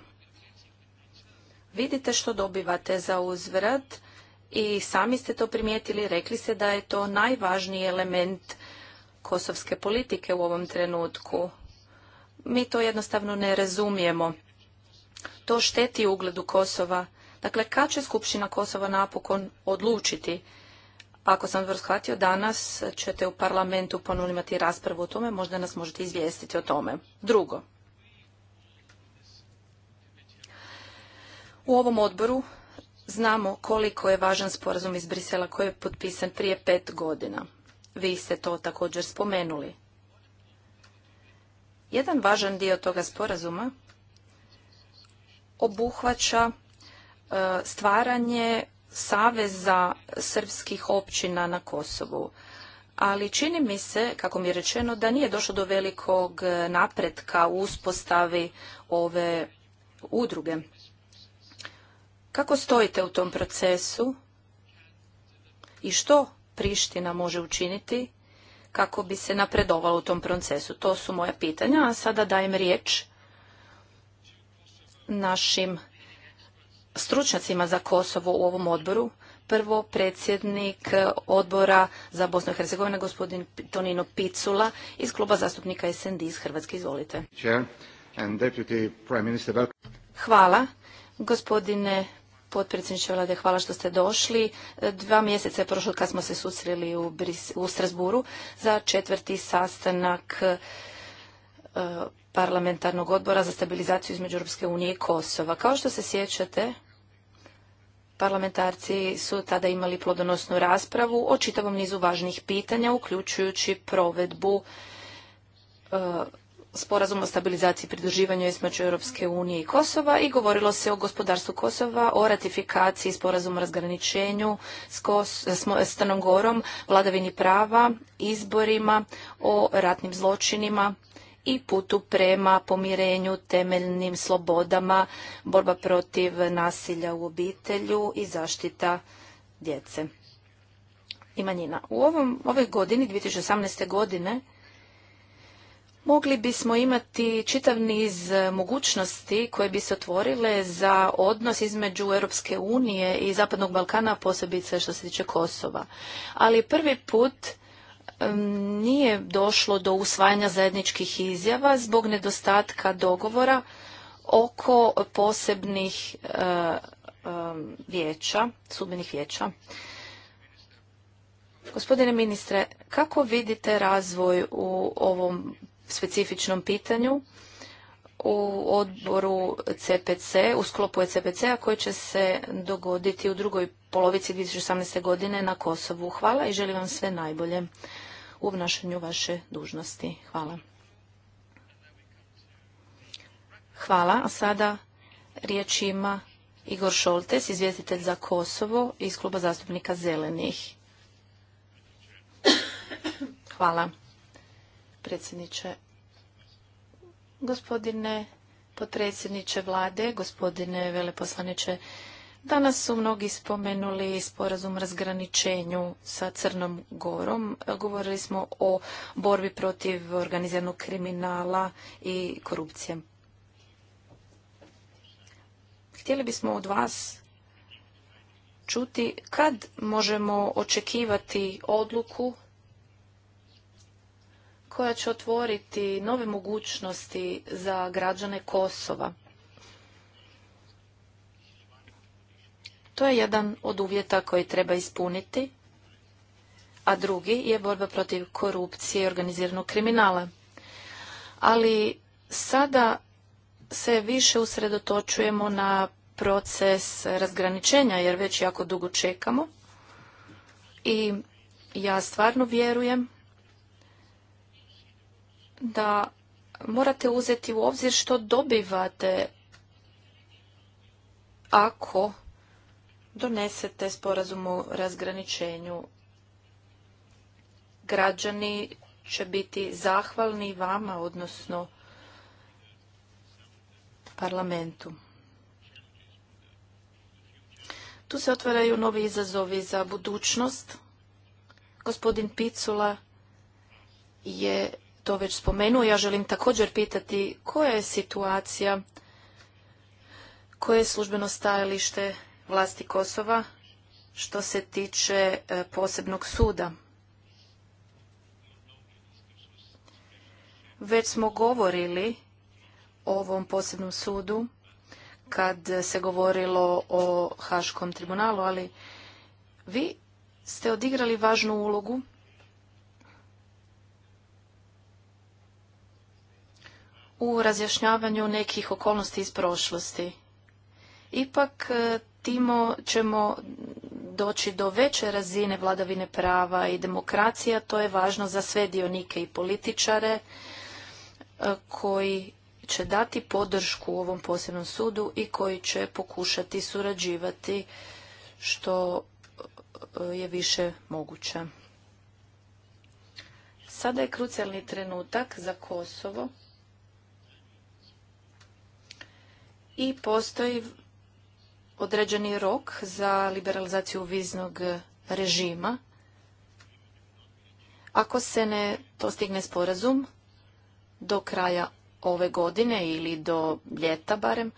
Speaker 5: Vidite što dobivate za uzvrat i sami ste to primijetili, rekli ste da je to najvažniji element kosovske politike u ovom trenutku. Mi to jednostavno ne razumijemo to šteti ugledu Kosova. Dakle, kad će Skupština Kosova napokon odlučiti? Ako sam dobro shvatio, danas ćete u parlamentu ponovno raspravu o tome, možda nas možete izvijestiti o tome. Drugo, u ovom odboru znamo koliko je važan sporazum iz Brisela koji je potpisan prije pet godina. Vi ste to također spomenuli. Jedan važan dio toga sporazuma obuhvaća e, stvaranje saveza srpskih općina na Kosovu. Ali čini mi se, kako mi je rečeno, da nije došlo do velikog napretka u uspostavi ove udruge. Kako stojite u tom procesu i što Priština može učiniti kako bi se napredovalo u tom procesu? To su moja pitanja, a sada dajem riječ našim stručnjacima za Kosovo u ovom odboru. Prvo predsjednik odbora za Bosnu i gospodin Tonino Picula iz kluba zastupnika SND iz Hrvatske. Izvolite. Hvala. Gospodine potpredsjedniče vlade, hvala što ste došli. Dva mjeseca je prošlo kad smo se susreli u, u Strasburu za četvrti sastanak e, parlamentarnog odbora za stabilizaciju između Europske unije i Kosova. Kao što se sjećate, parlamentarci su tada imali plodonosnu raspravu o čitavom nizu važnih pitanja, uključujući provedbu e, Sporazuma sporazum o stabilizaciji i pridruživanju između Europske unije i Kosova i govorilo se o gospodarstvu Kosova, o ratifikaciji sporazuma o razgraničenju s, Kos s Gorom, vladavini prava, izborima, o ratnim zločinima i putu prema pomirenju, temeljnim slobodama, borba protiv nasilja u obitelju i zaštita djece i manjina. U ovom, ovoj godini, 2018. godine, mogli bismo imati čitav niz mogućnosti koje bi se otvorile za odnos između Europske unije i Zapadnog Balkana, posebice što se tiče Kosova. Ali prvi put nije došlo do usvajanja zajedničkih izjava zbog nedostatka dogovora oko posebnih e, vijeća, sudbenih vijeća. Gospodine ministre, kako vidite razvoj u ovom specifičnom pitanju u odboru CPC, u sklopu CPC-a koji će se dogoditi u drugoj polovici 2018. godine na Kosovu? Hvala i želim vam sve najbolje u obnašanju vaše dužnosti. Hvala. Hvala. A sada riječ ima Igor Šoltes, izvjestitelj za Kosovo iz kluba zastupnika Zelenih. Hvala, predsjedniče. Gospodine potpredsjedniče vlade, gospodine veleposlaniče Danas su mnogi spomenuli sporazum razgraničenju sa Crnom Gorom. Govorili smo o borbi protiv organiziranog kriminala i korupcije. Htjeli bismo od vas čuti kad možemo očekivati odluku koja će otvoriti nove mogućnosti za građane Kosova To je jedan od uvjeta koji treba ispuniti, a drugi je borba protiv korupcije i organiziranog kriminala. Ali sada se više usredotočujemo na proces razgraničenja, jer već jako dugo čekamo. I ja stvarno vjerujem da morate uzeti u obzir što dobivate ako donesete sporazum o razgraničenju. Građani će biti zahvalni vama, odnosno parlamentu. Tu se otvaraju novi izazovi za budućnost. Gospodin Picula je to već spomenuo. Ja želim također pitati koja je situacija, koje je službeno stajalište vlasti Kosova što se tiče e, posebnog suda. Već smo govorili o ovom posebnom sudu kad se govorilo o Haškom tribunalu, ali vi ste odigrali važnu ulogu u razjašnjavanju nekih okolnosti iz prošlosti. Ipak e, timo ćemo doći do veće razine vladavine prava i demokracija. To je važno za sve dionike i političare e, koji će dati podršku ovom posebnom sudu i koji će pokušati surađivati što e, je više moguće. Sada je krucijalni trenutak za Kosovo i postoji određeni rok za liberalizaciju viznog režima. Ako se ne postigne sporazum do kraja ove godine ili do ljeta barem,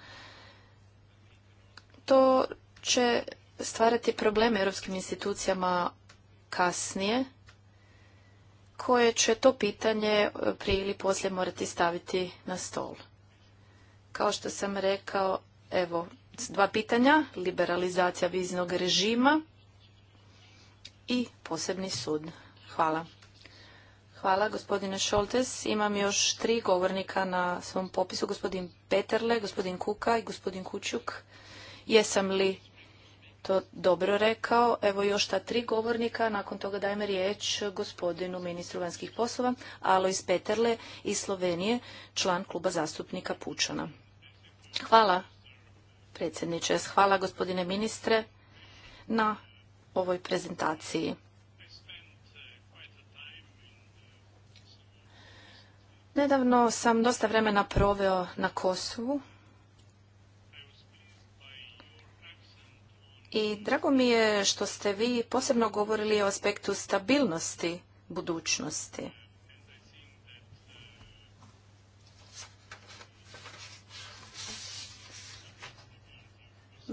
Speaker 5: to će stvarati probleme europskim institucijama kasnije, koje će to pitanje prije ili poslije morati staviti na stol. Kao što sam rekao, evo, dva pitanja, liberalizacija viznog režima i posebni sud. Hvala. Hvala gospodine Šoltes. Imam još tri govornika na svom popisu, gospodin Peterle, gospodin Kuka i gospodin Kućuk. Jesam li to dobro rekao? Evo još ta tri govornika, nakon toga dajem riječ gospodinu ministru vanjskih poslova, Alois Peterle iz Slovenije, član kluba zastupnika Pučana. Hvala predsjedniče. Hvala gospodine ministre na ovoj prezentaciji. Nedavno sam dosta vremena proveo na Kosovu i drago mi je što ste vi posebno govorili o aspektu stabilnosti budućnosti.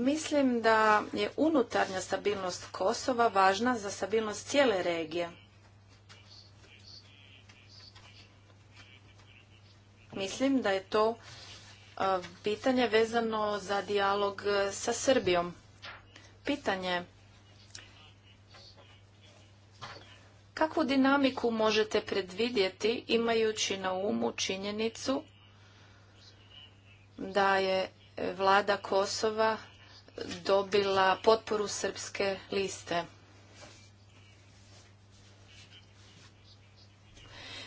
Speaker 5: Mislim da je unutarnja stabilnost Kosova važna za stabilnost cijele regije. Mislim da je to pitanje vezano za dijalog sa Srbijom. Pitanje kakvu dinamiku možete predvidjeti imajući na umu činjenicu da je vlada Kosova dobila potporu srpske liste.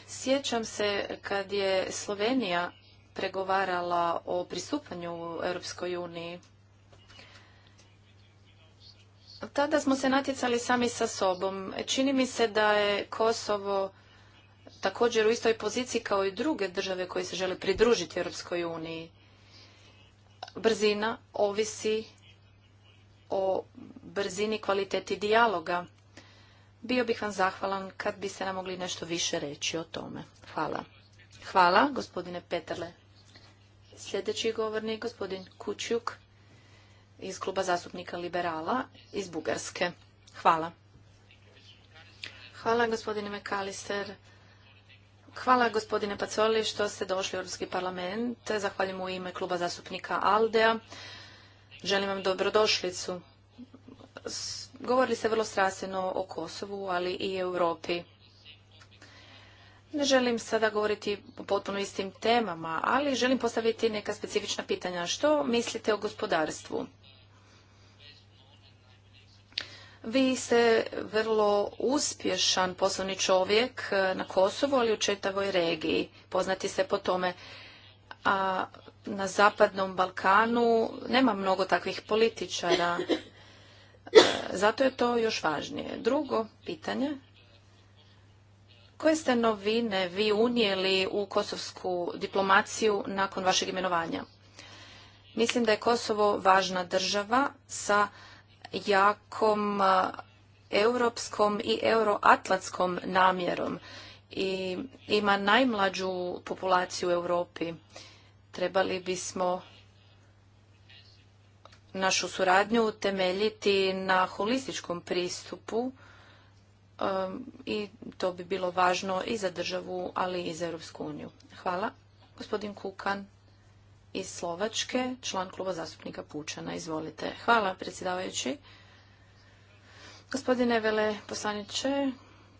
Speaker 5: Sjećam se kad je Slovenija pregovarala o pristupanju u Europskoj uniji. Tada smo se natjecali sami sa sobom. Čini mi se da je Kosovo također u istoj poziciji kao i druge države koje se žele pridružiti Europskoj uniji. Brzina ovisi o brzini kvaliteti dijaloga. Bio bih vam zahvalan kad biste nam mogli nešto više reći o tome. Hvala. Hvala, gospodine Peterle. Sljedeći govornik, gospodin Kućuk iz kluba zastupnika Liberala iz Bugarske. Hvala. Hvala, gospodine Mekalister. Hvala gospodine Pacoli što ste došli u Europski parlament. Zahvaljujem u ime kluba zastupnika Aldea. Želim vam dobrodošlicu. Govorili ste vrlo strastveno o Kosovu, ali i Europi. Ne želim sada govoriti o potpuno istim temama, ali želim postaviti neka specifična pitanja. Što mislite o gospodarstvu? Vi ste vrlo uspješan poslovni čovjek na Kosovu, ali u četavoj regiji. Poznati ste po tome. A na Zapadnom Balkanu nema mnogo takvih političara. E, zato je to još važnije. Drugo pitanje. Koje ste novine vi unijeli u kosovsku diplomaciju nakon vašeg imenovanja? Mislim da je Kosovo važna država sa jakom e, europskom i euroatlantskom namjerom i ima najmlađu populaciju u Europi. Trebali bismo našu suradnju temeljiti na holističkom pristupu um, i to bi bilo važno i za državu, ali i za Europsku uniju. Hvala. Gospodin Kukan iz Slovačke, član kluba zastupnika Pučana. Izvolite. Hvala, predsjedavajući. Gospodine vele poslaniče,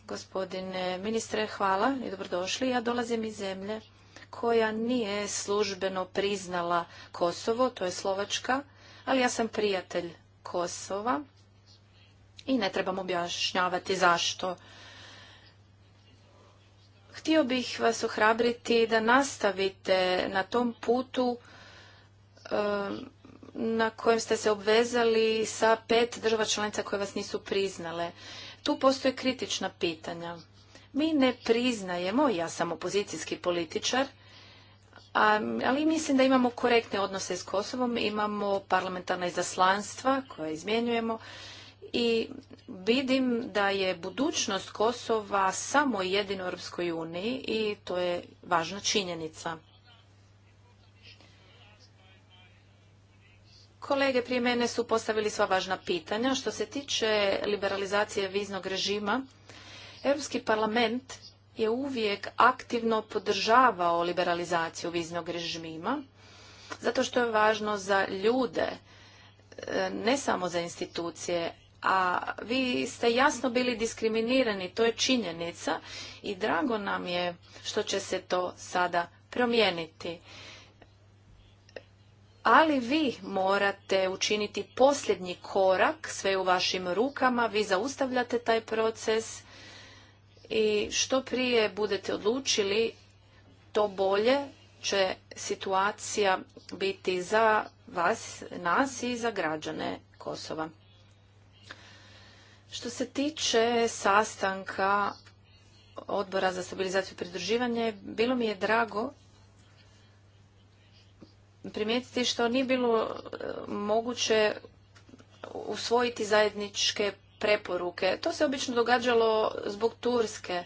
Speaker 5: gospodine ministre, hvala i dobrodošli. Ja dolazim iz zemlje koja nije službeno priznala Kosovo, to je Slovačka, ali ja sam prijatelj Kosova i ne trebam objašnjavati zašto. Htio bih vas ohrabriti da nastavite na tom putu na kojem ste se obvezali sa pet država članica koje vas nisu priznale. Tu postoje kritična pitanja. Mi ne priznajemo, ja sam opozicijski političar, ali mislim da imamo korektne odnose s Kosovom, imamo parlamentarna izaslanstva koja izmjenjujemo i vidim da je budućnost Kosova samo jedino u Europskoj uniji i to je važna činjenica. Kolege prije mene su postavili sva važna pitanja. Što se tiče liberalizacije viznog režima, Europski parlament je uvijek aktivno podržavao liberalizaciju viznog režima, zato što je važno za ljude, e, ne samo za institucije, a vi ste jasno bili diskriminirani, to je činjenica i drago nam je što će se to sada promijeniti. Ali vi morate učiniti posljednji korak, sve u vašim rukama, vi zaustavljate taj proces i što prije budete odlučili, to bolje će situacija biti za vas, nas i za građane Kosova. Što se tiče sastanka odbora za stabilizaciju i pridruživanje, bilo mi je drago primijetiti što nije bilo e, moguće usvojiti zajedničke preporuke. To se obično događalo zbog Turske.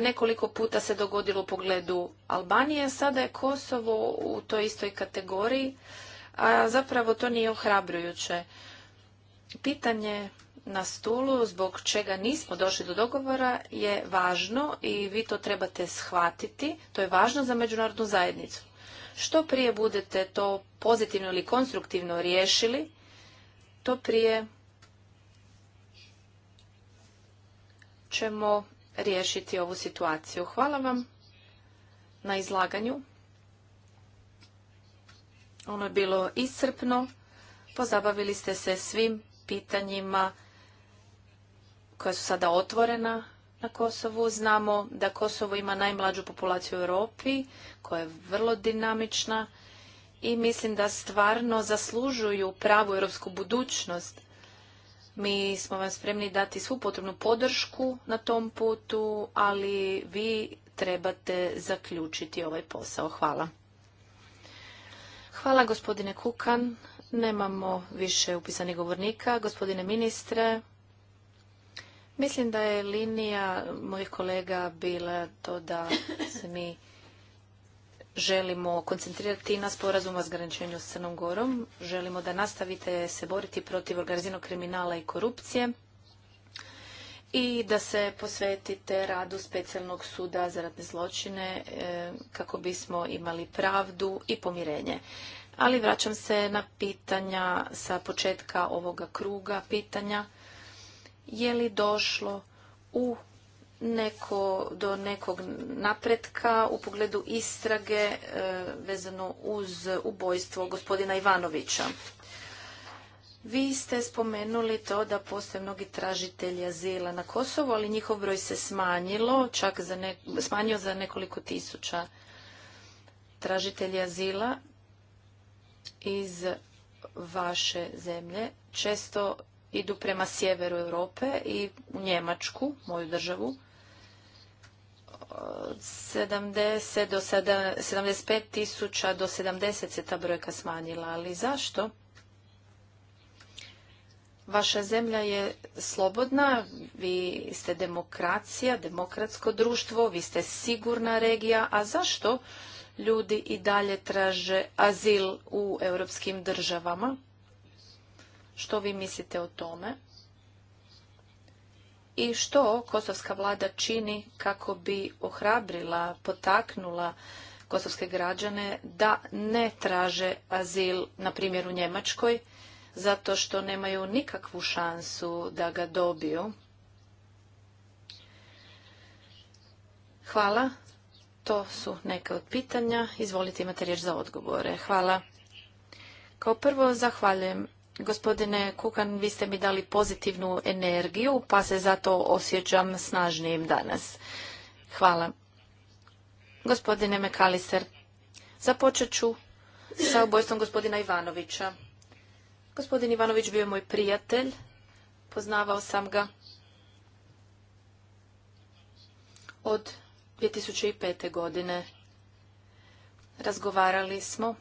Speaker 5: Nekoliko puta se dogodilo u pogledu Albanije, sada je Kosovo u toj istoj kategoriji, a zapravo to nije ohrabrujuće. Pitanje na stulu zbog čega nismo došli do dogovora je važno i vi to trebate shvatiti. To je važno za međunarodnu zajednicu. Što prije budete to pozitivno ili konstruktivno riješili, to prije ćemo riješiti ovu situaciju. Hvala vam na izlaganju. Ono je bilo iscrpno. Pozabavili ste se svim pitanjima koja su sada otvorena na Kosovu. Znamo da Kosovo ima najmlađu populaciju u Europi, koja je vrlo dinamična i mislim da stvarno zaslužuju pravu europsku budućnost. Mi smo vam spremni dati svu potrebnu podršku na tom putu, ali vi trebate zaključiti ovaj posao. Hvala. Hvala gospodine Kukan. Nemamo više upisanih govornika. Gospodine ministre, mislim da je linija mojih kolega bila to da se mi želimo koncentrirati na sporazum o zgraničenju s Crnom Gorom. Želimo da nastavite se boriti protiv organiziranog kriminala i korupcije i da se posvetite radu specijalnog suda za ratne zločine e, kako bismo imali pravdu i pomirenje. Ali vraćam se na pitanja sa početka ovoga kruga pitanja. Je li došlo u neko, do nekog napretka u pogledu istrage e, vezano uz ubojstvo gospodina Ivanovića. Vi ste spomenuli to da postoje mnogi tražitelji azila na Kosovu, ali njihov broj se smanjilo, čak za smanjio za nekoliko tisuća tražitelji azila iz vaše zemlje. Često idu prema sjeveru Europe i u Njemačku, moju državu. 70 do 75 tisuća do 70 se ta brojka smanjila. Ali zašto? Vaša zemlja je slobodna, vi ste demokracija, demokratsko društvo, vi ste sigurna regija, a zašto ljudi i dalje traže azil u europskim državama? Što vi mislite o tome? i što kosovska vlada čini kako bi ohrabrila, potaknula kosovske građane da ne traže azil, na primjer u Njemačkoj, zato što nemaju nikakvu šansu da ga dobiju. Hvala. To su neke od pitanja. Izvolite, imate riječ za odgovore. Hvala. Kao prvo, zahvaljujem Gospodine Kukan, vi ste mi dali pozitivnu energiju, pa se zato osjećam snažnijim danas. Hvala. Gospodine Mekaliser, započet ću sa ubojstvom gospodina Ivanovića. Gospodin Ivanović bio je moj prijatelj, poznavao sam ga od 2005. godine. Razgovarali smo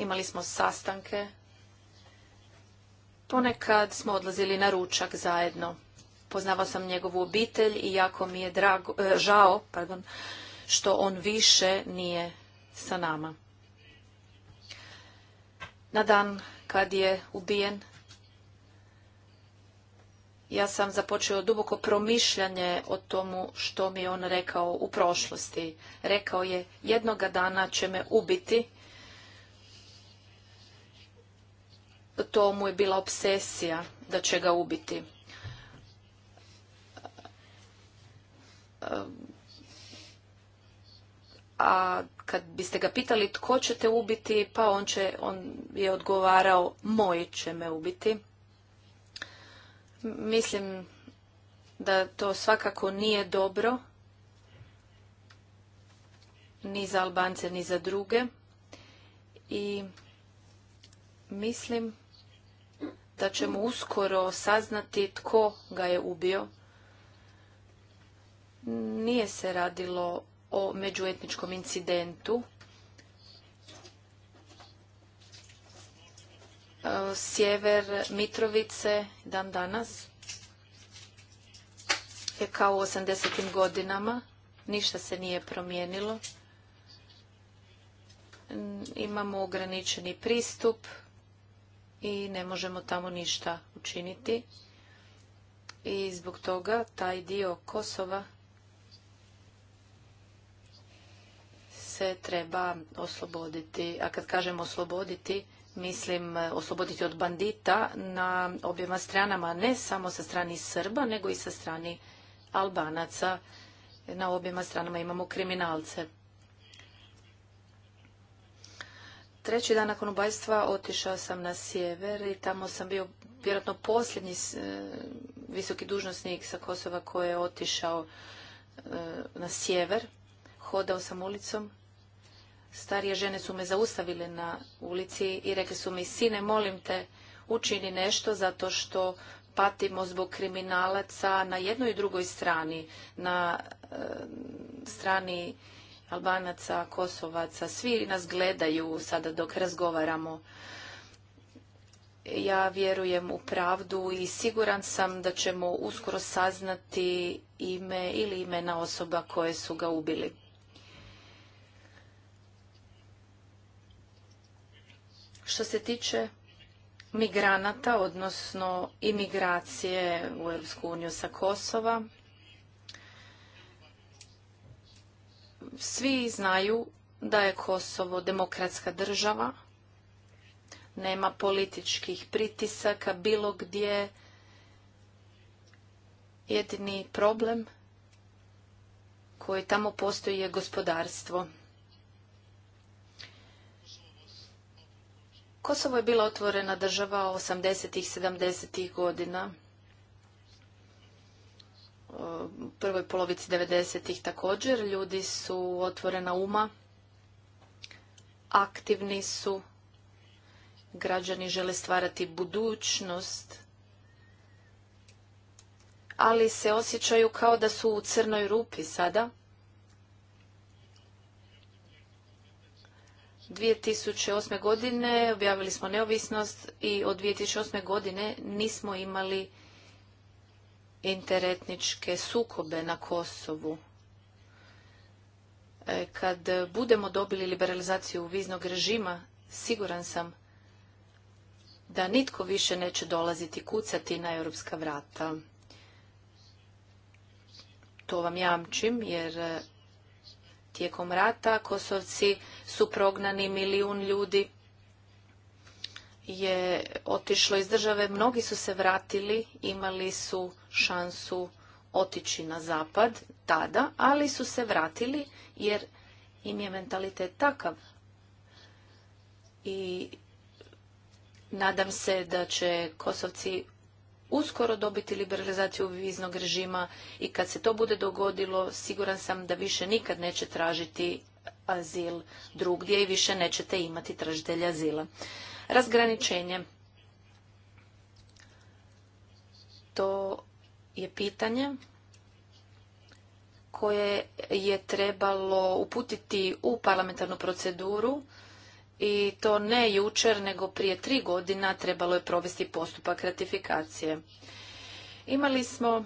Speaker 5: Imali smo sastanke. Ponekad smo odlazili na ručak zajedno. Poznavao sam njegovu obitelj i jako mi je drago, e, žao pardon, što on više nije sa nama. Na dan kad je ubijen, ja sam započeo duboko promišljanje o tomu što mi je on rekao u prošlosti. Rekao je, jednoga dana će me ubiti to mu je bila obsesija da će ga ubiti. A kad biste ga pitali tko će te ubiti, pa on, će, on je odgovarao moji će me ubiti. Mislim da to svakako nije dobro ni za Albance, ni za druge. I mislim da ćemo uskoro saznati tko ga je ubio. Nije se radilo o međuetničkom incidentu. E, sjever Mitrovice dan danas je kao u 80. godinama. Ništa se nije promijenilo. Imamo ograničeni pristup i ne možemo tamo ništa učiniti. I zbog toga taj dio Kosova se treba osloboditi. A kad kažem osloboditi, mislim osloboditi od bandita na objema stranama, ne samo sa strani Srba, nego i sa strani Albanaca. Na objema stranama imamo kriminalce. Treći dan nakon ubajstva otišao sam na sjever i tamo sam bio vjerojatno posljednji e, visoki dužnosnik sa Kosova koji je otišao e, na sjever. Hodao sam ulicom. Starije žene su me zaustavile na ulici i rekli su mi, sine, molim te, učini nešto zato što patimo zbog kriminalaca na jednoj i drugoj strani. Na e, strani Albanaca, Kosovaca, svi nas gledaju sada dok razgovaramo. Ja vjerujem u pravdu i siguran sam da ćemo uskoro saznati ime ili imena osoba koje su ga ubili. Što se tiče migranata, odnosno imigracije u EU sa Kosova, svi znaju da je Kosovo demokratska država, nema političkih pritisaka bilo gdje. Jedini problem koji tamo postoji je gospodarstvo. Kosovo je bila otvorena država 80 i 70 godina prvoj polovici 90-ih također. Ljudi su otvorena uma, aktivni su, građani žele stvarati budućnost, ali se osjećaju kao da su u crnoj rupi sada. 2008. godine objavili smo neovisnost i od 2008. godine nismo imali interetničke sukobe na Kosovu. E, kad budemo dobili liberalizaciju viznog režima, siguran sam da nitko više neće dolaziti kucati na europska vrata. To vam jamčim, jer e, tijekom rata Kosovci su prognani milijun ljudi je otišlo iz države, mnogi su se vratili, imali su šansu otići na zapad tada, ali su se vratili jer im je mentalitet takav. I nadam se da će Kosovci uskoro dobiti liberalizaciju viznog režima i kad se to bude dogodilo, siguran sam da više nikad neće tražiti azil drugdje i više nećete imati tražitelja azila. Razgraničenje. To je pitanje koje je trebalo uputiti u parlamentarnu proceduru i to ne jučer, nego prije tri godina trebalo je provesti postupak ratifikacije. Imali smo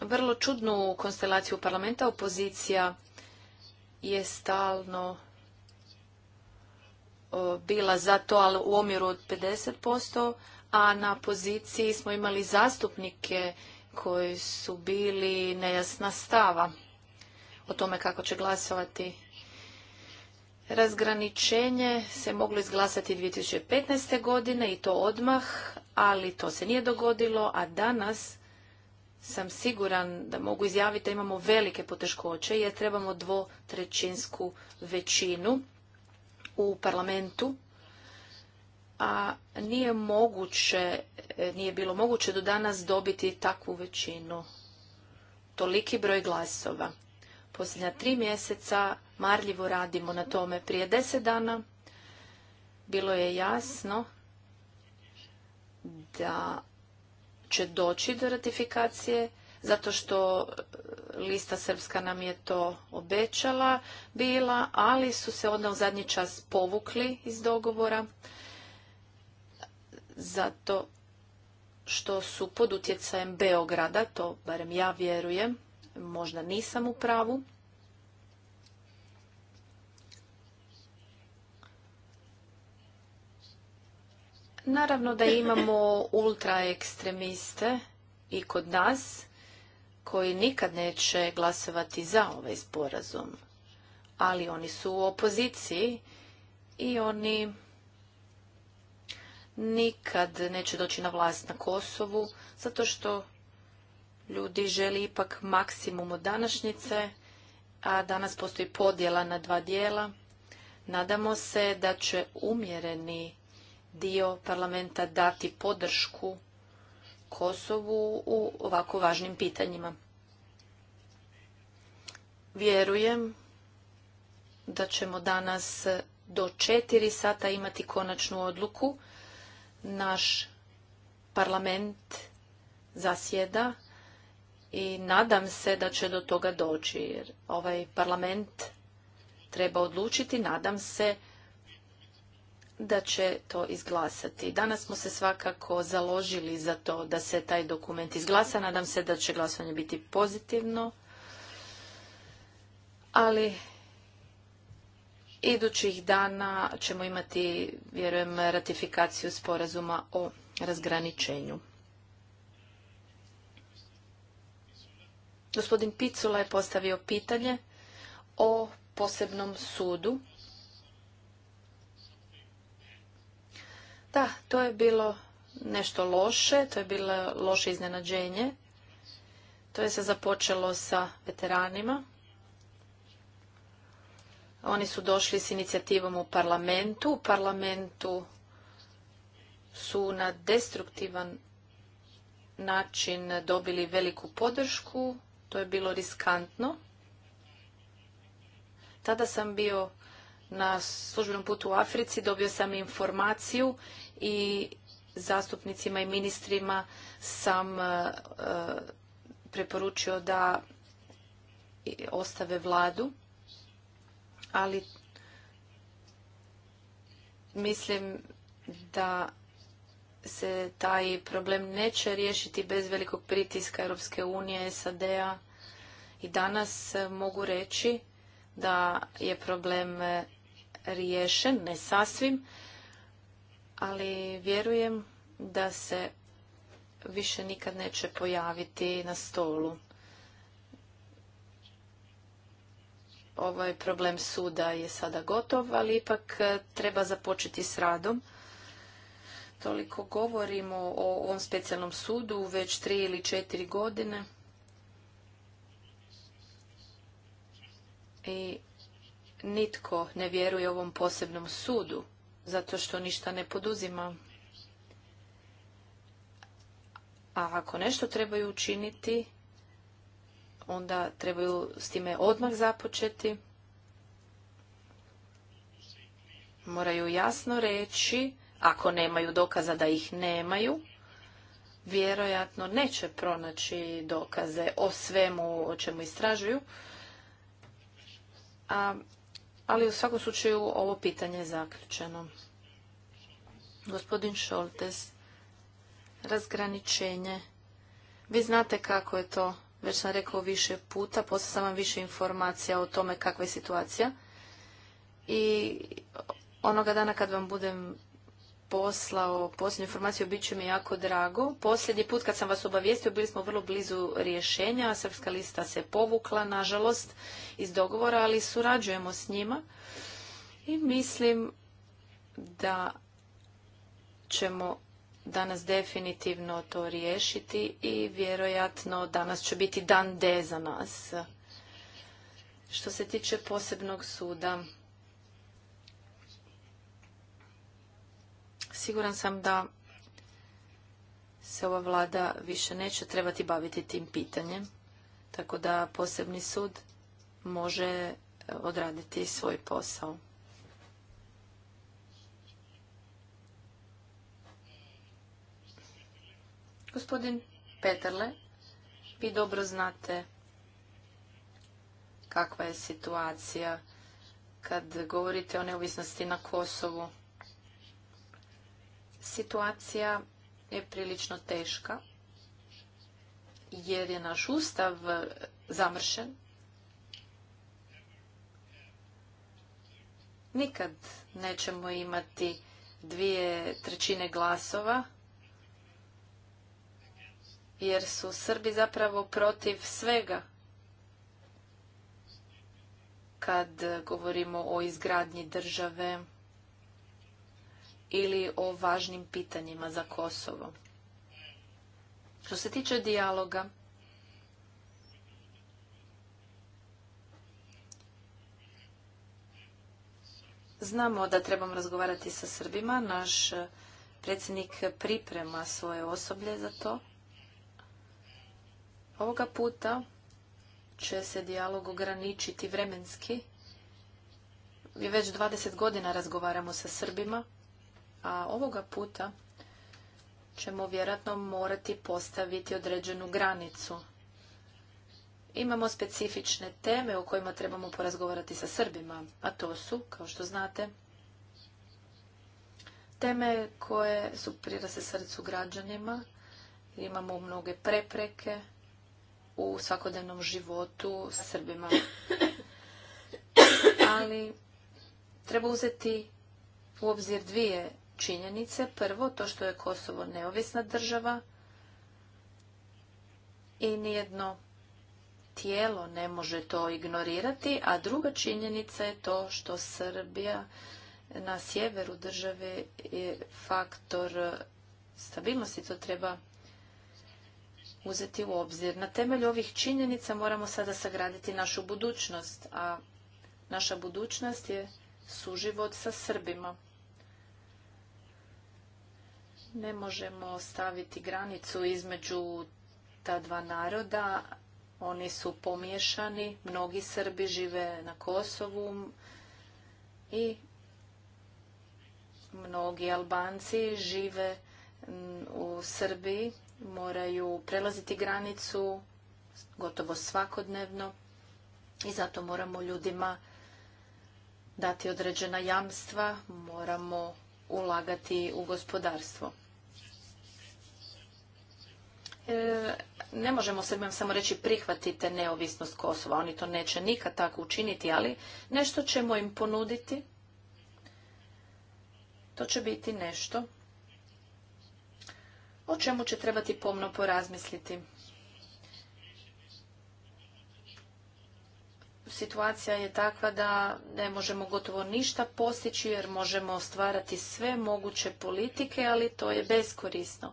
Speaker 5: vrlo čudnu konstelaciju parlamenta. Opozicija je stalno bila za to, ali u omjeru od 50%, a na poziciji smo imali zastupnike koji su bili nejasna stava o tome kako će glasovati. Razgraničenje se moglo izglasati 2015. godine i to odmah, ali to se nije dogodilo, a danas sam siguran da mogu izjaviti da imamo velike poteškoće jer trebamo dvotrećinsku većinu u parlamentu a nije moguće, e, nije bilo moguće do danas dobiti takvu većinu. Toliki broj glasova. Posljednja tri mjeseca marljivo radimo na tome. Prije deset dana bilo je jasno da će doći do ratifikacije zato što e, lista srpska nam je to obećala bila, ali su se onda u zadnji čas povukli iz dogovora zato što su pod utjecajem Beograda, to barem ja vjerujem, možda nisam u pravu. Naravno da imamo ekstremiste i kod nas koji nikad neće glasovati za ovaj sporazum, ali oni su u opoziciji i oni nikad neće doći na vlast na Kosovu, zato što ljudi želi ipak maksimum od današnjice, a danas postoji podjela na dva dijela. Nadamo se da će umjereni dio parlamenta dati podršku Kosovu u ovako važnim pitanjima. Vjerujem da ćemo danas do četiri sata imati konačnu odluku naš parlament zasjeda i nadam se da će do toga doći jer ovaj parlament treba odlučiti, nadam se da će to izglasati. Danas smo se svakako založili za to da se taj dokument izglasa, nadam se da će glasovanje biti pozitivno, ali Idućih dana ćemo imati, vjerujem, ratifikaciju sporazuma o razgraničenju. Gospodin Picula je postavio pitanje o posebnom sudu. Da, to je bilo nešto loše, to je bilo loše iznenađenje. To je se započelo sa veteranima. Oni su došli s inicijativom u parlamentu. U parlamentu su na destruktivan način dobili veliku podršku. To je bilo riskantno. Tada sam bio na službenom putu u Africi, dobio sam informaciju i zastupnicima i ministrima sam e, e, preporučio da ostave vladu ali mislim da se taj problem neće riješiti bez velikog pritiska Europske unije, SAD-a i danas mogu reći da je problem riješen, ne sasvim, ali vjerujem da se više nikad neće pojaviti na stolu. ovaj problem suda je sada gotov, ali ipak e, treba započeti s radom. Toliko govorimo o ovom specijalnom sudu već tri ili četiri godine. I nitko ne vjeruje ovom posebnom sudu, zato što ništa ne poduzima. A ako nešto trebaju učiniti, onda trebaju s time odmah započeti. Moraju jasno reći, ako nemaju dokaza da ih nemaju, vjerojatno neće pronaći dokaze o svemu o čemu istražuju. A, ali u svakom slučaju ovo pitanje je zaključeno. Gospodin Šoltes, razgraničenje. Vi znate kako je to već sam rekao više puta, poslije sam vam više informacija o tome kakva je situacija. I onoga dana kad vam budem poslao posljednju informaciju, bit će mi jako drago. Posljednji put kad sam vas obavijestio, bili smo vrlo blizu rješenja. Srpska lista se povukla, nažalost, iz dogovora, ali surađujemo s njima. I mislim da ćemo danas definitivno to riješiti i vjerojatno danas će biti dan D za nas. Što se tiče posebnog suda, siguran sam da se ova vlada više neće trebati baviti tim pitanjem, tako da posebni sud može odraditi svoj posao. Gospodin Peterle, vi dobro znate kakva je situacija kad govorite o neovisnosti na Kosovu. Situacija je prilično teška jer je naš ustav zamršen. Nikad nećemo imati dvije trećine glasova jer su Srbi zapravo protiv svega kad govorimo o izgradnji države ili o važnim pitanjima za Kosovo. Što se tiče dijaloga, znamo da trebamo razgovarati sa Srbima. Naš predsjednik priprema svoje osoblje za to. Ovoga puta će se dijalog ograničiti vremenski. Mi već 20 godina razgovaramo sa Srbima, a ovoga puta ćemo vjerojatno morati postaviti određenu granicu. Imamo specifične teme o kojima trebamo porazgovarati sa Srbima, a to su, kao što znate, teme koje su prirase srcu građanima, imamo mnoge prepreke, u svakodnevnom životu s Srbima. Ali treba uzeti u obzir dvije činjenice. Prvo, to što je Kosovo neovisna država i nijedno tijelo ne može to ignorirati, a druga činjenica je to što Srbija na sjeveru države je faktor stabilnosti. To treba uzeti u obzir. Na temelju ovih činjenica moramo sada sagraditi našu budućnost, a naša budućnost je suživot sa Srbima. Ne možemo staviti granicu između ta dva naroda. Oni su pomiješani, mnogi Srbi žive na Kosovu i mnogi Albanci žive u Srbiji moraju prelaziti granicu gotovo svakodnevno i zato moramo ljudima dati određena jamstva, moramo ulagati u gospodarstvo. E, ne možemo Srbijom samo reći prihvatite neovisnost Kosova, oni to neće nikad tako učiniti, ali nešto ćemo im ponuditi. To će biti nešto o čemu će trebati pomno porazmisliti. Situacija je takva da ne možemo gotovo ništa postići jer možemo stvarati sve moguće politike, ali to je beskorisno.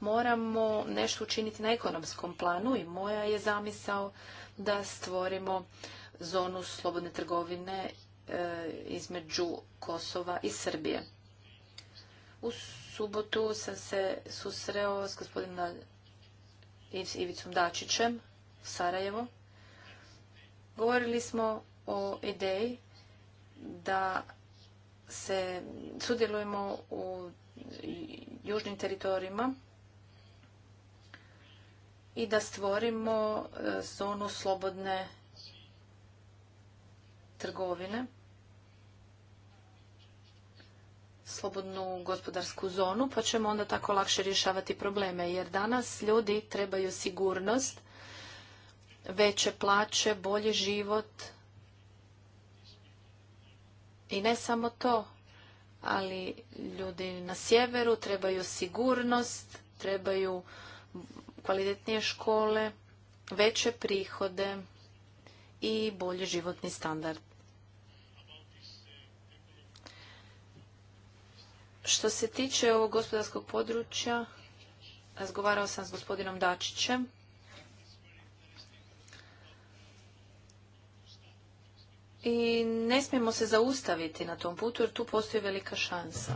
Speaker 5: Moramo nešto učiniti na ekonomskom planu i moja je zamisao da stvorimo zonu slobodne trgovine e, između Kosova i Srbije. U subotu sam se susreo s gospodinom Ivicom Dačićem Sarajevo. Govorili smo o ideji da se sudjelujemo u južnim teritorijima i da stvorimo e, zonu slobodne trgovine. slobodnu gospodarsku zonu, pa ćemo onda tako lakše rješavati probleme. Jer danas ljudi trebaju sigurnost, veće plaće, bolji život. I ne samo to, ali ljudi na sjeveru trebaju sigurnost, trebaju kvalitetnije škole, veće prihode i bolji životni standard. Što se tiče ovog gospodarskog područja, razgovarao sam s gospodinom Dačićem. I ne smijemo se zaustaviti na tom putu jer tu postoji velika šansa.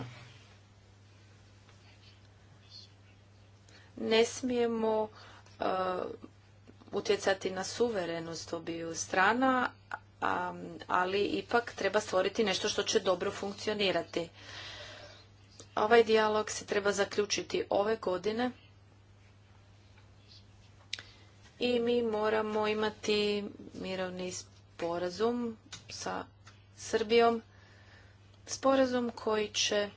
Speaker 5: Ne smijemo uh, utjecati na suverenost obiju strana, ali ipak treba stvoriti nešto što će dobro funkcionirati. Ovaj dijalog se treba zaključiti ove godine i mi moramo imati mirovni sporazum sa Srbijom, sporazum koji će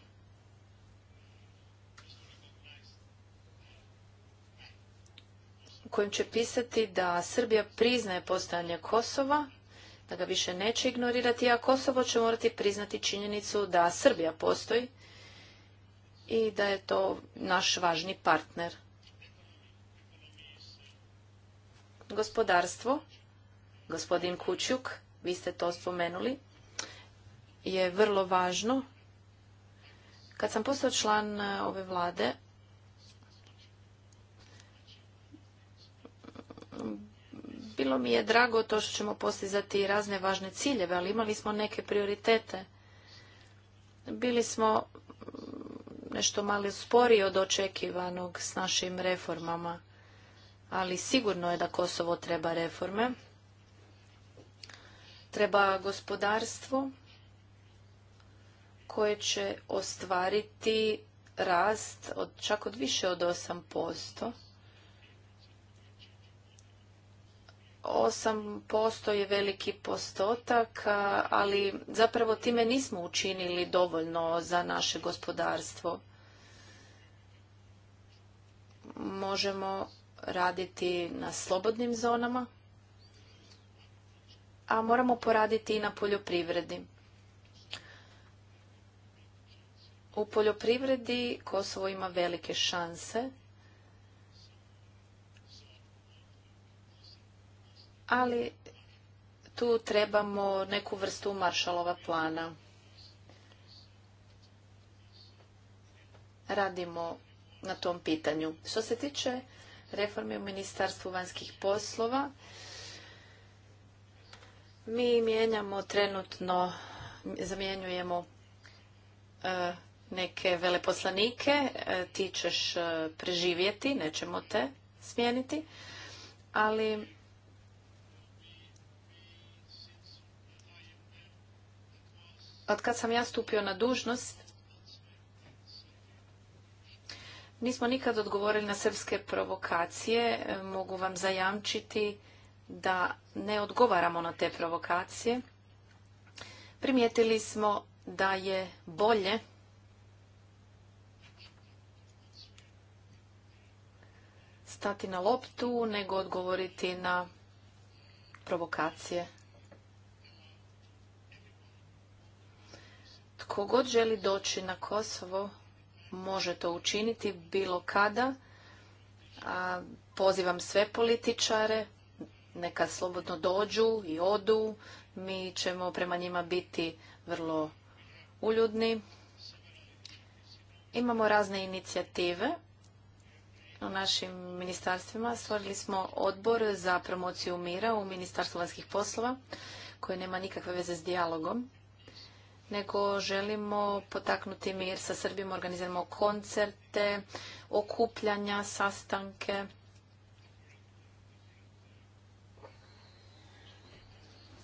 Speaker 5: kojim će pisati da Srbija priznaje postojanje Kosova, da ga više neće ignorirati, a Kosovo će morati priznati činjenicu da Srbija postoji i da je to naš važni partner. Gospodarstvo, gospodin Kućuk, vi ste to spomenuli, je vrlo važno. Kad sam postao član e, ove vlade, bilo mi je drago to što ćemo postizati razne važne ciljeve, ali imali smo neke prioritete. Bili smo nešto malo sporije od očekivanog s našim reformama, ali sigurno je da Kosovo treba reforme. Treba gospodarstvo koje će ostvariti rast od čak od više od 8%. 8% je veliki postotak, ali zapravo time nismo učinili dovoljno za naše gospodarstvo možemo raditi na slobodnim zonama, a moramo poraditi i na poljoprivredi. U poljoprivredi Kosovo ima velike šanse, ali tu trebamo neku vrstu maršalova plana. Radimo na tom pitanju. Što se tiče reforme u Ministarstvu vanjskih poslova, mi mijenjamo trenutno, zamjenjujemo e, neke veleposlanike, e, ti ćeš e, preživjeti, nećemo te smijeniti, ali od kad sam ja stupio na dužnost, Nismo nikad odgovorili na srpske provokacije. E, mogu vam zajamčiti da ne odgovaramo na te provokacije. Primijetili smo da je bolje stati na loptu nego odgovoriti na provokacije. Tko god želi doći na Kosovo može to učiniti bilo kada. A pozivam sve političare, neka slobodno dođu i odu. Mi ćemo prema njima biti vrlo uljudni. Imamo razne inicijative u našim ministarstvima. Stvorili smo odbor za promociju mira u Ministarstvu vanjskih poslova koji nema nikakve veze s dijalogom nego želimo potaknuti mir sa Srbima, organiziramo koncerte, okupljanja, sastanke.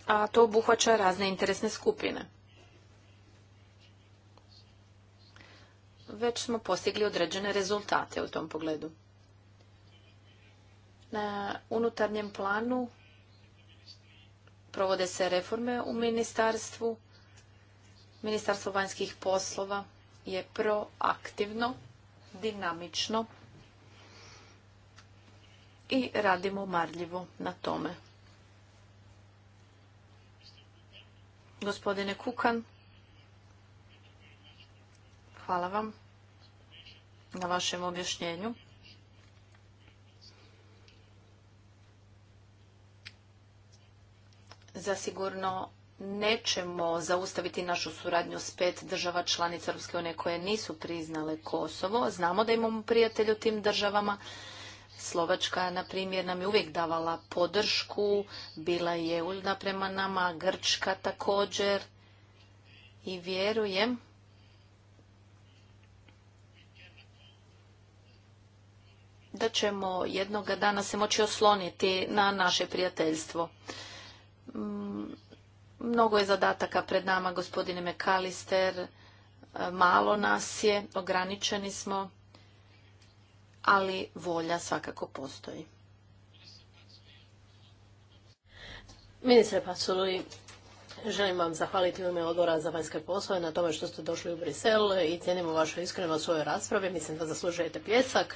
Speaker 5: A to obuhvaća razne interesne skupine. Već smo postigli određene rezultate u tom pogledu. Na unutarnjem planu provode se reforme u ministarstvu Ministarstvo vanjskih poslova je proaktivno, dinamično i radimo marljivo na tome. Gospodine Kukan, hvala vam na vašem objašnjenju. Zasigurno nećemo zaustaviti našu suradnju s pet država članica Europske unije koje nisu priznale Kosovo. Znamo da imamo prijatelje u tim državama. Slovačka, na primjer, nam je uvijek davala podršku, bila je uljna prema nama, Grčka također. I vjerujem da ćemo jednoga dana se moći osloniti na naše prijateljstvo. Mm, Mnogo je zadataka pred nama, gospodine Mekalister. E, malo nas je, ograničeni smo,
Speaker 1: ali volja svakako postoji. Ministre Pasuli, želim vam zahvaliti u ime odbora za vanjske poslove na tome što ste došli u Brisel i cijenimo vašu iskrenost u svojoj raspravi. Mislim da zaslužujete pljesak.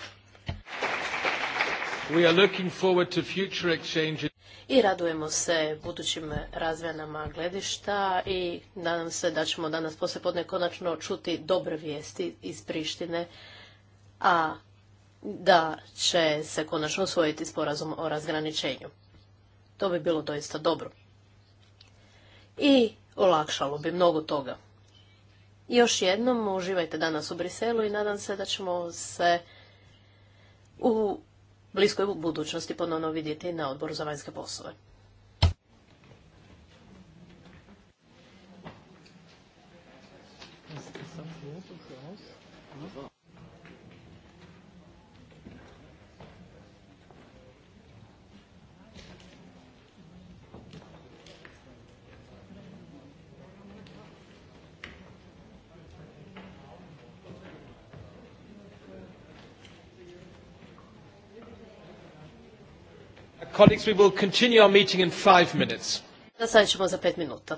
Speaker 2: We are looking forward to future
Speaker 1: i radujemo se budućim razvijanama gledišta i nadam se da ćemo danas poslijepodne konačno čuti dobre vijesti iz Prištine, a da će se konačno usvojiti sporazum o razgraničenju. To bi bilo doista dobro. I olakšalo bi mnogo toga. Još jednom uživajte danas u Briselu i nadam se da ćemo se u bliskoj budućnosti ponovno vidjeti na odboru za vanjske poslove.
Speaker 2: Colleagues, we will continue our meeting in five minutes.
Speaker 1: ćemo za pet minuta.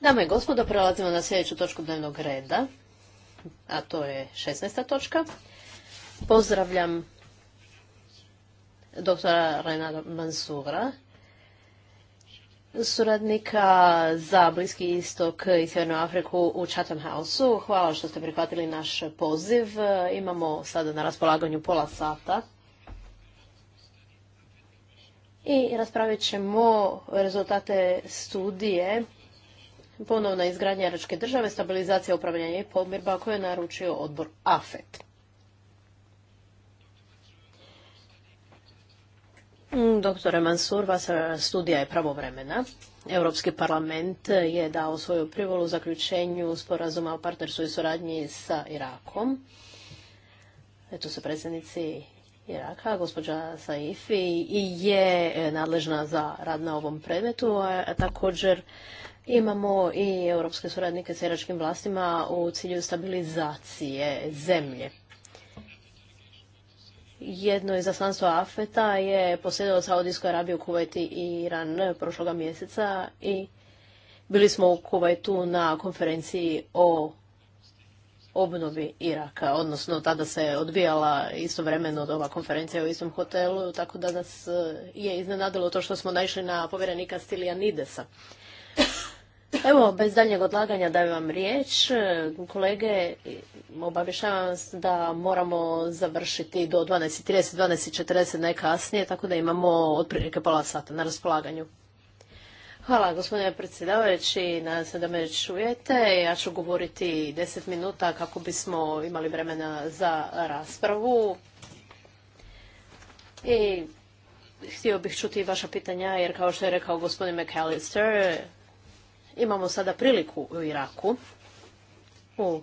Speaker 1: Dame i gospodo, prelazimo na sljedeću točku dnevnog reda, a to je 16. točka. Pozdravljam doktora Renata Mansura, suradnika za Bliski istok i Sjevernu Afriku u Chatham Houseu. Hvala što ste prihvatili naš poziv. Imamo sada na raspolaganju pola sata raspravit ćemo rezultate studije ponovna izgradnja Račke države, stabilizacija, upravljanja i pomirba koju je naručio odbor AFET. Doktore Mansur, vas studija je pravovremena. Europski parlament je dao svoju privolu zaključenju sporazuma o partnerstvu i suradnji sa Irakom. Eto su predsjednici Iraka, gospođa Saifi, je e, nadležna za rad na ovom predmetu, a također imamo i europske suradnike s iračkim vlastima u cilju stabilizacije zemlje. Jedno iz izaslanstvo AFETA je Saudijskoj Saudijsku Arabiju, Kuvajt i Iran prošloga mjeseca i bili smo u Kuvajtu na konferenciji o obnovi Iraka, odnosno tada se odvijala istovremeno od ova konferencija u istom hotelu, tako da nas e, je iznenadilo to što smo naišli na povjerenika Nidesa. Evo, bez daljnjeg odlaganja dajem vam riječ. E, kolege, obavišavam vas da moramo završiti do 12.30, 12.40 najkasnije, tako da imamo otprilike pola sata na raspolaganju. Hvala gospodine predsjedavajući, nadam se da me čujete. Ja ću govoriti deset minuta kako bismo imali vremena za raspravu. I htio bih čuti vaša pitanja jer kao što je rekao gospodin McAllister, imamo sada priliku u Iraku u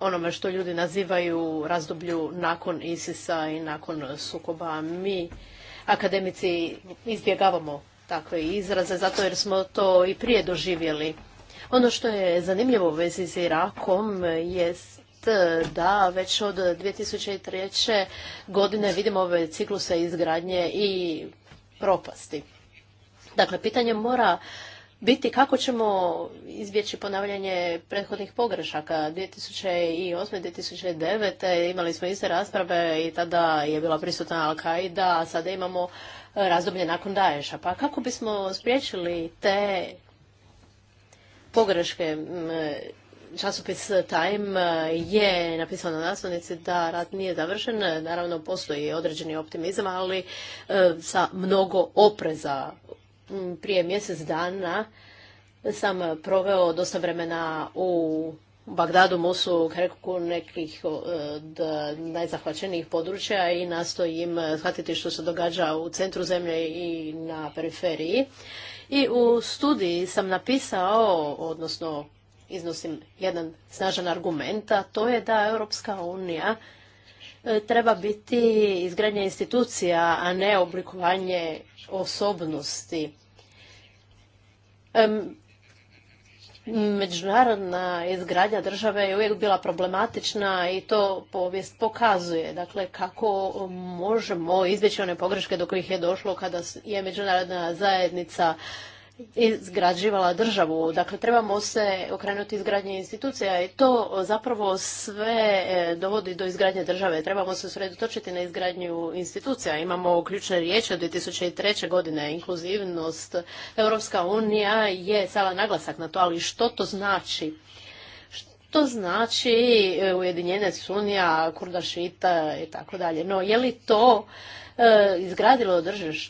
Speaker 1: onome što ljudi nazivaju razdoblju nakon ISIS-a i nakon sukoba. Mi akademici izbjegavamo takve izraze, zato jer smo to i prije doživjeli. Ono što je zanimljivo u vezi s Irakom jest e, da već od 2003. godine vidimo ove cikluse izgradnje i propasti. Dakle, pitanje mora biti kako ćemo izbjeći ponavljanje prethodnih pogrešaka. 2008. 2009. imali smo iste rasprave i tada je bila prisutna Al-Qaida, a sada imamo razdoblje nakon Daješa. Pa kako bismo spriječili te pogreške? Časopis Time e, je napisano na naslovnici da rat nije završen. Naravno, postoji određeni optimizam, ali e, sa mnogo opreza. Prije mjesec dana sam proveo dosta vremena u u Bagdadu, Mosu, Kreku, nekih od e, najzahvaćenijih područja i nastojim e, shvatiti što se događa u centru zemlje i na periferiji. I u studiji sam napisao, odnosno iznosim jedan snažan argument, a to je da Europska unija e, treba biti izgradnja institucija, a ne oblikovanje osobnosti međunarodna izgradnja države je uvijek bila problematična i to povijest pokazuje. Dakle, kako možemo izbjeći one pogreške do kojih je došlo kada je međunarodna zajednica izgrađivala državu. Dakle, trebamo se okrenuti izgradnje institucija i to zapravo sve e, dovodi do izgradnje države. Trebamo se sredotočiti na izgradnju institucija. Imamo ključne riječi od 2003. godine, inkluzivnost. Europska unija je sada naglasak na to, ali što to znači? Što znači e, ujedinjenje sunija, Kurdašita i tako dalje. No, je li to E, izgradilo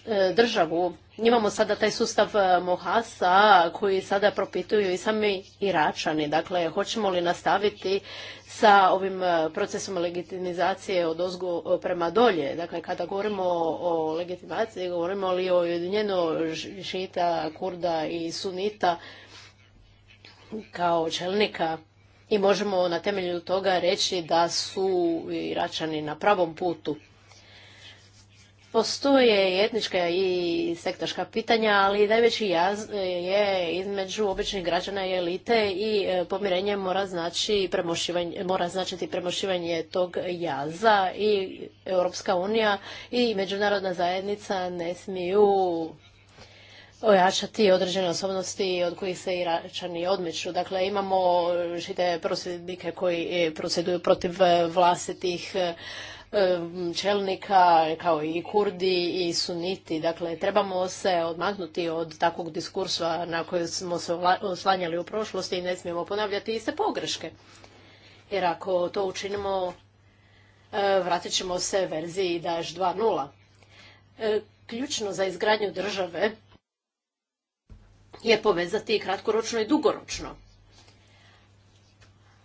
Speaker 1: e, državu. Imamo sada taj sustav e, Mohasa koji sada propituju i sami Iračani. Dakle, hoćemo li nastaviti sa ovim procesom legitimizacije od ozgu prema dolje. Dakle, kada govorimo o legitimaciji, govorimo li o jedinjeno šita, kurda i sunita kao čelnika i možemo na temelju toga reći da su Iračani na pravom putu. Postoje i etnička i sektorska pitanja, ali najveći jaz je između običnih građana i elite i e, pomirenje mora, znači mora značiti premošivanje tog jaza i Europska unija i međunarodna zajednica ne smiju ojačati određene osobnosti od kojih se račani odmiču. Dakle, imamo žite prosvjednike koji e, prosvjeduju protiv e, vlastitih čelnika kao i kurdi i suniti. Dakle, trebamo se odmaknuti od takvog diskursa na koje smo se oslanjali u prošlosti i ne smijemo ponavljati iste pogreške. Jer ako to učinimo, e, vratit ćemo se verziji dva 2.0. E, ključno za izgradnju države je povezati kratkoročno i dugoročno.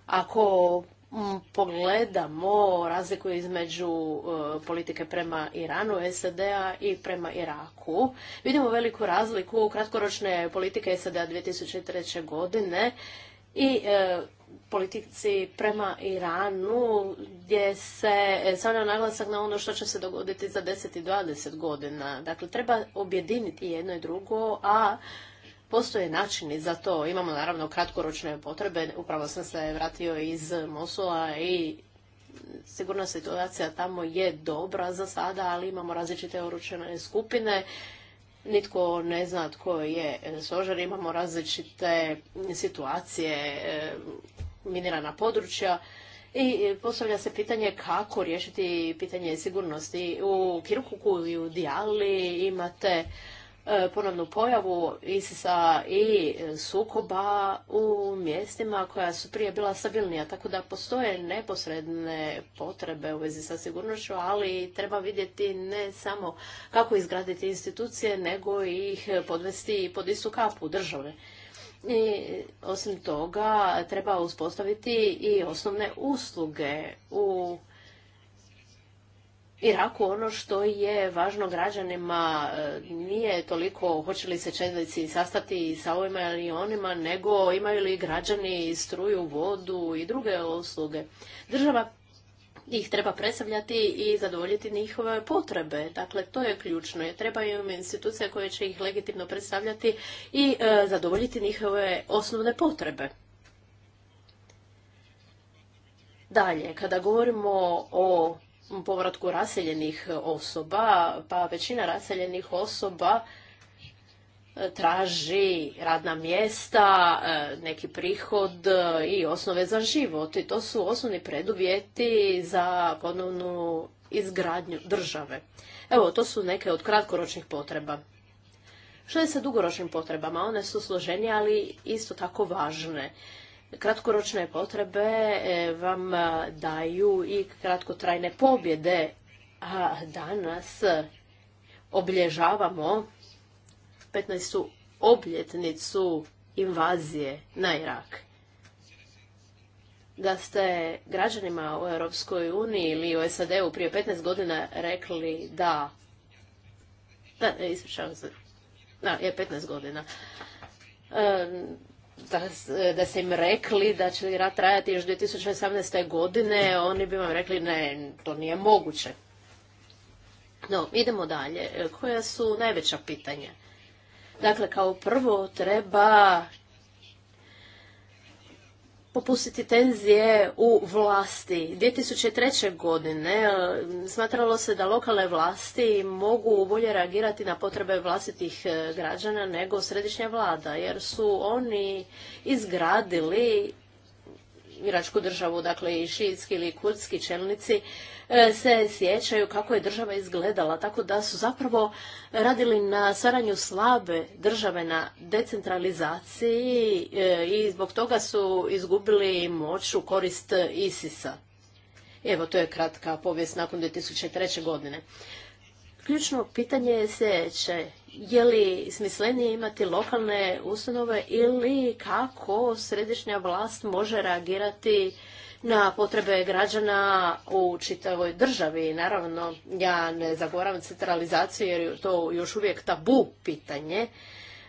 Speaker 1: Ako Mm, pogledamo razliku između e, politike prema Iranu, SAD-a i prema Iraku, vidimo veliku razliku kratkoročne politike SAD-a 2003. godine i e, politici prema Iranu gdje se e, stavlja naglasak na ono što će se dogoditi za 10 i 20 godina. Dakle, treba objediniti jedno i drugo, a Postoje načini za to. Imamo naravno kratkoročne potrebe. Upravo sam se vratio iz Mosula i sigurna situacija tamo je dobra za sada, ali imamo različite oručene skupine. Nitko ne zna tko je stožer, imamo različite situacije, eh, minirana područja. I postavlja se pitanje kako riješiti pitanje sigurnosti. U Kirkuku i u Dijali imate E, ponovnu pojavu isis i sukoba u mjestima koja su prije bila stabilnija. Tako da postoje neposredne potrebe u vezi sa sigurnošću, ali treba vidjeti ne samo kako izgraditi institucije, nego ih podvesti pod istu kapu države. I osim toga treba uspostaviti i osnovne usluge u Iraku ono što je važno građanima e, nije toliko hoće li se čelnici sastati sa ovima ili onima, nego imaju li građani struju, vodu i druge usluge. Država ih treba predstavljati i zadovoljiti njihove potrebe. Dakle, to je ključno. Trebaju im institucije koje će ih legitimno predstavljati i e, zadovoljiti njihove osnovne potrebe. Dalje, kada govorimo o povratku raseljenih osoba, pa većina raseljenih osoba e, traži radna mjesta, e, neki prihod e, i osnove za život. I to su osnovni preduvjeti za ponovnu izgradnju države. Evo, to su neke od kratkoročnih potreba. Što je sa dugoročnim potrebama? One su složenije, ali isto tako važne kratkoročne potrebe e, vam e, daju i kratkotrajne pobjede, a danas obilježavamo 15. obljetnicu invazije na Irak. Da ste građanima u Europskoj uniji ili u SAD-u prije 15 godina rekli da, da ispričavam se, da, je 15 godina, e, da, da ste im rekli da će rat trajati još 2018. godine, oni bi vam rekli ne, to nije moguće. No, idemo dalje. Koja su najveća pitanja? Dakle, kao prvo treba popustiti tenzije u vlasti. 2003. godine e, smatralo se da lokalne vlasti mogu bolje reagirati na potrebe vlastitih e, građana nego središnja vlada, jer su oni izgradili Iračku državu, dakle i šiitski ili kurdski čelnici, E, se sjećaju kako je država izgledala, tako da su zapravo radili na saranju slabe države na decentralizaciji e, i zbog toga su izgubili moć u korist ISIS-a. Evo, to je kratka povijest nakon 2003. godine. Ključno pitanje je sljedeće. Je li smislenije imati lokalne ustanove ili kako središnja vlast može reagirati na potrebe građana u čitavoj državi. Naravno, ja ne zagovaram centralizaciju jer je to još uvijek tabu pitanje.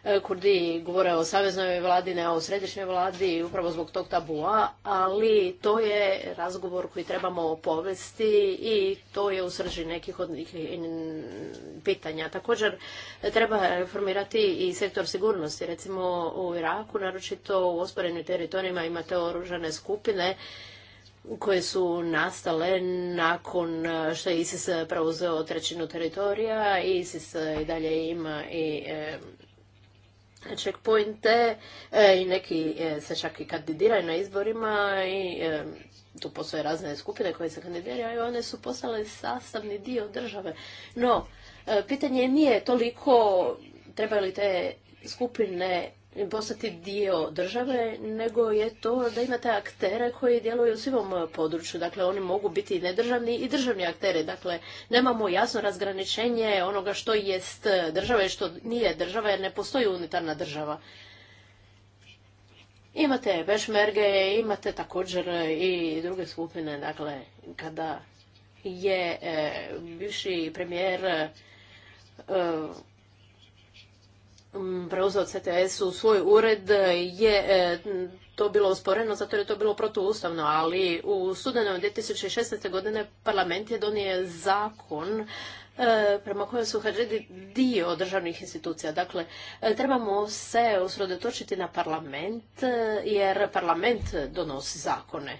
Speaker 1: E, Kurdi govore o saveznoj vladi, ne o središnjoj vladi, upravo zbog tog tabua, ali to je razgovor koji trebamo povesti i to je u srži nekih od pitanja. Također treba reformirati i sektor sigurnosti. Recimo u Iraku, naročito u osporenim teritorijima imate oružane skupine koje su nastale nakon e, što je ISIS e, preuzeo trećinu teritorija. ISIS e, i dalje ima i e, i neki se čak i kandidiraju na izborima i tu postoje razne skupine koje se kandidiraju i one su postale sastavni dio države. No, pitanje nije toliko trebaju li te skupine postati dio države, nego je to da imate aktere koji djeluju u svom području. Dakle, oni mogu biti i nedržavni i državni akteri. Dakle, nemamo jasno razgraničenje onoga što jest država i što nije država, jer ne postoji unitarna država. Imate bešmerge, imate također i druge skupine. Dakle, kada je e, bivši premijer e, Mm, preuzeo CTS u svoj ured je e, to bilo usporeno zato jer je to bilo protuustavno, ali u studenom 2016. godine parlament je donio zakon e, prema kojem su Hadžedi dio državnih institucija. Dakle, e, trebamo se usredotočiti na parlament jer parlament donosi zakone.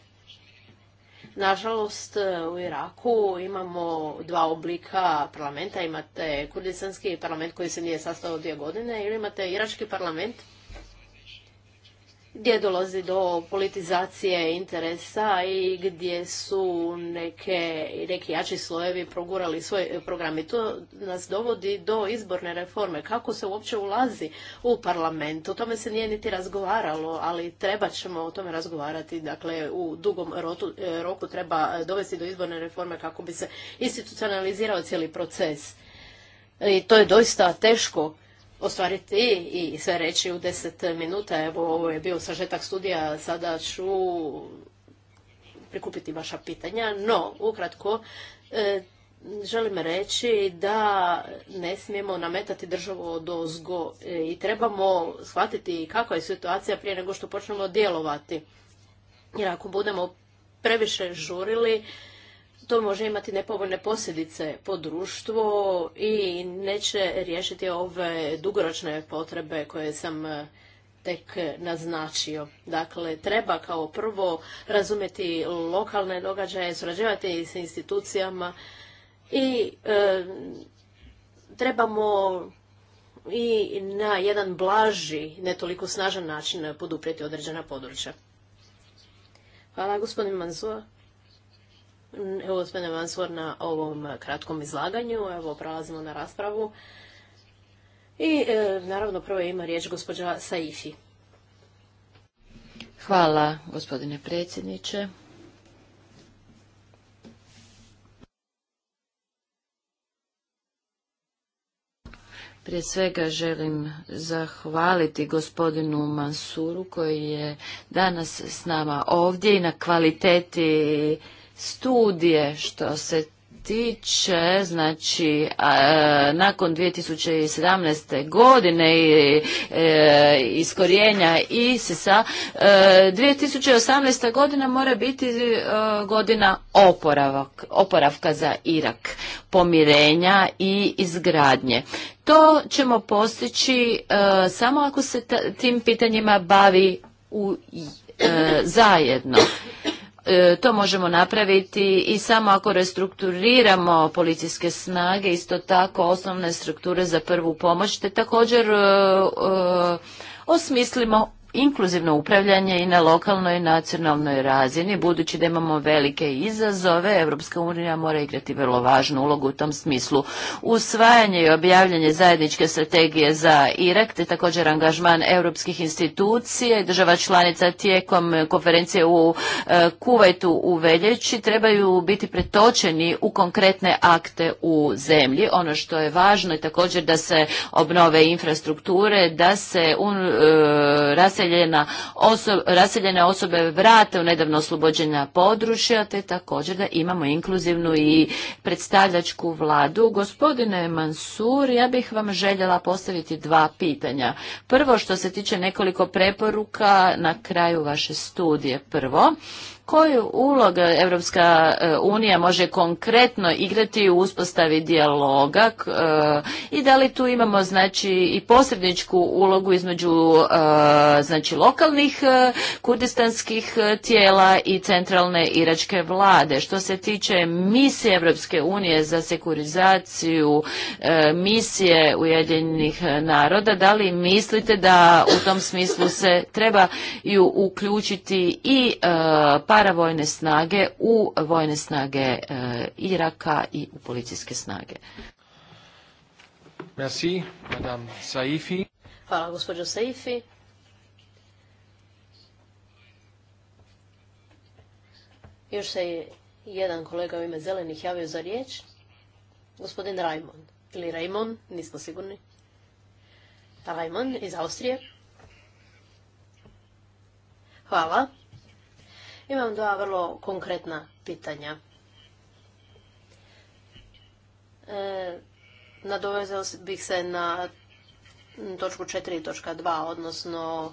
Speaker 1: Nažalost, e, u Iraku imamo dva oblika parlamenta. Imate kurdistanski parlament koji se nije sastao dvije godine ili imate irački parlament gdje dolazi do politizacije interesa i gdje su neke, neki jači slojevi progurali svoj program. I to nas dovodi do izborne reforme. Kako se uopće ulazi u parlament? O tome se nije niti razgovaralo, ali treba ćemo o tome razgovarati. Dakle, u dugom roku treba dovesti do izborne reforme kako bi se institucionalizirao cijeli proces. I to je doista teško ostvariti i sve reći u deset minuta. Evo, ovo je bio sažetak studija, sada ću prikupiti vaša pitanja. No, ukratko, e, želim reći da ne smijemo nametati državu od ozgo e, i trebamo shvatiti kakva je situacija prije nego što počnemo djelovati. Jer ako budemo previše žurili, to može imati nepovoljne posljedice po društvo i neće riješiti ove dugoročne potrebe koje sam e, tek naznačio. Dakle, treba kao prvo razumjeti lokalne događaje, surađivati s institucijama i e, trebamo i na jedan blaži, ne toliko snažan način poduprijeti određena područja. Hvala gospodin Manzua. Gospodine Mansur na ovom kratkom izlaganju. Evo, prelazimo na raspravu. I e, naravno prvo ima riječ gospođa Saifi.
Speaker 3: Hvala gospodine predsjedniče. Prije svega želim zahvaliti gospodinu Mansuru koji je danas s nama ovdje i na kvaliteti studije što se tiče, znači e, nakon 2017. godine i e, iskorjenja ISIS-a, 2018. godina mora biti e, godina oporavka za Irak, pomirenja i izgradnje. To ćemo postići e, samo ako se tim pitanjima bavi u zajedno E, to možemo napraviti i samo ako restrukturiramo policijske snage, isto tako osnovne strukture za prvu pomoć, te također e, e, osmislimo inkluzivno upravljanje i na lokalnoj i nacionalnoj razini, budući da imamo velike izazove, Evropska unija mora igrati vrlo važnu ulogu u tom smislu. Usvajanje i objavljanje zajedničke strategije za Irak, te također angažman europskih institucija i država članica tijekom konferencije u e, Kuvajtu u Veljeći trebaju biti pretočeni u konkretne akte u zemlji. Ono što je važno je također da se obnove infrastrukture, da se un, e, raseljena raseljene osobe vrate u nedavno oslobođena područja, te također da imamo inkluzivnu i predstavljačku vladu. Gospodine Mansur, ja bih vam željela postaviti dva pitanja. Prvo što se tiče nekoliko preporuka na kraju vaše studije. Prvo, koju uloga Evropska e, unija može konkretno igrati u uspostavi dijaloga e, i da li tu imamo znači i posredničku ulogu između e, znači lokalnih kurdistanskih tijela i centralne iračke vlade. Što se tiče misije Evropske unije za sekurizaciju misije Ujedinjenih naroda, da li mislite da u tom smislu se treba ju uključiti i pa paravojne snage u vojne snage e, Iraka i u policijske snage. Merci, madame Saifi.
Speaker 1: Hvala, gospođo Saifi. Još se jedan kolega u ime zelenih javio za riječ. Gospodin Rajmon. Ili Rajmon, nismo sigurni. Rajmon iz Austrije. Hvala. Imam dva vrlo konkretna pitanja. E, nadovezao bih se na točku 4.2, točka odnosno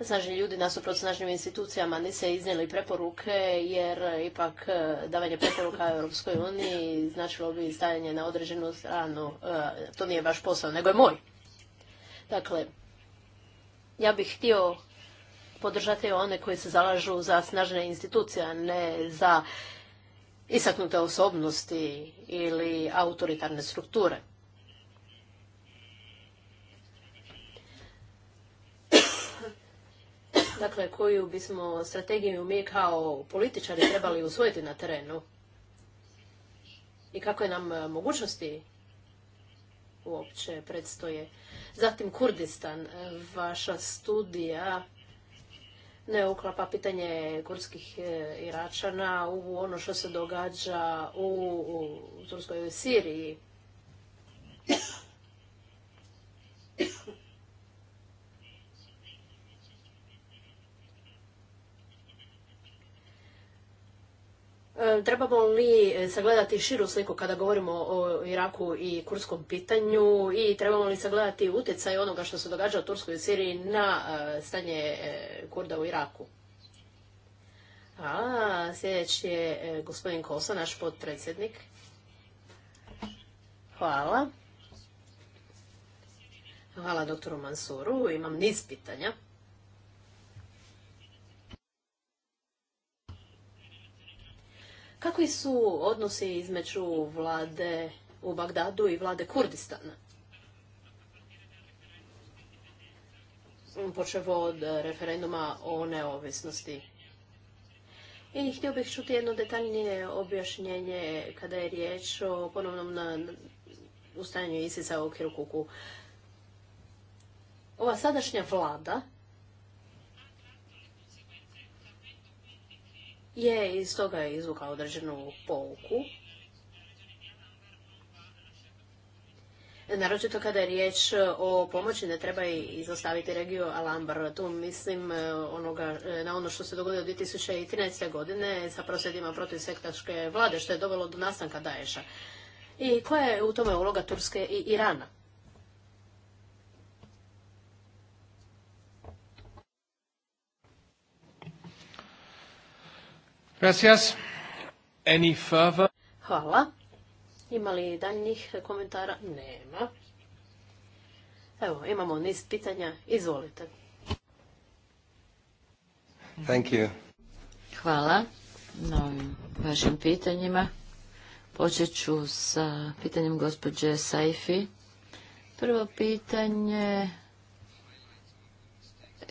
Speaker 1: snažni ljudi nasuprot snažnim institucijama nise iznijeli preporuke jer ipak e, davanje preporuka Europskoj uniji značilo bi stajanje na određenu stranu. E, to nije vaš posao, nego je moj. Dakle, ja bih htio podržati one koji se zalažu za snažne institucije, a ne za isaknute osobnosti ili autoritarne strukture. Dakle, koju bismo strategiju mi kao političari trebali usvojiti na terenu i kakve nam e, mogućnosti uopće predstoje. Zatim Kurdistan, e, vaša studija ne uklapa pitanje kurskih e, Iračana u ono što se događa u, u Turskoj Siriji. E, trebamo li sagledati širu sliku kada govorimo o Iraku i kurskom pitanju i trebamo li sagledati utjecaj onoga što se događa u Turskoj i Siriji na e, stanje e, Kurda u Iraku? sljedeći je gospodin Kosa, naš potpredsjednik. Hvala. Hvala doktoru Mansuru. Imam niz pitanja. Kakvi su odnosi između vlade u Bagdadu i vlade Kurdistana? Počevo od referenduma o neovisnosti. I htio bih čuti jedno detaljnije objašnjenje kada je riječ o ponovnom ustajanju Isisa u Kirkuku. Ova sadašnja vlada je iz toga izvukao određenu pouku. Naročito kada je riječ o pomoći, ne treba izostaviti regiju Alambar. Tu mislim e, onoga, e, na ono što se dogodilo 2013. godine sa prosvjedima protiv sektaške vlade, što je dovelo do nastanka Daesha. I koja je u tome uloga Turske i Irana? Hvala. Ima li daljnjih komentara? Nema. Evo, imamo niz pitanja. Izvolite.
Speaker 3: Hvala na ovim vašim pitanjima. Počet ću sa pitanjem gospođe Saifi. Prvo pitanje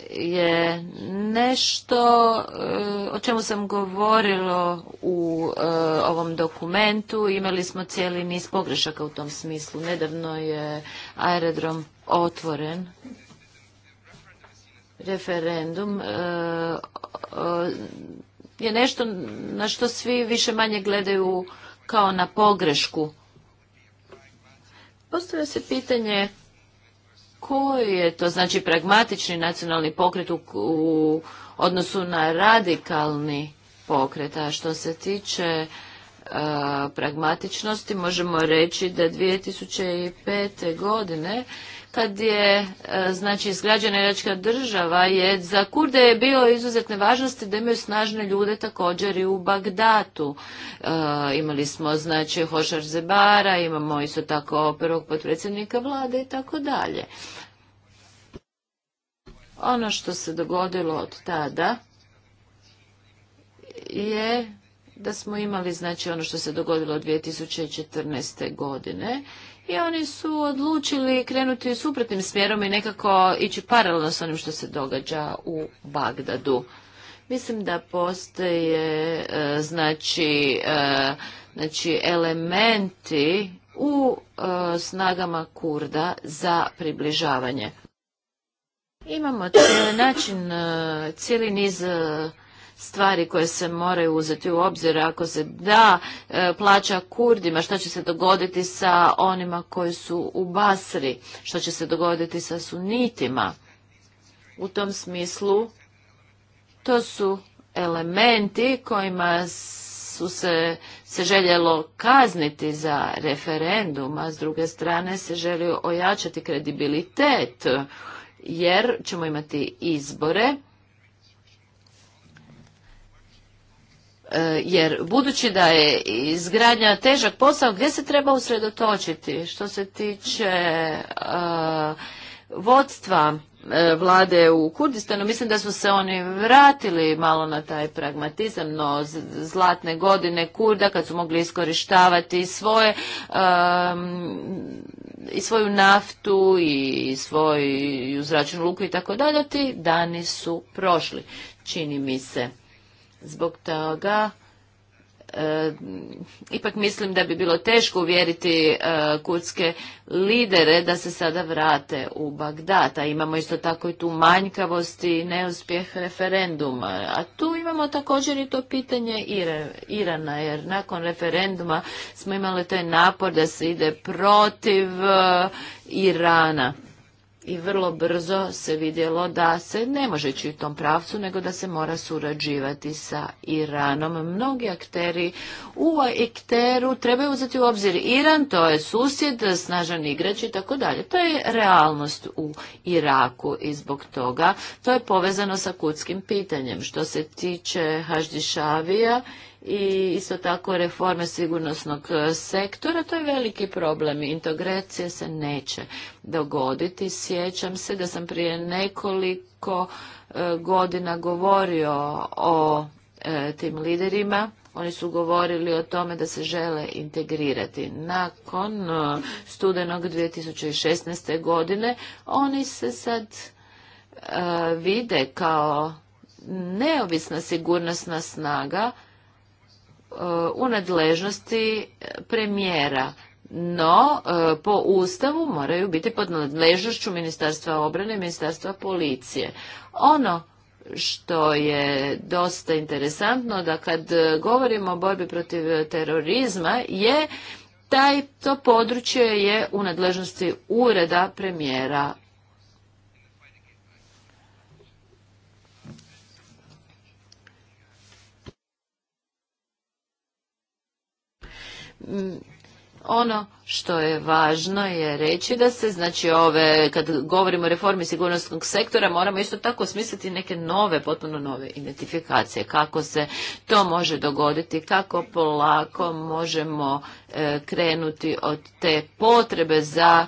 Speaker 3: je nešto e, o čemu sam govorilo u e, ovom dokumentu. Imali smo cijeli niz pogrešaka u tom smislu. Nedavno je aerodrom otvoren. Referendum e, je nešto na što svi više manje gledaju kao na pogrešku. Postavlja se pitanje koji je to znači pragmatični nacionalni pokret u, u odnosu na radikalni pokret. A što se tiče e, pragmatičnosti možemo reći da 2005. godine kad je e, znači izgrađena iračka država je za kurde je bilo izuzetne važnosti da imaju snažne ljude također i u Bagdatu e, imali smo znači Hošar Zebara imamo isto tako prvog potpredsjednika vlade i tako dalje ono što se dogodilo od tada je da smo imali znači ono što se dogodilo 2014. godine i oni su odlučili krenuti suprotnim smjerom i nekako ići paralelno s onim što se događa u Bagdadu. Mislim da postoje e, znači, e, znači elementi u e, snagama Kurda za približavanje. Imamo cijeli način, cijeli niz stvari koje se moraju uzeti u obzir ako se da e, plaća kurdima, što će se dogoditi sa onima koji su u Basri, što će se dogoditi sa sunitima. U tom smislu to su elementi kojima su se, se željelo kazniti za referendum, a s druge strane se želi ojačati kredibilitet, jer ćemo imati izbore E, jer budući da je izgradnja težak posao, gdje se treba usredotočiti što se tiče e, vodstva e, vlade u Kurdistanu? Mislim da su se oni vratili malo na taj pragmatizam, no zlatne godine Kurda kad su mogli iskorištavati svoje i svoju naftu i svoju zračnu luku i tako dalje, ti dani su prošli, čini mi se. Zbog toga e, ipak mislim da bi bilo teško uvjeriti e, kurdske lidere da se sada vrate u Bagdata. imamo isto tako i tu manjkavost i neuspjeh referenduma. A tu imamo također i to pitanje Irana, jer nakon referenduma smo imali taj napor da se ide protiv e, Irana i vrlo brzo se vidjelo da se ne može ići u tom pravcu, nego da se mora surađivati sa Iranom. Mnogi akteri u ekteru trebaju uzeti u obzir Iran, to je susjed, snažan igrač i tako dalje. To je realnost u Iraku i zbog toga to je povezano sa kutskim pitanjem. Što se tiče Haždišavija, i isto tako reforme sigurnosnog e, sektora, to je veliki problem. Integracija se neće dogoditi. Sjećam se da sam prije nekoliko e, godina govorio o e, tim liderima oni su govorili o tome da se žele integrirati. Nakon studenog 2016. godine oni se sad vide kao neovisna sigurnosna snaga u nadležnosti premijera no e, po ustavu moraju biti pod nadležnošću ministarstva obrane i ministarstva policije ono što je dosta interesantno da kad govorimo o borbi protiv terorizma je taj to područje je u nadležnosti ureda premijera Mm, ono što je važno je reći da se, znači ove, kad govorimo o reformi sigurnosnog sektora, moramo isto tako smisliti neke nove, potpuno nove identifikacije, kako se to može dogoditi, kako polako možemo e, krenuti od te potrebe za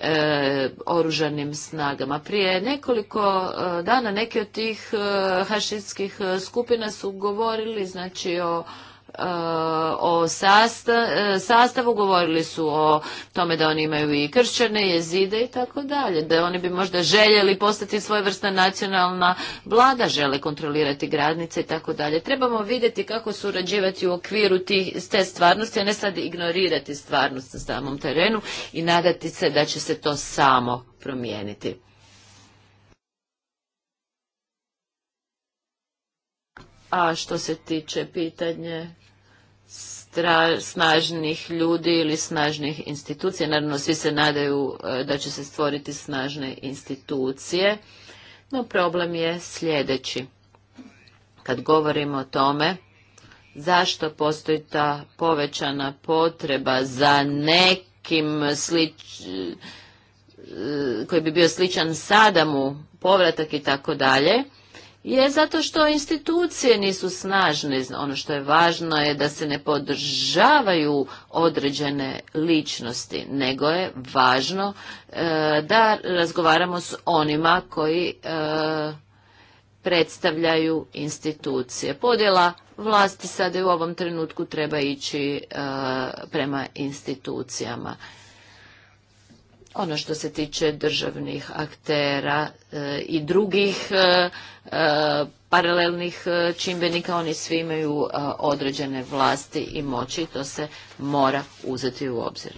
Speaker 3: e, oružanim snagama. Prije nekoliko e, dana neki od tih e, hašitskih skupina su govorili znači o E, o e, sastavu, govorili su o tome da oni imaju i kršćane, jezide i tako dalje, da oni bi možda željeli postati svojevrsta nacionalna vlada, žele kontrolirati gradnice i tako dalje. Trebamo vidjeti kako surađivati u okviru te stvarnosti, a ne sad ignorirati stvarnost na samom terenu i nadati se da će se to samo promijeniti. A što se tiče pitanje snažnih ljudi ili snažnih institucija. Naravno, svi se nadaju e, da će se stvoriti snažne institucije, no problem je sljedeći. Kad govorimo o tome, zašto postoji ta povećana potreba za nekim e, e, koji bi bio sličan Sadamu, povratak i tako dalje, je zato što institucije nisu snažne. Ono što je važno je da se ne podržavaju određene ličnosti, nego je važno e, da razgovaramo s onima koji e, predstavljaju institucije. Podjela vlasti sada u ovom trenutku treba ići e, prema institucijama ono što se tiče državnih aktera e, i drugih e, e, paralelnih čimbenika, oni svi imaju određene vlasti i moći i to se mora uzeti u obzir.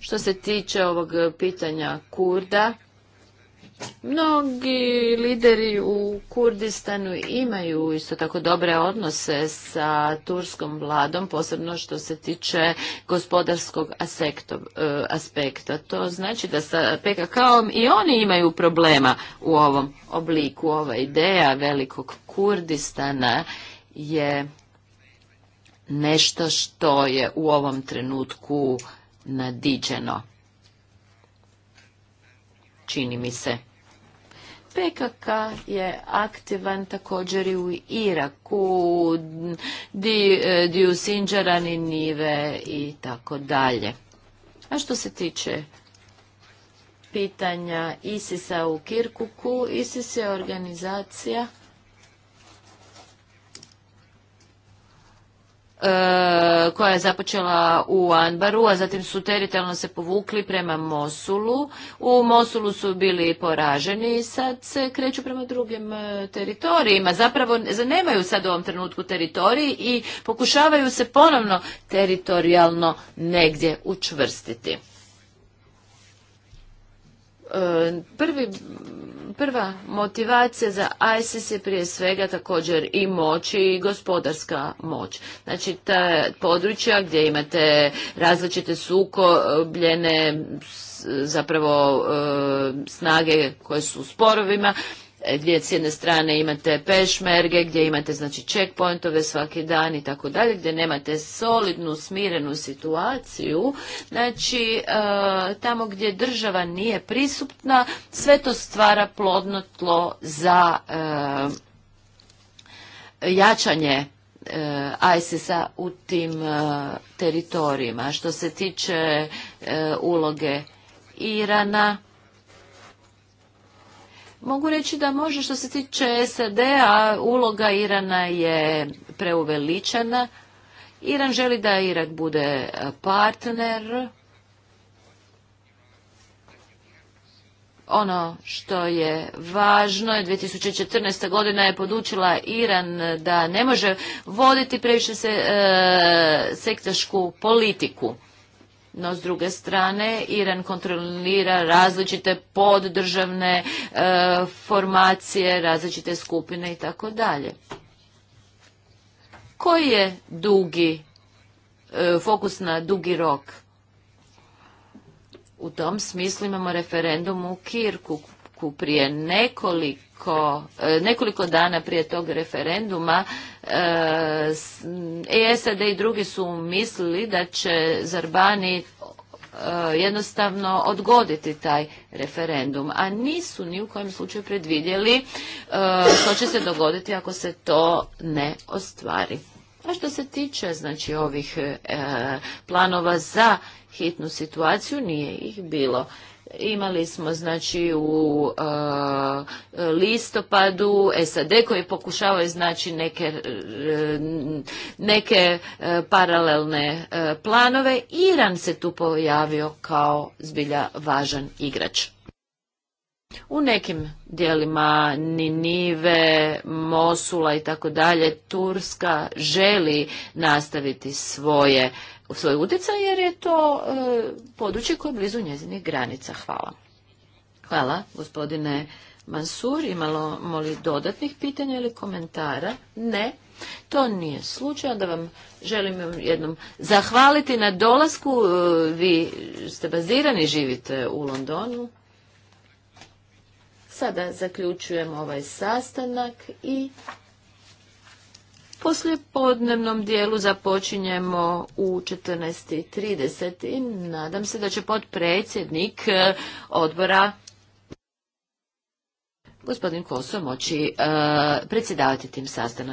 Speaker 3: Što se tiče ovog pitanja Kurda, Mnogi lideri u Kurdistanu imaju isto tako dobre odnose sa turskom vladom, posebno što se tiče gospodarskog e, aspekta. To znači da sa PKK-om i oni imaju problema u ovom obliku. Ova ideja velikog Kurdistana je nešto što je u ovom trenutku nadiđeno. Čini mi se. PKK je aktivan također i u Iraku, di, e, di u Sinđarani, Nive i tako dalje. A što se tiče pitanja ISIS-a u Kirkuku, ISIS je organizacija E, koja je započela u Anbaru, a zatim su teritorijalno se povukli prema Mosulu. U Mosulu su bili poraženi i sad se kreću prema drugim e, teritorijima. Zapravo nemaju sad u ovom trenutku teritoriji i pokušavaju se ponovno teritorijalno negdje učvrstiti prvi, prva motivacija za ISIS je prije svega također i moć i gospodarska moć. Znači ta područja gdje imate različite sukobljene zapravo e, snage koje su u sporovima gdje e, s jedne strane imate pešmerge, gdje imate znači checkpointove svaki dan i tako dalje, gdje nemate solidnu, smirenu situaciju, znači e, tamo gdje država nije prisutna, sve to stvara plodno tlo za e, jačanje e, a u tim teritorijima. Što se tiče uloge Irana, Mogu reći da može što se tiče SAD-a, uloga Irana je preuveličena. Iran želi da Irak bude e, partner. Ono što je važno je 2014. godina je podučila Iran da ne može voditi previše se, e, sektašku politiku. No, s druge strane, Iran kontrolira različite poddržavne e, formacije, različite skupine i tako dalje. Koji je dugi, e, fokus na dugi rok? U tom smislu imamo referendum u Kirku prije nekoliko E, nekoliko dana prije tog referenduma i e, SAD e, i drugi su mislili da će Zarbani jednostavno odgoditi taj referendum, a nisu ni u kojem slučaju predvidjeli što će se dogoditi ako se to ne ostvari. A što se tiče znači ovih planova za hitnu situaciju, nije ih bilo. Imali smo znači u e, listopadu SAD koji pokušavaju znači neke, e, neke e, paralelne planove. Iran se tu pojavio kao zbilja važan igrač. U nekim dijelima Ninive, Mosula i tako dalje Turska želi nastaviti svoje svoj
Speaker 5: utjecaj jer je to e, područje
Speaker 3: koje je blizu njezinih granica. Hvala. Hvala gospodine Mansur. Imalo li dodatnih pitanja ili komentara? Ne. To nije slučaj, Onda vam želim jednom zahvaliti na dolasku. E, vi ste bazirani, živite u Londonu. Sada zaključujem ovaj sastanak i poslije podnevnom dijelu započinjemo u 14.30 i nadam se da će podpredsjednik e, odbora gospodin Koso moći e, predsjedavati tim sastanom.